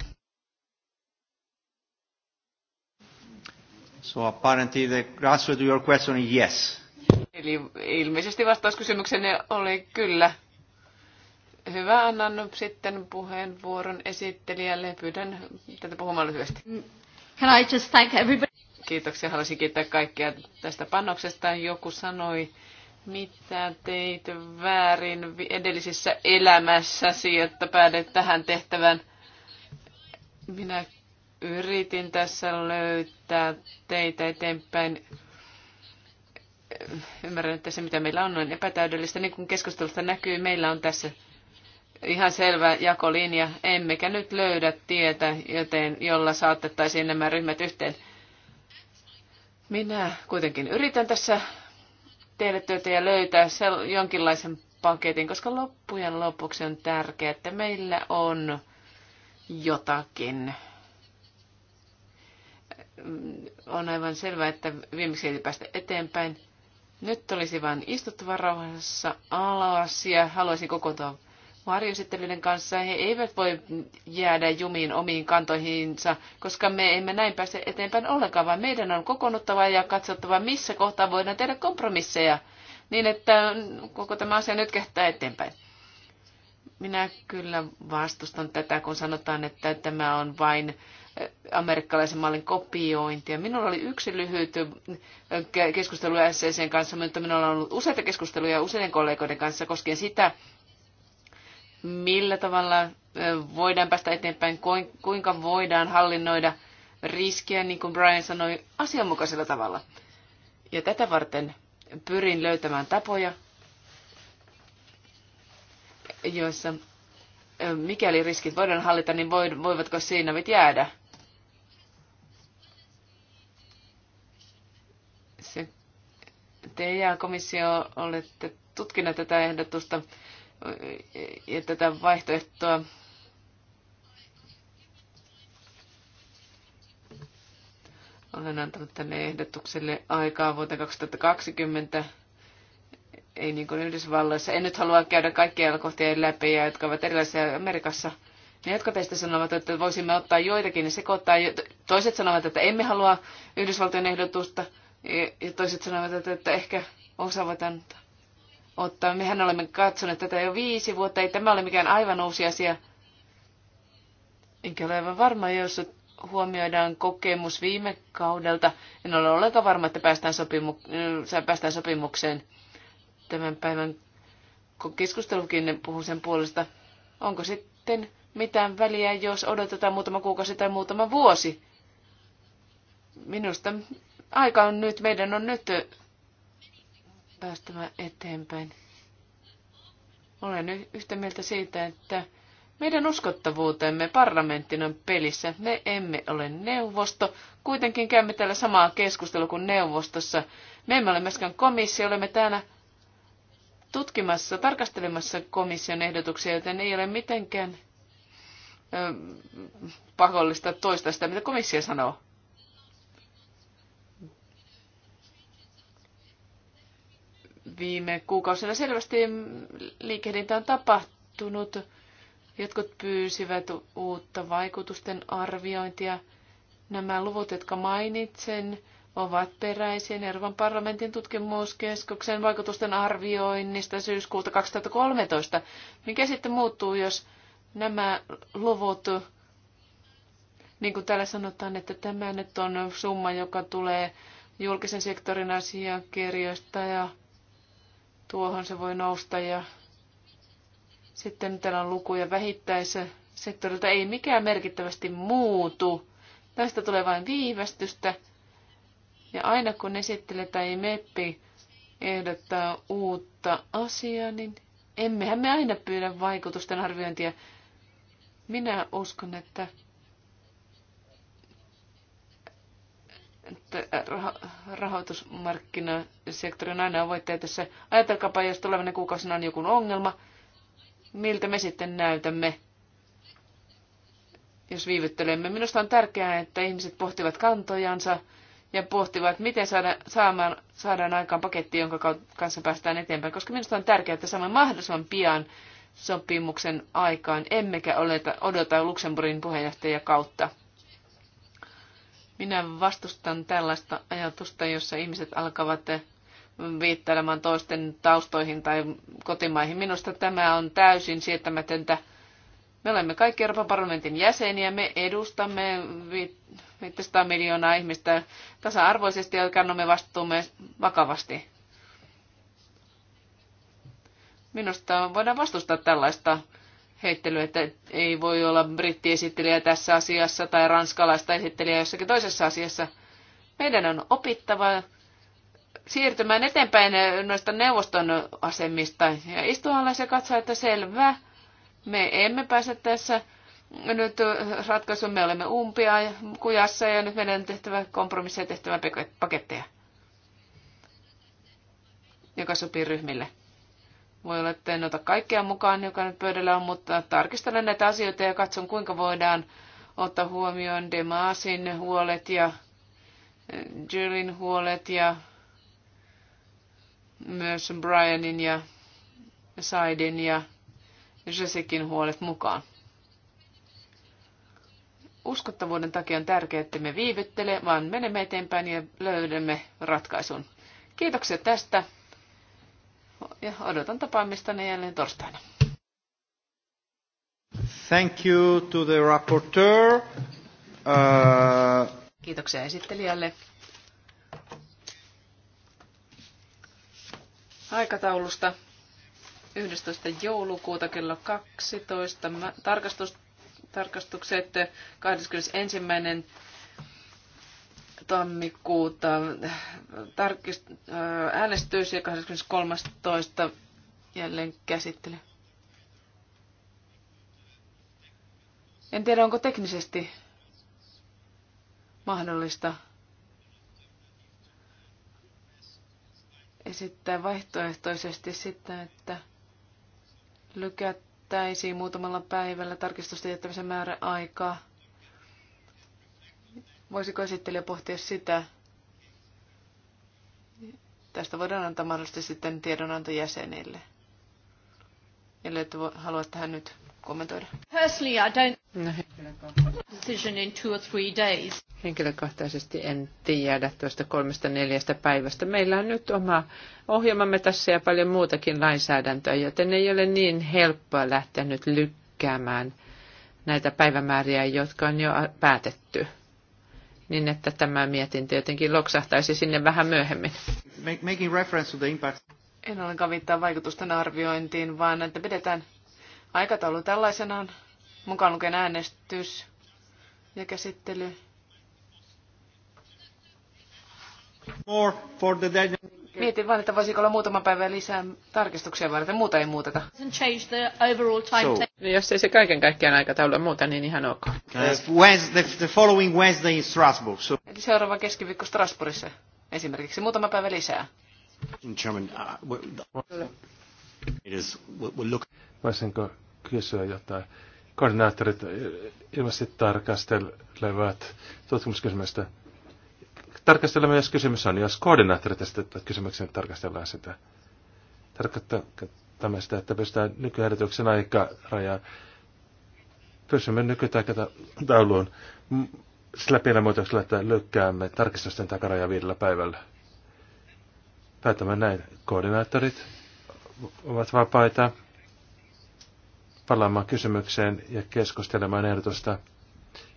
So apparently the answer to your question is yes. Eli ilmeisesti vastauskysymyksenne oli kyllä. Hyvä, annan sitten puheenvuoron esittelijälle. Pyydän tätä puhumaan lyhyesti. Can I just thank everybody? Kiitoksia, haluaisin kiittää kaikkia tästä panoksesta. Joku sanoi, mitä teit väärin edellisessä elämässäsi, että päädyit tähän tehtävään? Minä yritin tässä löytää teitä eteenpäin. Ymmärrän, että se mitä meillä on on epätäydellistä. Niin kuin keskustelusta näkyy, meillä on tässä ihan selvä jakolinja. Emmekä nyt löydä tietä, joten jolla saatettaisiin nämä ryhmät yhteen. Minä kuitenkin yritän tässä tehdä työtä ja löytää jonkinlaisen paketin, koska loppujen lopuksi on tärkeää, että meillä on jotakin. On aivan selvää, että viimeksi ei päästä eteenpäin. Nyt olisi vain istuttava rauhassa alas ja haluaisin kokoontua varjoesittelyiden kanssa. He eivät voi jäädä jumiin omiin kantoihinsa, koska me emme näin pääse eteenpäin ollenkaan, vaan meidän on kokoonnuttava ja katsottava, missä kohtaa voidaan tehdä kompromisseja, niin että koko tämä asia nyt kehtää eteenpäin. Minä kyllä vastustan tätä, kun sanotaan, että tämä on vain eh, amerikkalaisen mallin kopiointia. Minulla oli yksi lyhyt eh, keskustelu SCCn kanssa, mutta minulla on ollut useita keskusteluja useiden kollegoiden kanssa koskien sitä, millä tavalla voidaan päästä eteenpäin, kuinka voidaan hallinnoida riskiä, niin kuin Brian sanoi, asianmukaisella tavalla. Ja tätä varten pyrin löytämään tapoja, joissa mikäli riskit voidaan hallita, niin voivatko siinä jäädä? te ja komissio olette tutkineet tätä ehdotusta ja tätä vaihtoehtoa olen antanut tälle ehdotukselle aikaa vuoteen 2020. Ei niin kuin Yhdysvalloissa. En nyt halua käydä kaikkia alakohtia läpi, ja jotka ovat erilaisia Amerikassa. Ne, jotka teistä sanovat, että voisimme ottaa joitakin ja sekoittaa. Toiset sanovat, että emme halua Yhdysvaltojen ehdotusta. Ja toiset sanovat, että ehkä osa voit antaa ottaa. Mehän olemme katsoneet tätä jo viisi vuotta. Ei tämä ole mikään aivan uusi asia. Enkä ole aivan varma, jos huomioidaan kokemus viime kaudelta. En ole ollenkaan varma, että päästään, sopimu- äh, päästään sopimukseen. Tämän päivän keskustelukin puhuu sen puolesta. Onko sitten mitään väliä, jos odotetaan muutama kuukausi tai muutama vuosi? Minusta aika on nyt, meidän on nyt päästävä eteenpäin. Olen yhtä mieltä siitä, että meidän uskottavuutemme parlamenttina on pelissä. Me emme ole neuvosto. Kuitenkin käymme täällä samaa keskustelua kuin neuvostossa. Me emme ole myöskään komissio, olemme täällä tutkimassa, tarkastelemassa komission ehdotuksia, joten ei ole mitenkään pakollista toista, sitä, mitä komissio sanoo. Viime kuukausina selvästi liikehdintä on tapahtunut. Jotkut pyysivät uutta vaikutusten arviointia. Nämä luvut, jotka mainitsen, ovat peräisin Euroopan parlamentin tutkimuskeskuksen vaikutusten arvioinnista syyskuulta 2013. Mikä sitten muuttuu, jos nämä luvut, niin kuin täällä sanotaan, että tämä nyt on summa, joka tulee julkisen sektorin asiakirjoista ja tuohon se voi nousta ja sitten täällä on lukuja vähittäisessä sektorilta. Ei mikään merkittävästi muutu. Tästä tulee vain viivästystä. Ja aina kun esittelee tai meppi ehdottaa uutta asiaa, niin emmehän me aina pyydä vaikutusten arviointia. Minä uskon, että Äh, rahoitusmarkkinasektori on aina voittaja tässä. Ajatelkaapa, jos tulevana kuukausina on joku ongelma, miltä me sitten näytämme, jos viivyttelemme. Minusta on tärkeää, että ihmiset pohtivat kantojansa ja pohtivat, miten saada, saamaan, saadaan aikaan paketti, jonka kanssa päästään eteenpäin, koska minusta on tärkeää, että saamme mahdollisimman pian sopimuksen aikaan, emmekä oleta, odota Luxemburgin puheenjohtajia kautta minä vastustan tällaista ajatusta, jossa ihmiset alkavat viittailemaan toisten taustoihin tai kotimaihin. Minusta tämä on täysin sietämätöntä. Me olemme kaikki Euroopan parlamentin jäseniä, me edustamme 500 miljoonaa ihmistä tasa-arvoisesti ja kannamme vastuumme vakavasti. Minusta voidaan vastustaa tällaista heittely, että ei voi olla brittiesittelijä tässä asiassa tai ranskalaista esittelijä jossakin toisessa asiassa. Meidän on opittava siirtymään eteenpäin noista neuvoston asemista ja istua alas ja katsoa, että selvä, me emme pääse tässä nyt ratkaisuun, me olemme umpia kujassa ja nyt meidän on tehtävä kompromisseja tehtävä paketteja, joka sopii ryhmille. Voi olla, että en ota kaikkea mukaan, joka nyt pöydällä on, mutta tarkistelen näitä asioita ja katson, kuinka voidaan ottaa huomioon Demasin huolet ja eh, Jillin huolet ja myös Brianin ja Saidin ja Jessikin huolet mukaan. Uskottavuuden takia on tärkeää, että me viivyttele, vaan menemme eteenpäin ja löydämme ratkaisun. Kiitoksia tästä ja odotan tapaamistanne jälleen torstaina. Thank you to the rapporteur. Uh... Kiitoksia esittelijälle. Aikataulusta 11. joulukuuta kello 12. Tarkastus, tarkastukset 21 tammikuuta tarkist, äh, äänestys ja toista jälleen käsittely. En tiedä, onko teknisesti mahdollista esittää vaihtoehtoisesti sitä, että lykättäisiin muutamalla päivällä tarkistusten jättämisen määrä aikaa. Voisiko esittelijä pohtia sitä? Tästä voidaan antaa mahdollisesti sitten tiedonanto jäsenille. Eli että haluat tähän nyt kommentoida. Personally, I don't no, decision in two or three days. Henkilökohtaisesti en tiedä tuosta kolmesta neljästä päivästä. Meillä on nyt oma ohjelmamme tässä ja paljon muutakin lainsäädäntöä, joten ei ole niin helppoa lähteä nyt lykkäämään näitä päivämääriä, jotka on jo päätetty niin että tämä mietintö jotenkin loksahtaisi sinne vähän myöhemmin. Making reference to the impact. En ollenkaan viittaa vaikutusten arviointiin, vaan että pidetään aikataulu tällaisenaan, mukaan lukien äänestys ja käsittely. More for the Mietin vain, että voisiko olla muutama päivä lisää tarkistuksia varten. Muuta ei muuteta. So. No, jos ei se kaiken kaikkiaan aikataulua muuta, niin ihan ok. Uh, Wednesday, the following Wednesday in Strasbourg. So. Eli seuraava keskiviikko Strasbourgissa esimerkiksi. Muutama päivä lisää. In German, uh, it is, we'll look. Voisinko kysyä jotain? Koordinaattorit ilmeisesti tarkastelevat tutkimuskysymystä tarkastella myös kysymys on, jos koordinaattorit esittävät kysymyksen, niin tarkastellaan sitä. Tarkoittamme sitä, että pystytään nykyehdotuksen aikarajaan. Pysymme nykytaikatauluun sillä pienellä muutoksella, että lykkäämme tarkistusten takaraja viidellä päivällä. Päätämme näin. Koordinaattorit ovat vapaita palaamaan kysymykseen ja keskustelemaan ehdotusta,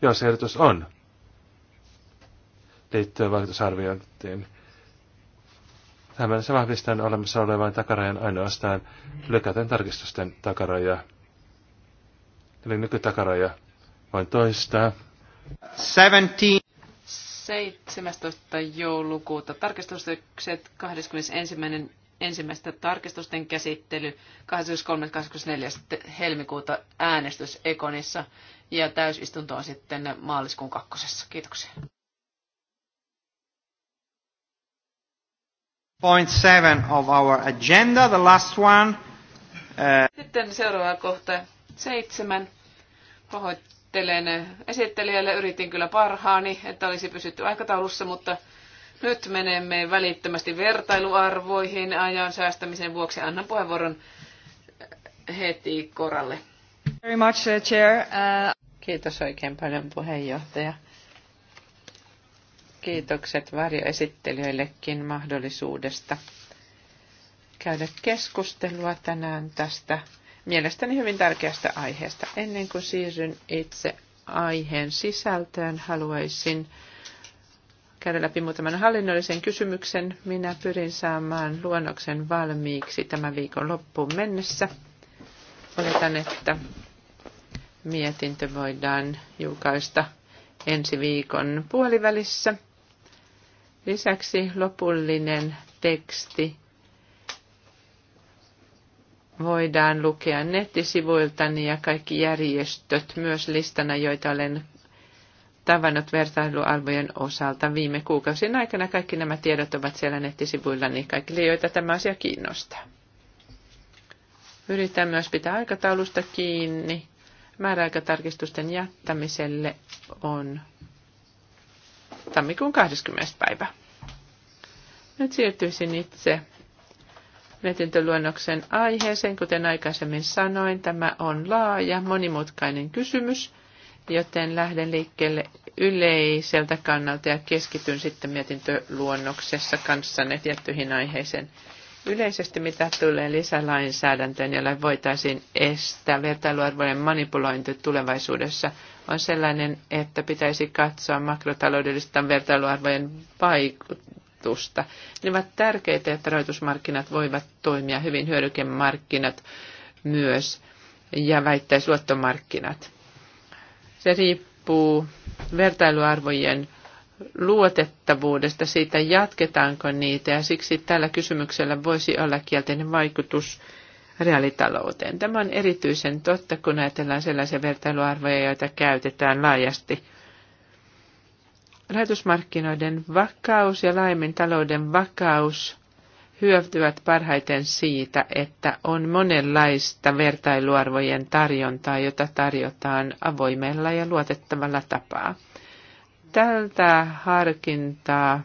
jos ehdotus on liittyen vaikutusarviointiin. Tähän mennessä vahvistan olemassa olevan takarajan ainoastaan lykäten tarkistusten takaraja. Eli nykytakaraja voin toistaa. 17. 17. joulukuuta tarkistukset 21. ensimmäistä tarkistusten käsittely 23.24. helmikuuta äänestys Ekonissa ja täysistunto on sitten maaliskuun kakkosessa. Kiitoksia. Point seven of our agenda, the last one. Uh... Sitten seuraava kohta, seitsemän. Pahoittelen esittelijälle, yritin kyllä parhaani, että olisi pysytty aikataulussa, mutta nyt menemme välittömästi vertailuarvoihin ajan säästämisen vuoksi. Annan puheenvuoron heti Koralle. Very much, uh, chair. Uh... Kiitos oikein paljon puheenjohtaja. Kiitokset varjoesittelijöillekin mahdollisuudesta käydä keskustelua tänään tästä mielestäni hyvin tärkeästä aiheesta. Ennen kuin siirryn itse aiheen sisältöön, haluaisin käydä läpi muutaman hallinnollisen kysymyksen. Minä pyrin saamaan luonnoksen valmiiksi tämän viikon loppuun mennessä. Oletan, että mietintö voidaan julkaista ensi viikon puolivälissä. Lisäksi lopullinen teksti voidaan lukea nettisivuiltani ja kaikki järjestöt myös listana, joita olen tavannut vertailualvojen osalta viime kuukausien aikana. Kaikki nämä tiedot ovat siellä nettisivuilla, niin kaikille, joita tämä asia kiinnostaa. Yritän myös pitää aikataulusta kiinni. Määräaikatarkistusten jättämiselle on tammikuun 20. päivä. Nyt siirtyisin itse mietintöluonnoksen aiheeseen. Kuten aikaisemmin sanoin, tämä on laaja, monimutkainen kysymys, joten lähden liikkeelle yleiseltä kannalta ja keskityn sitten mietintöluonnoksessa kanssanne tiettyihin aiheisiin. Yleisesti mitä tulee lisälainsäädäntöön, jolla voitaisiin estää vertailuarvojen manipulointi tulevaisuudessa, on sellainen, että pitäisi katsoa makrotaloudellisten vertailuarvojen vaikutusta. Ne ovat tärkeitä, että rahoitusmarkkinat voivat toimia hyvin hyödykemarkkinat myös ja väittäisluottomarkkinat. Se riippuu vertailuarvojen luotettavuudesta, siitä jatketaanko niitä ja siksi tällä kysymyksellä voisi olla kielteinen vaikutus reaalitalouteen. Tämä on erityisen totta, kun ajatellaan sellaisia vertailuarvoja, joita käytetään laajasti. Rahoitusmarkkinoiden vakaus ja laajemmin talouden vakaus hyötyvät parhaiten siitä, että on monenlaista vertailuarvojen tarjontaa, jota tarjotaan avoimella ja luotettavalla tapaa. Tältä harkintaa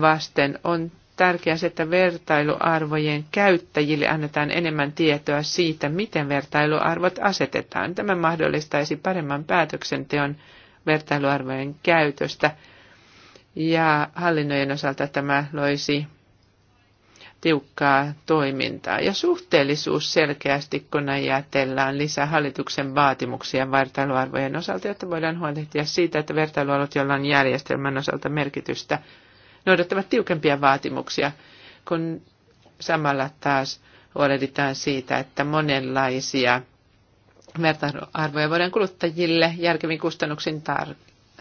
vasten on tärkeää se, että vertailuarvojen käyttäjille annetaan enemmän tietoa siitä, miten vertailuarvot asetetaan. Tämä mahdollistaisi paremman päätöksenteon vertailuarvojen käytöstä ja hallinnojen osalta tämä loisi tiukkaa toimintaa. Ja suhteellisuus selkeästi, kun ajatellaan lisää hallituksen vaatimuksia vertailuarvojen osalta, jotta voidaan huolehtia siitä, että vertailualot, joilla on järjestelmän osalta merkitystä, noudattavat tiukempia vaatimuksia, kun samalla taas huolehditaan siitä, että monenlaisia vertailuarvoja voidaan kuluttajille järkevin kustannuksin tar-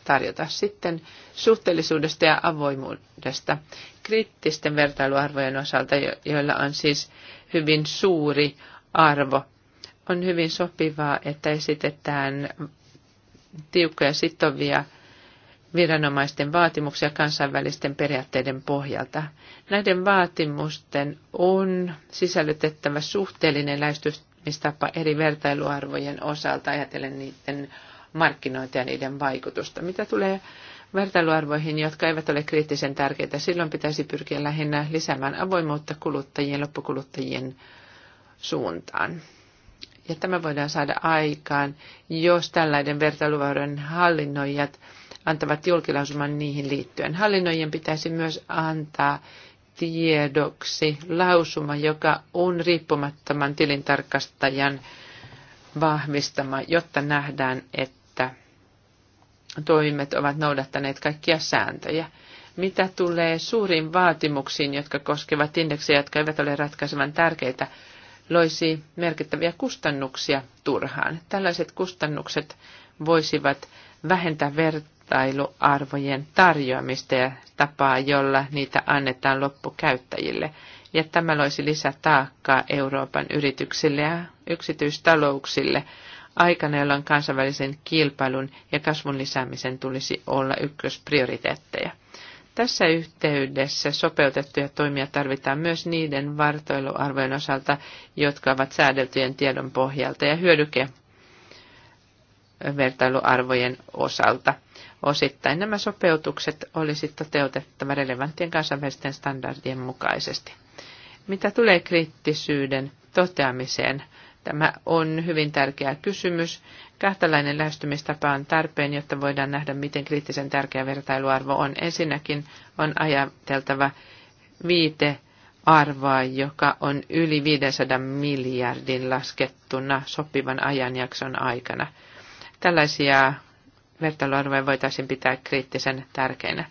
tarjota. Sitten suhteellisuudesta ja avoimuudesta kriittisten vertailuarvojen osalta, joilla on siis hyvin suuri arvo. On hyvin sopivaa, että esitetään tiukkoja sitovia viranomaisten vaatimuksia kansainvälisten periaatteiden pohjalta. Näiden vaatimusten on sisällytettävä suhteellinen lähestymistapa eri vertailuarvojen osalta ajatellen niiden markkinoita ja niiden vaikutusta. Mitä tulee vertailuarvoihin, jotka eivät ole kriittisen tärkeitä, silloin pitäisi pyrkiä lähinnä lisäämään avoimuutta kuluttajien, loppukuluttajien suuntaan. Ja tämä voidaan saada aikaan, jos tällainen vertailuvaroiden hallinnoijat antavat julkilausuman niihin liittyen. Hallinnoijien pitäisi myös antaa tiedoksi lausuma, joka on riippumattoman tilintarkastajan vahvistama, jotta nähdään, että toimet ovat noudattaneet kaikkia sääntöjä. Mitä tulee suuriin vaatimuksiin, jotka koskevat indeksejä, jotka eivät ole ratkaisevan tärkeitä, loisi merkittäviä kustannuksia turhaan. Tällaiset kustannukset voisivat vähentää vertailuarvojen tarjoamista ja tapaa, jolla niitä annetaan loppukäyttäjille. Ja tämä loisi lisätaakkaa Euroopan yrityksille ja yksityistalouksille aikana, jolloin kansainvälisen kilpailun ja kasvun lisäämisen tulisi olla ykkösprioriteetteja. Tässä yhteydessä sopeutettuja toimia tarvitaan myös niiden vartoiluarvojen osalta, jotka ovat säädeltyjen tiedon pohjalta ja hyödyke vertailuarvojen osalta. Osittain nämä sopeutukset olisi toteutettava relevanttien kansainvälisten standardien mukaisesti. Mitä tulee kriittisyyden toteamiseen, Tämä on hyvin tärkeä kysymys. Kahtalainen lähestymistapa on tarpeen, jotta voidaan nähdä, miten kriittisen tärkeä vertailuarvo on. Ensinnäkin on ajateltava viite arvoa, joka on yli 500 miljardin laskettuna sopivan ajanjakson aikana. Tällaisia vertailuarvoja voitaisiin pitää kriittisen tärkeinä.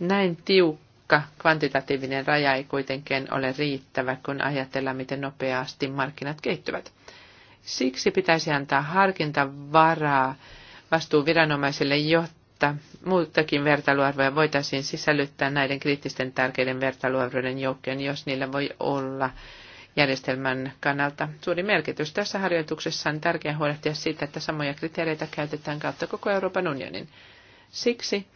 Näin tiukka tiukka kvantitatiivinen raja ei kuitenkin ole riittävä, kun ajatellaan, miten nopeasti markkinat kehittyvät. Siksi pitäisi antaa harkintavaraa vastuuviranomaisille, jotta muutakin vertailuarvoja voitaisiin sisällyttää näiden kriittisten tärkeiden vertailuarvojen joukkoon, jos niillä voi olla järjestelmän kannalta suuri merkitys. Tässä harjoituksessa on tärkeää huolehtia siitä, että samoja kriteereitä käytetään kautta koko Euroopan unionin. Siksi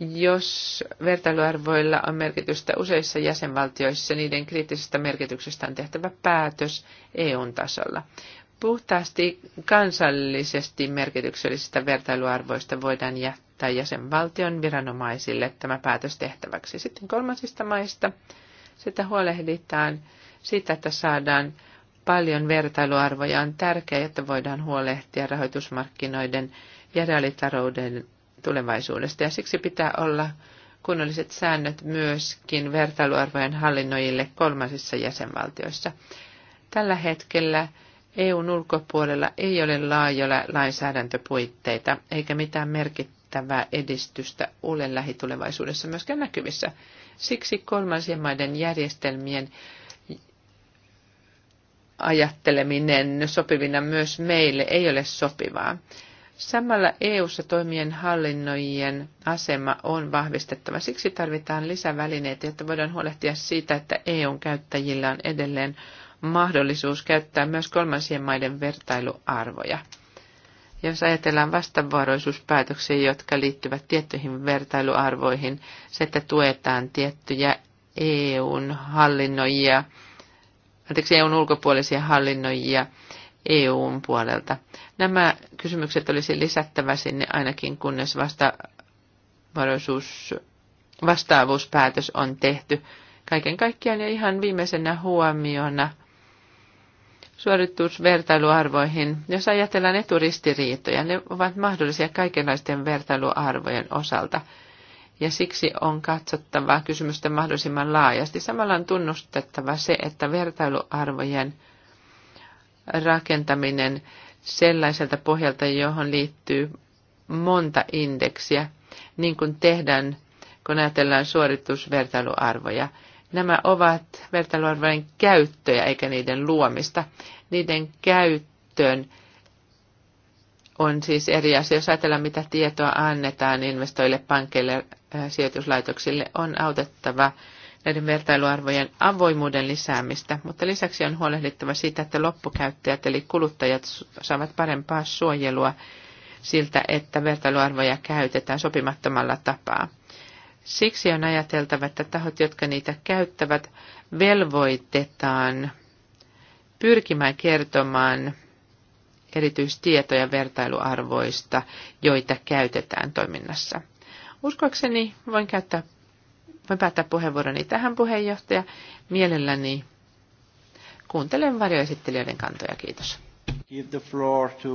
jos vertailuarvoilla on merkitystä useissa jäsenvaltioissa, niiden kriittisestä merkityksestä on tehtävä päätös eu tasolla. Puhtaasti kansallisesti merkityksellisistä vertailuarvoista voidaan jättää jäsenvaltion viranomaisille tämä päätös tehtäväksi. Sitten kolmansista maista sitä huolehditaan siitä, että saadaan paljon vertailuarvoja. On tärkeää, että voidaan huolehtia rahoitusmarkkinoiden ja reaalitalouden tulevaisuudesta. Ja siksi pitää olla kunnolliset säännöt myöskin vertailuarvojen hallinnoijille kolmasissa jäsenvaltioissa. Tällä hetkellä EUn ulkopuolella ei ole laajoja lainsäädäntöpuitteita eikä mitään merkittävää edistystä ole lähitulevaisuudessa myöskään näkyvissä. Siksi kolmansien maiden järjestelmien ajatteleminen sopivina myös meille ei ole sopivaa. Samalla EU-ssa toimien hallinnoijien asema on vahvistettava. Siksi tarvitaan lisävälineitä, jotta voidaan huolehtia siitä, että EUn käyttäjillä on edelleen mahdollisuus käyttää myös kolmansien maiden vertailuarvoja. Jos ajatellaan vastavuoroisuuspäätöksiä, jotka liittyvät tiettyihin vertailuarvoihin, se, että tuetaan tiettyjä EUn hallinnoijia, anteeksi, EUn ulkopuolisia hallinnoijia EUn puolelta – Nämä kysymykset olisi lisättävä sinne ainakin kunnes vasta vastaavuuspäätös on tehty. Kaiken kaikkiaan ja ihan viimeisenä huomiona suoritusvertailuarvoihin, jos ajatellaan eturistiriitoja, ne ovat mahdollisia kaikenlaisten vertailuarvojen osalta. Ja siksi on katsottava kysymystä mahdollisimman laajasti. Samalla on tunnustettava se, että vertailuarvojen rakentaminen sellaiselta pohjalta, johon liittyy monta indeksiä, niin kuin tehdään, kun ajatellaan suoritusvertailuarvoja. Nämä ovat vertailuarvojen käyttöjä eikä niiden luomista. Niiden käyttöön on siis eri asia. Jos ajatellaan, mitä tietoa annetaan investoille, pankeille, äh, sijoituslaitoksille, on autettava näiden vertailuarvojen avoimuuden lisäämistä, mutta lisäksi on huolehdittava siitä, että loppukäyttäjät eli kuluttajat saavat parempaa suojelua siltä, että vertailuarvoja käytetään sopimattomalla tapaa. Siksi on ajateltava, että tahot, jotka niitä käyttävät, velvoitetaan pyrkimään kertomaan erityistietoja vertailuarvoista, joita käytetään toiminnassa. Uskoakseni voin käyttää Voin päättää puheenvuoroni tähän puheenjohtaja. Mielelläni kuuntelen varjoesittelijöiden kantoja. Kiitos. Give the floor to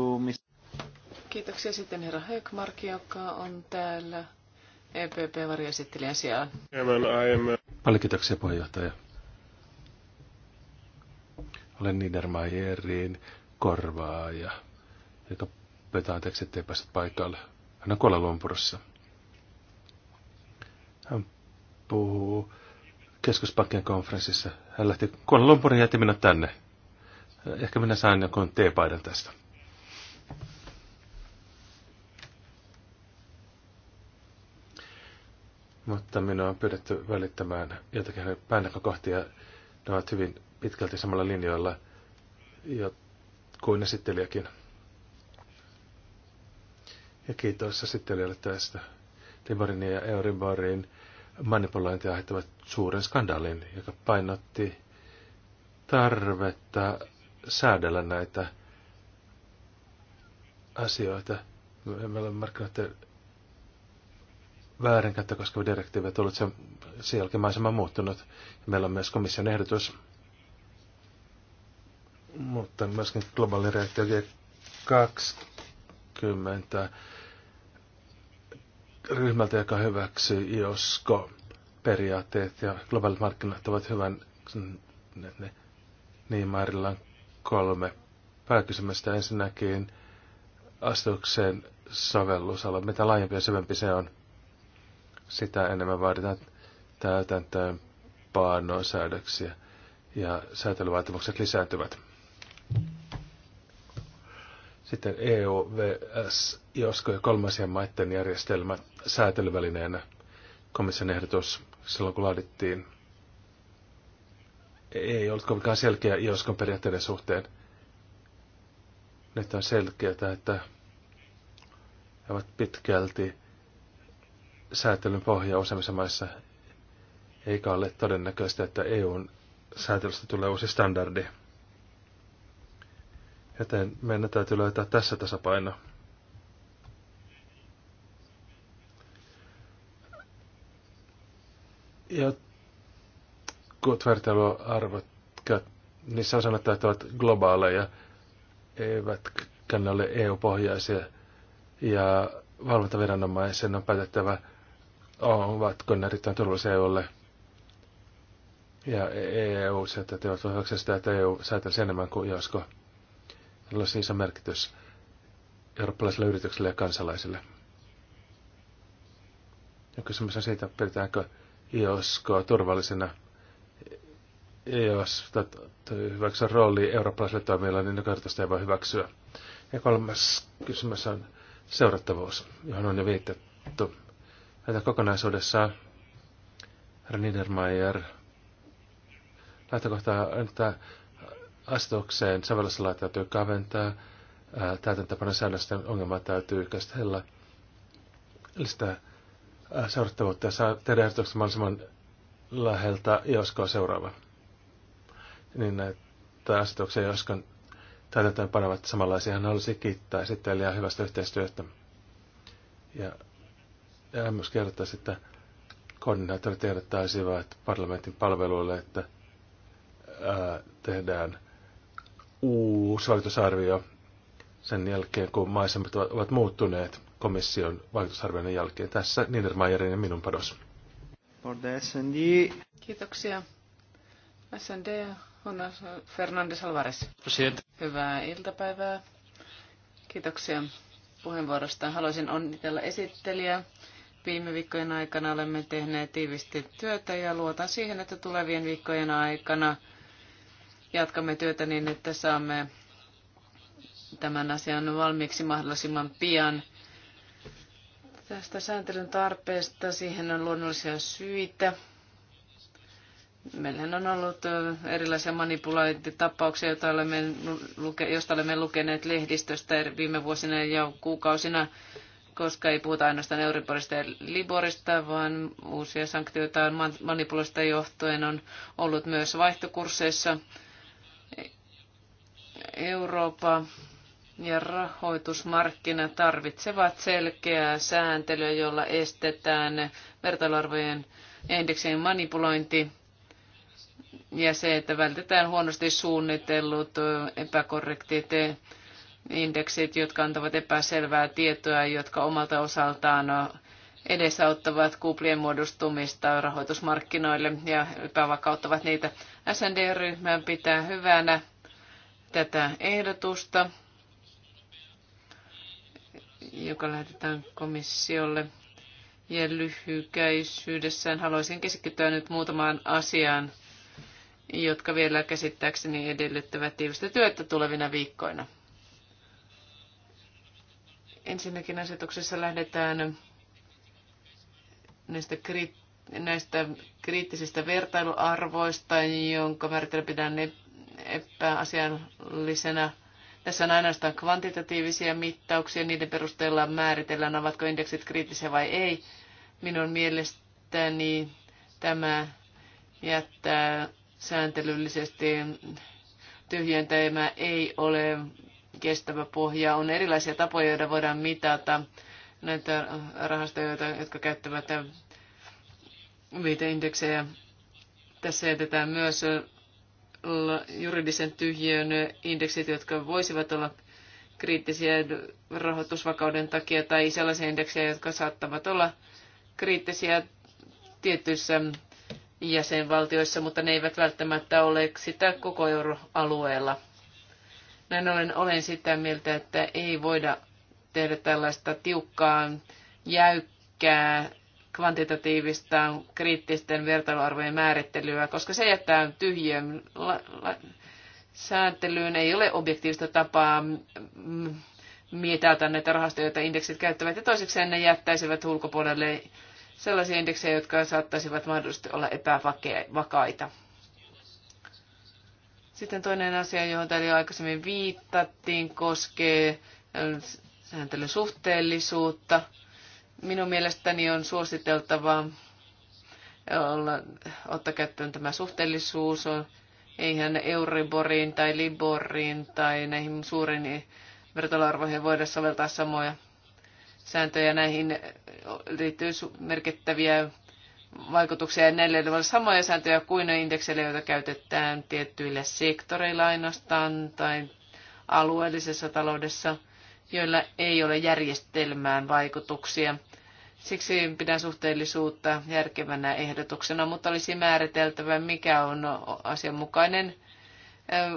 Kiitoksia sitten herra Högmark, joka on täällä EPP-varjoesittelijän sijaan. Paljon kiitoksia puheenjohtaja. Olen Niedermayerin korvaaja, joka pyytää anteeksi, ettei päässyt paikalle. Hän on kuolla Lompurossa puhuu keskuspankkien konferenssissa. Hän lähti Kuala Lumpurin jätti minä tänne. Ehkä minä saan jonkun teepaidan tästä. Mutta minua on pyydetty välittämään jotakin päännäkökohtia. Ne ovat hyvin pitkälti samalla linjoilla kuin esittelijäkin. Ja kiitos esittelijälle tästä. Timorin ja Euriborin manipulointi aiheuttavat suuren skandaalin, joka painotti tarvetta säädellä näitä asioita. Meillä on markkinoiden väärinkäyttö koskeva direktiivi tullut sen, sen jälkeen maisema muuttunut. Meillä on myös komission ehdotus, mutta myöskin globaali reaktio G20 ryhmältä, joka hyväksyy iosco periaatteet ja globaalit markkinat ovat hyvän ne, ne, niin määrillään kolme pääkysymystä. Ensinnäkin astukseen sovellusalue. Mitä laajempi ja syvempi se on, sitä enemmän vaaditaan täytäntöön säädöksiä ja säätelyvaatimukset lisääntyvät. Sitten EOVS, josko ja kolmansien maiden järjestelmä säätelyvälineenä komission ehdotus silloin kun laadittiin ei ollut kovinkaan selkeä IOSKon periaatteiden suhteen. Nyt on selkeää, että he ovat pitkälti säätelyn pohja useimmissa maissa, eikä ole todennäköistä, että EUn säätelystä tulee uusi standardi. Joten meidän täytyy löytää tässä tasapaino. Ja Jotkut vertailuarvot, niissä on sanottu, että ovat globaaleja, eivätkä ne ole EU-pohjaisia. Ja valvontaviranomaisen on päätettävä, ovatko ne erittäin turvallisia EUlle. Ja EU voi teot sitä, että EU säätäisi enemmän kuin josko jolla olisi siis iso merkitys eurooppalaisille yrityksille ja kansalaisille. Ja kysymys on siitä, pidetäänkö IOSKOa turvallisena. EOS hyväksyä rooli eurooppalaisille toimijoille, niin nykyartoista ei voi hyväksyä. Ja kolmas kysymys on seurattavuus, johon on jo viitattu. Näitä kokonaisuudessaan Herr Niedermayer lähtökohta on, että asetukseen sovellusalaa täytyy kaventaa, täytäntöpanon säännösten ongelmaa täytyy käsitellä, sitä seurattavuutta saa tehdä ehdotuksen mahdollisimman läheltä josko seuraava. Niin näitä asetuksia joskon täytäntöön panevat samanlaisia. Hän halusi kiittää esittelijää hyvästä yhteistyöstä. Ja, ja hän myös kertoo että koordinaattorit ehdottaisivat parlamentin palveluille, että ää, tehdään uusi valitusarvio sen jälkeen, kun maisemat ovat muuttuneet komission valitusarvion jälkeen. Tässä Niedermayerin ja minun panos. Kiitoksia. SND Jonas Fernandes Alvarez. Hyvää iltapäivää. Kiitoksia puheenvuorosta. Haluaisin onnitella esittelijä Viime viikkojen aikana olemme tehneet tiivisti työtä ja luotan siihen, että tulevien viikkojen aikana – jatkamme työtä niin, että saamme tämän asian valmiiksi mahdollisimman pian. Tästä sääntelyn tarpeesta siihen on luonnollisia syitä. Meillähän on ollut erilaisia manipulaatitapauksia, joita olemme, joista olemme lukeneet lehdistöstä viime vuosina ja kuukausina, koska ei puhuta ainoastaan Euriborista ja Liborista, vaan uusia sanktioita manipuloista johtuen on ollut myös vaihtokursseissa Eurooppa ja rahoitusmarkkina tarvitsevat selkeää sääntelyä, jolla estetään vertailuarvojen indeksien manipulointi ja se, että vältetään huonosti suunnitellut epäkorrektit indeksit, jotka antavat epäselvää tietoa, jotka omalta osaltaan edesauttavat kuplien muodostumista rahoitusmarkkinoille ja epävakauttavat niitä. SND-ryhmän pitää hyvänä tätä ehdotusta, joka lähetetään komissiolle. Ja lyhykäisyydessään haluaisin keskittyä nyt muutamaan asiaan, jotka vielä käsittääkseni edellyttävät tiivistä työtä tulevina viikkoina. Ensinnäkin asetuksessa lähdetään näistä kriteereistä näistä kriittisistä vertailuarvoista, jonka määritellä pitää ne epäasiallisena. Tässä on ainoastaan kvantitatiivisia mittauksia, niiden perusteella määritellään, ovatko indeksit kriittisiä vai ei. Minun mielestäni tämä jättää sääntelyllisesti tyhjentäjämä ei ole kestävä pohja. On erilaisia tapoja, joita voidaan mitata näitä rahastoja, jotka käyttävät viiteindeksejä. Tässä jätetään myös juridisen tyhjön indeksit, jotka voisivat olla kriittisiä rahoitusvakauden takia tai sellaisia indeksejä, jotka saattavat olla kriittisiä tietyissä jäsenvaltioissa, mutta ne eivät välttämättä ole sitä koko euroalueella. Näin ollen olen sitä mieltä, että ei voida tehdä tällaista tiukkaa, jäykkää kvantitatiivista kriittisten vertailuarvojen määrittelyä, koska se jättää tyhjön sääntelyyn. Ei ole objektiivista tapaa mm, mietata näitä rahastoja, joita indeksit käyttävät, ja toisekseen ne jättäisivät ulkopuolelle sellaisia indeksejä, jotka saattaisivat mahdollisesti olla epävakaita. Sitten toinen asia, johon täällä jo aikaisemmin viittattiin, koskee äh, sääntelyn suhteellisuutta – Minun mielestäni on suositeltavaa olla, ottaa käyttöön tämä suhteellisuus. eihän Euriboriin tai Liboriin tai näihin suuriin vertailuarvoihin voida soveltaa samoja sääntöjä. Näihin liittyy merkittäviä vaikutuksia ja näille ei ole samoja sääntöjä kuin ne indekseille, joita käytetään tiettyillä sektoreilla ainoastaan tai alueellisessa taloudessa, joilla ei ole järjestelmään vaikutuksia. Siksi pidän suhteellisuutta järkevänä ehdotuksena, mutta olisi määriteltävä, mikä on asianmukainen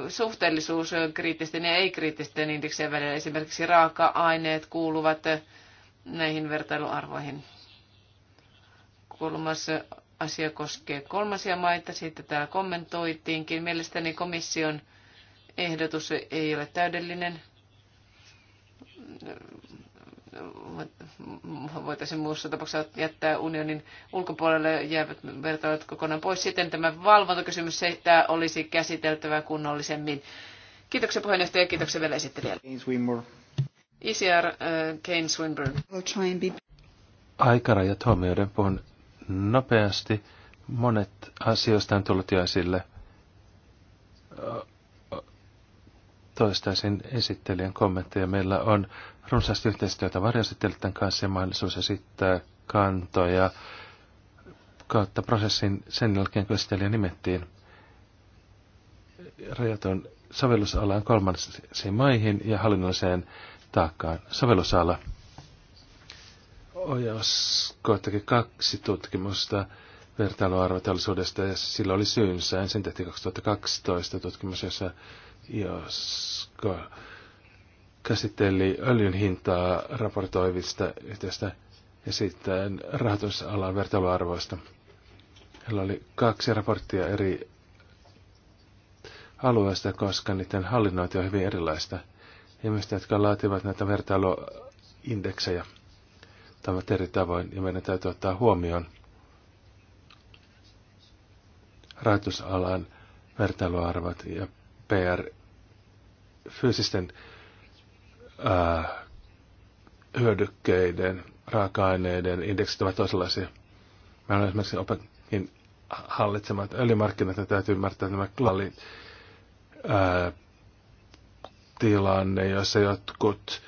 suhteellisuus kriittisten ja ei-kriittisten indeksien välillä. Esimerkiksi raaka-aineet kuuluvat näihin vertailuarvoihin. Kolmas asia koskee kolmasia maita. Siitä täällä kommentoitiinkin. Mielestäni komission ehdotus ei ole täydellinen voitaisiin muussa tapauksessa jättää unionin ulkopuolelle jäävät vertailut kokonaan pois. Sitten tämä valvontakysymys, se tämä olisi käsiteltävä kunnollisemmin. Kiitoksia puheenjohtaja ja kiitoksia vielä esittelijälle. ICR uh, Kane Swinburne. Äh, Aikarajat huomioiden puhun nopeasti. Monet asioista on tullut jo esille. Toistaisin esittelijän kommentteja. Meillä on runsaasti yhteistyötä varjostelijoiden kanssa ja mahdollisuus esittää kantoja kautta prosessin sen jälkeen, kun esittelijä nimettiin rajaton sovellusalaan kolmansiin maihin ja hallinnolliseen taakkaan sovellusala. koettakin kaksi tutkimusta vertailuarvoteollisuudesta ja sillä oli syynsä. Ensin tehtiin 2012 tutkimus, jossa Josko käsitteli öljyn hintaa raportoivista yhteistä ja sitten rahoitusalan vertailuarvoista. Heillä oli kaksi raporttia eri alueista, koska niiden hallinnointi on hyvin erilaista. Ihmiset, jotka laativat näitä vertailuindeksejä, tämä eri tavoin, ja meidän täytyy ottaa huomioon rahoitusalan vertailuarvot ja PR fyysisten ää, äh, hyödykkeiden, raaka-aineiden indeksit ovat toisenlaisia. mä olen esimerkiksi hallitsemaan, että öljymarkkinat, täytyy ymmärtää tämä globaali ää, äh, tilanne, jossa jotkut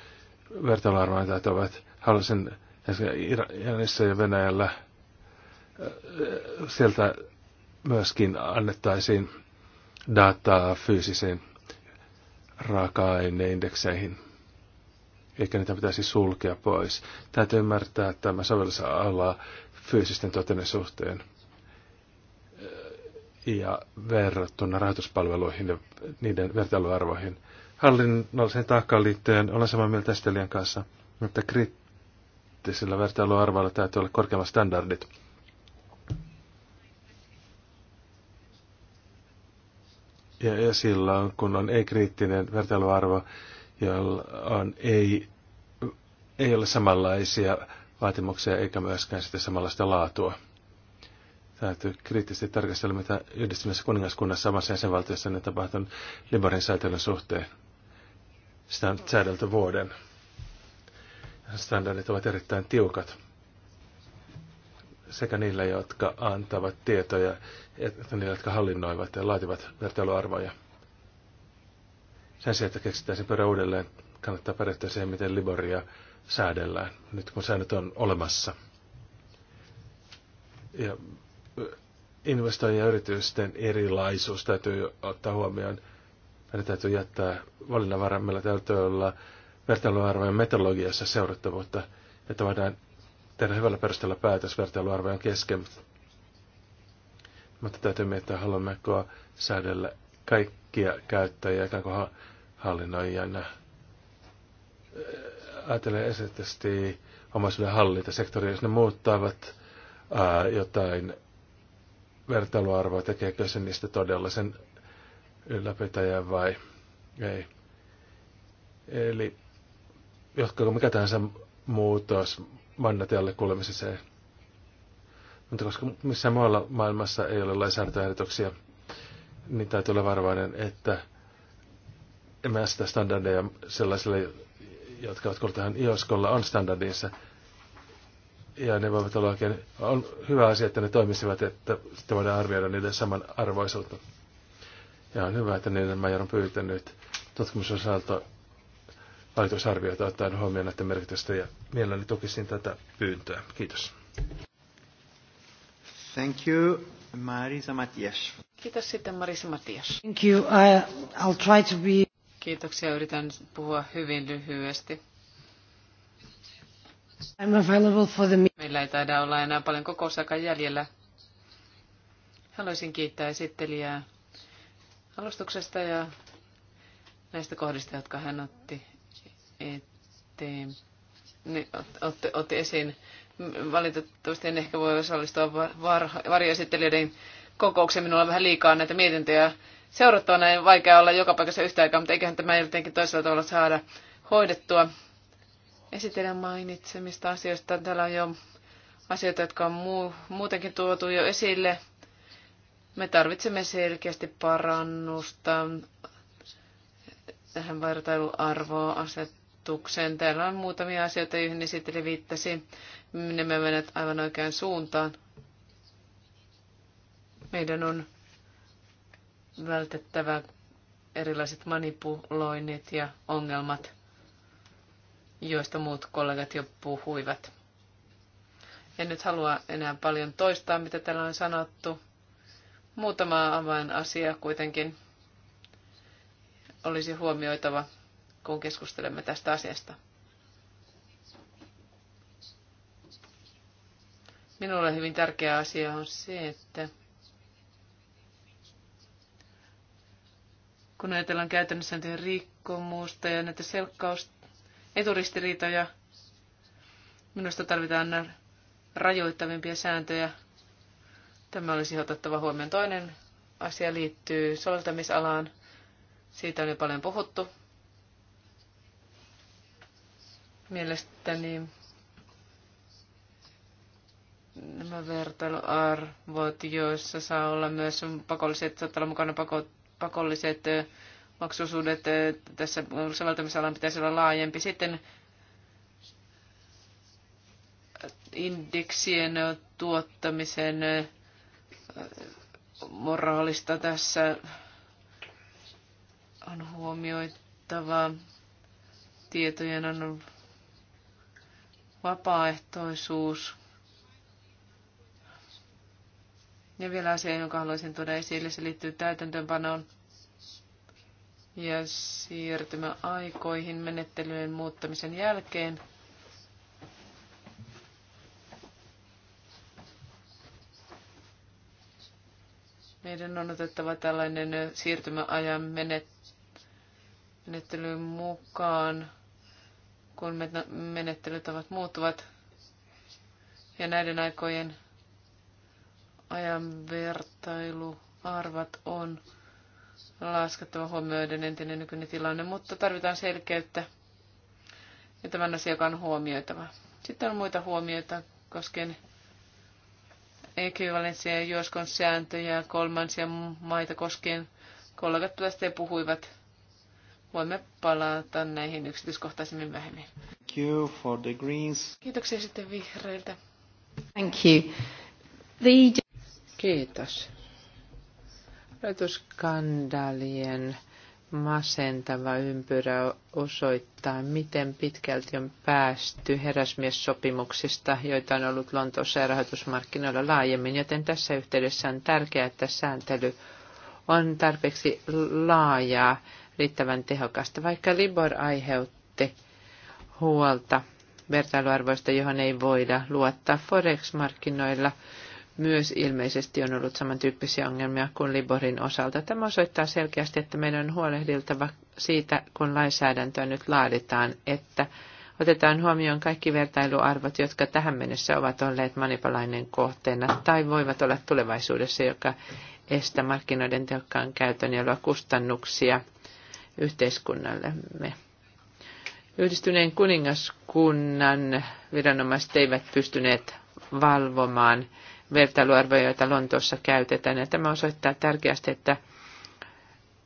vertailuarvointajat ovat halusin Iranissa ja Venäjällä äh, sieltä myöskin annettaisiin dataa fyysisiin raaka-aineindekseihin eikä niitä pitäisi sulkea pois. Täytyy ymmärtää tämä sovellusala fyysisten toteuden suhteen ja verrattuna rahoituspalveluihin ja niiden vertailuarvoihin. Hallinnolliseen taakkaan liittyen olen samaa mieltä Estelian kanssa, mutta kriittisillä vertailuarvoilla täytyy olla korkeammat standardit. Ja, ja silloin, kun on ei-kriittinen vertailuarvo, joilla on, ei, ei ole samanlaisia vaatimuksia eikä myöskään sitä samanlaista laatua. Täytyy kriittisesti tarkastella, mitä yhdistyneessä kuningaskunnassa samassa jäsenvaltiossa on tapahtunut Liborin säätelyn suhteen. Sitä on säädelty vuoden. Standardit ovat erittäin tiukat sekä niillä, jotka antavat tietoja, että niillä, jotka hallinnoivat ja laativat vertailuarvoja. Sen sijaan, että keksitään se pyörä uudelleen, kannattaa perehtyä siihen, miten Liboria säädellään, nyt kun säännöt on olemassa. Ja investoijien ja yritysten erilaisuus täytyy ottaa huomioon. Meidän täytyy jättää valinnanvaran. Meillä täytyy olla vertailuarvojen metodologiassa seurattavuutta, että voidaan tehdä hyvällä perusteella päätös vertailuarvojen kesken. Mutta täytyy miettiä, haluammeko säädellä kaikkia käyttäjiä ikään kuin hallinnoijana. Ajattelen esimerkiksi omaisuuden sektoria, jos ne muuttavat ää, jotain vertailuarvoa, tekeekö se niistä todella sen ylläpitäjän vai ei. Eli jotka mikä tahansa muutos mannatialle kuulemisessa. Mutta koska missään muualla maailmassa ei ole lainsäädäntöehdotuksia, niin täytyy olla varovainen, että emme sitä standardeja sellaisille, jotka ovat tähän IOSKolla on standardinsa. Ja ne voivat olla oikein, on hyvä asia, että ne toimisivat, että sitten voidaan arvioida niiden saman arvoisuutta. Ja on hyvä, että niiden major on pyytänyt tutkimusosalta valitusarvioita ottaen huomioon näiden merkitystä ja mielelläni tukisin tätä pyyntöä. Kiitos. Thank you, Marisa Matias. Kiitos sitten Marisa Matias. Thank you. I, I'll try to be... Kiitoksia. Yritän puhua hyvin lyhyesti. I'm available for the... Meillä ei taida olla enää paljon kokousaikaa jäljellä. Haluaisin kiittää esittelijää alustuksesta ja näistä kohdista, jotka hän otti, eteen, ot, ot, otti esiin. Valitettavasti en ehkä voi osallistua varjoesittelijöiden kokoukseen. Minulla on vähän liikaa näitä mietintöjä seurattavana. Ei vaikea olla joka paikassa yhtä aikaa, mutta eiköhän tämä jotenkin toisella tavalla saada hoidettua. Esitellään mainitsemista asioista. Täällä on jo asioita, jotka on muu, muutenkin tuotu jo esille. Me tarvitsemme selkeästi parannusta tähän vertailuarvoaset ehdotukseen. Täällä on muutamia asioita, joihin esittelijä viittasi. Ne menevät aivan oikeaan suuntaan. Meidän on vältettävä erilaiset manipuloinnit ja ongelmat, joista muut kollegat jo puhuivat. En nyt halua enää paljon toistaa, mitä täällä on sanottu. Muutama avainasia kuitenkin olisi huomioitava kun keskustelemme tästä asiasta. Minulle hyvin tärkeä asia on se, että kun ajatellaan käytännössä näitä rikkomuusta ja näitä selkkaus eturistiriitoja, minusta tarvitaan rajoittavimpia sääntöjä. Tämä olisi otettava huomioon. Toinen asia liittyy soveltamisalaan. Siitä on jo paljon puhuttu. Mielestäni nämä vertailuarvot, joissa saa olla myös pakolliset, saattaa olla mukana pako, pakolliset maksusuudet. Tässä soveltamisalan pitäisi olla laajempi. Sitten indeksien tuottamisen moraalista tässä on huomioittava tietojen on vapaaehtoisuus. Ja vielä asia, jonka haluaisin tuoda esille, se liittyy täytäntöönpanoon ja siirtymäaikoihin menettelyjen muuttamisen jälkeen. Meidän on otettava tällainen siirtymäajan menettelyyn mukaan kun menettelytavat muuttuvat ja näiden aikojen ajanvertailuarvat on laskettava huomioiden entinen nykyinen tilanne, mutta tarvitaan selkeyttä ja tämän asiakkaan huomioitava. Sitten on muita huomioita koskien ekvivalenssia ja juoskon sääntöjä kolmansia maita koskien. Kollegat tästä puhuivat voimme palata näihin yksityiskohtaisemmin myöhemmin. Thank you for the greens. Kiitoksia sitten vihreiltä. Thank you. The... Kiitos. Rajoituskandalien masentava ympyrä osoittaa, miten pitkälti on päästy herrasmiessopimuksista, joita on ollut Lontoossa ja rahoitusmarkkinoilla laajemmin, joten tässä yhteydessä on tärkeää, että sääntely on tarpeeksi laajaa riittävän tehokasta, vaikka Libor aiheutti huolta vertailuarvoista, johon ei voida luottaa Forex-markkinoilla. Myös ilmeisesti on ollut samantyyppisiä ongelmia kuin Liborin osalta. Tämä osoittaa selkeästi, että meidän on huolehdiltava siitä, kun lainsäädäntöä nyt laaditaan, että otetaan huomioon kaikki vertailuarvot, jotka tähän mennessä ovat olleet manipulainen kohteena tai voivat olla tulevaisuudessa, joka estää markkinoiden tehokkaan käytön, ja luo kustannuksia – yhteiskunnallemme. Yhdistyneen kuningaskunnan viranomaiset eivät pystyneet valvomaan vertailuarvoja, joita Lontoossa käytetään. Ja tämä osoittaa tärkeästi, että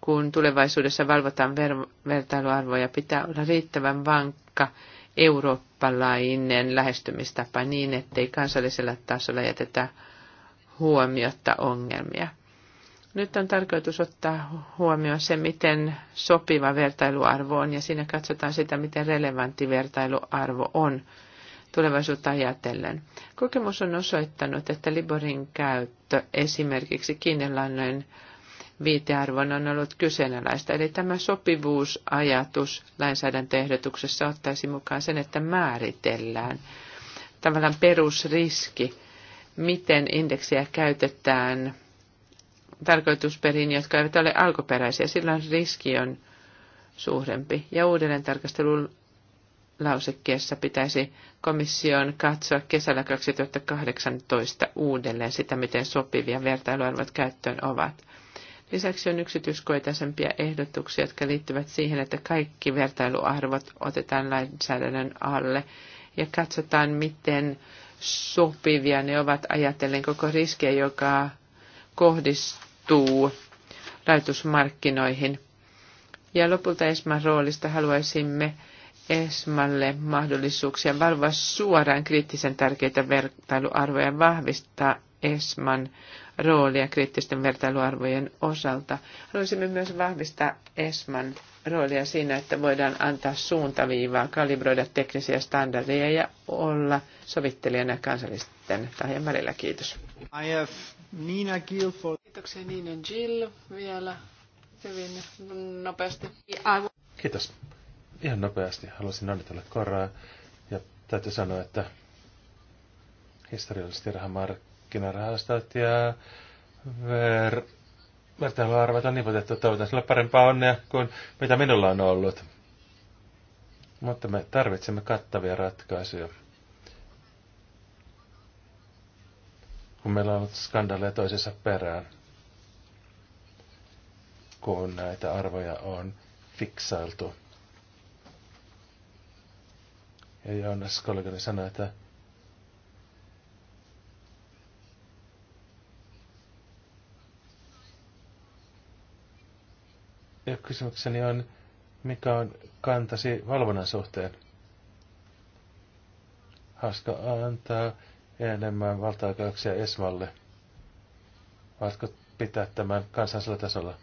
kun tulevaisuudessa valvotaan ver- vertailuarvoja, pitää olla riittävän vankka eurooppalainen lähestymistapa niin, ettei kansallisella tasolla jätetä huomiota ongelmia. Nyt on tarkoitus ottaa huomioon se, miten sopiva vertailuarvo on, ja siinä katsotaan sitä, miten relevantti vertailuarvo on tulevaisuutta ajatellen. Kokemus on osoittanut, että Liborin käyttö esimerkiksi kiinnellannojen viitearvon on ollut kyseenalaista. Eli tämä sopivuusajatus lainsäädäntöehdotuksessa ottaisi mukaan sen, että määritellään tavallaan perusriski, miten indeksiä käytetään tarkoitusperiin, jotka eivät ole alkuperäisiä. Silloin riski on suurempi. Ja uudelleen tarkastelun lausekkeessa pitäisi komission katsoa kesällä 2018 uudelleen sitä, miten sopivia vertailuarvot käyttöön ovat. Lisäksi on yksityiskoitaisempia ehdotuksia, jotka liittyvät siihen, että kaikki vertailuarvot otetaan lainsäädännön alle ja katsotaan, miten sopivia ne ovat ajatellen koko riskiä, joka kohdistuu laitusmarkkinoihin Ja lopulta Esman roolista haluaisimme Esmalle mahdollisuuksia valvoa suoraan kriittisen tärkeitä vertailuarvoja vahvistaa Esman roolia kriittisten vertailuarvojen osalta. Haluaisimme myös vahvistaa Esman roolia siinä, että voidaan antaa suuntaviivaa, kalibroida teknisiä standardeja ja olla sovittelijana kansallisten tahojen välillä. Kiitos. Nina Gilford. Kiitoksia Nina Gill vielä hyvin nopeasti. Kiitos. Ihan nopeasti haluaisin onnitella Koraa. Ja täytyy sanoa, että historiallisesti rahamarkkinarahastot ja ver... arvata niin nivotettu. Toivotan sillä parempaa onnea kuin mitä minulla on ollut. Mutta me tarvitsemme kattavia ratkaisuja. kun meillä on ollut skandaaleja toisessa perään, kun näitä arvoja on fiksailtu. Ja Joonas kollegani sanoi, että ja kysymykseni on, mikä on kantasi valvonnan suhteen? Hauska antaa enemmän valtaoikeuksia Esmalle. Voitko pitää tämän kansallisella tasolla?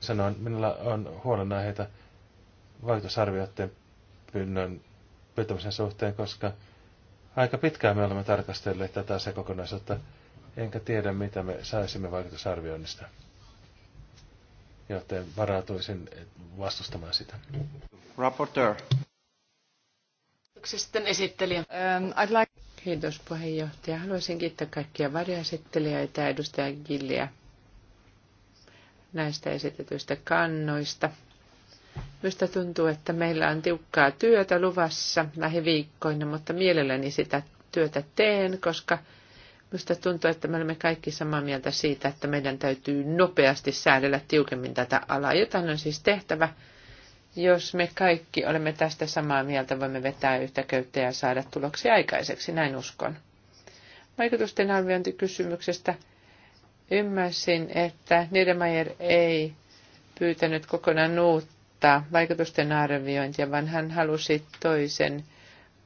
Sanoin, minulla on huolenaiheita vaikutusarvioiden pyynnön pyytämisen suhteen, koska aika pitkään me olemme tarkastelleet tätä asiakokonaisuutta, enkä tiedä mitä me saisimme vaikutusarvioinnista. Joten varautuisin vastustamaan sitä. Rapporteur. Sitten esittelijä. Um, I'd like... Kiitos puheenjohtaja. Haluaisin kiittää kaikkia varjoesittelijöitä ja edustaja Gilliä näistä esitetyistä kannoista. Minusta tuntuu, että meillä on tiukkaa työtä luvassa lähiviikkoina, mutta mielelläni sitä työtä teen, koska minusta tuntuu, että me olemme kaikki samaa mieltä siitä, että meidän täytyy nopeasti säädellä tiukemmin tätä alaa. Jotain on siis tehtävä jos me kaikki olemme tästä samaa mieltä, voimme vetää yhtä köyttä ja saada tuloksia aikaiseksi, näin uskon. Vaikutusten arviointikysymyksestä ymmärsin, että Niedemeyer ei pyytänyt kokonaan uutta vaikutusten arviointia, vaan hän halusi toisen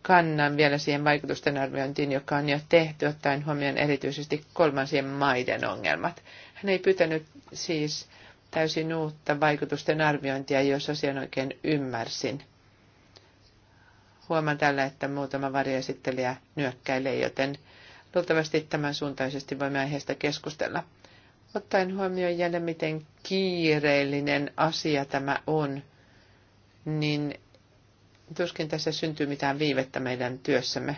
kannan vielä siihen vaikutusten arviointiin, joka on jo tehty, ottaen huomioon erityisesti kolmansien maiden ongelmat. Hän ei pyytänyt siis täysin uutta vaikutusten arviointia, jos asian oikein ymmärsin. Huomaan tällä, että muutama varjesittelijä nyökkäilee, joten luultavasti tämän suuntaisesti voimme aiheesta keskustella. Ottaen huomioon jälleen, miten kiireellinen asia tämä on, niin tuskin tässä syntyy mitään viivettä meidän työssämme.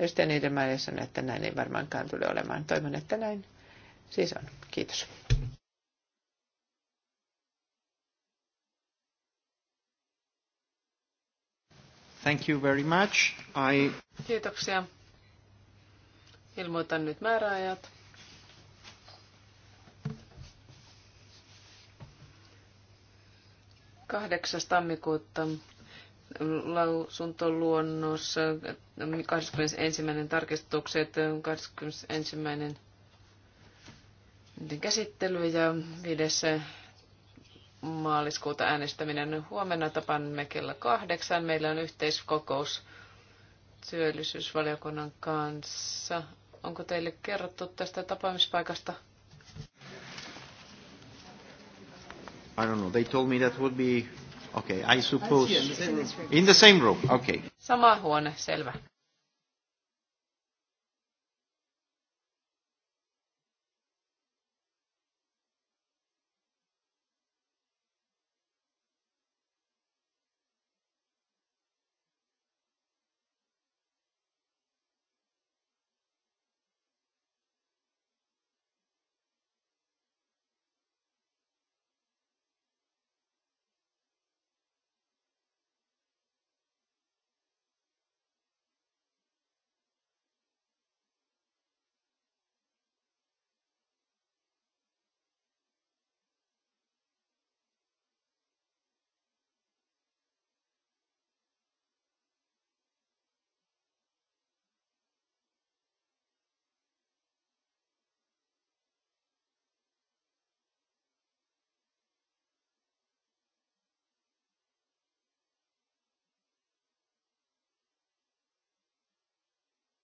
Ystävän Iidemäinen sanoi, että näin ei varmaankaan tule olemaan. Toivon, että näin siis on. Kiitos. Thank you very much. I... Kiitoksia. Ilmoitan nyt määräajat. Kahdeksas tammikuuta lausuntoluonnos, 21. tarkistukset, 21. käsittely ja 5 maaliskuuta äänestäminen. Huomenna tapamme kello kahdeksan. Meillä on yhteiskokous työllisyysvaliokunnan kanssa. Onko teille kerrottu tästä tapaamispaikasta? I don't know. They told me that would be... Okay, I suppose... In the same room, okay. Sama huone, selvä.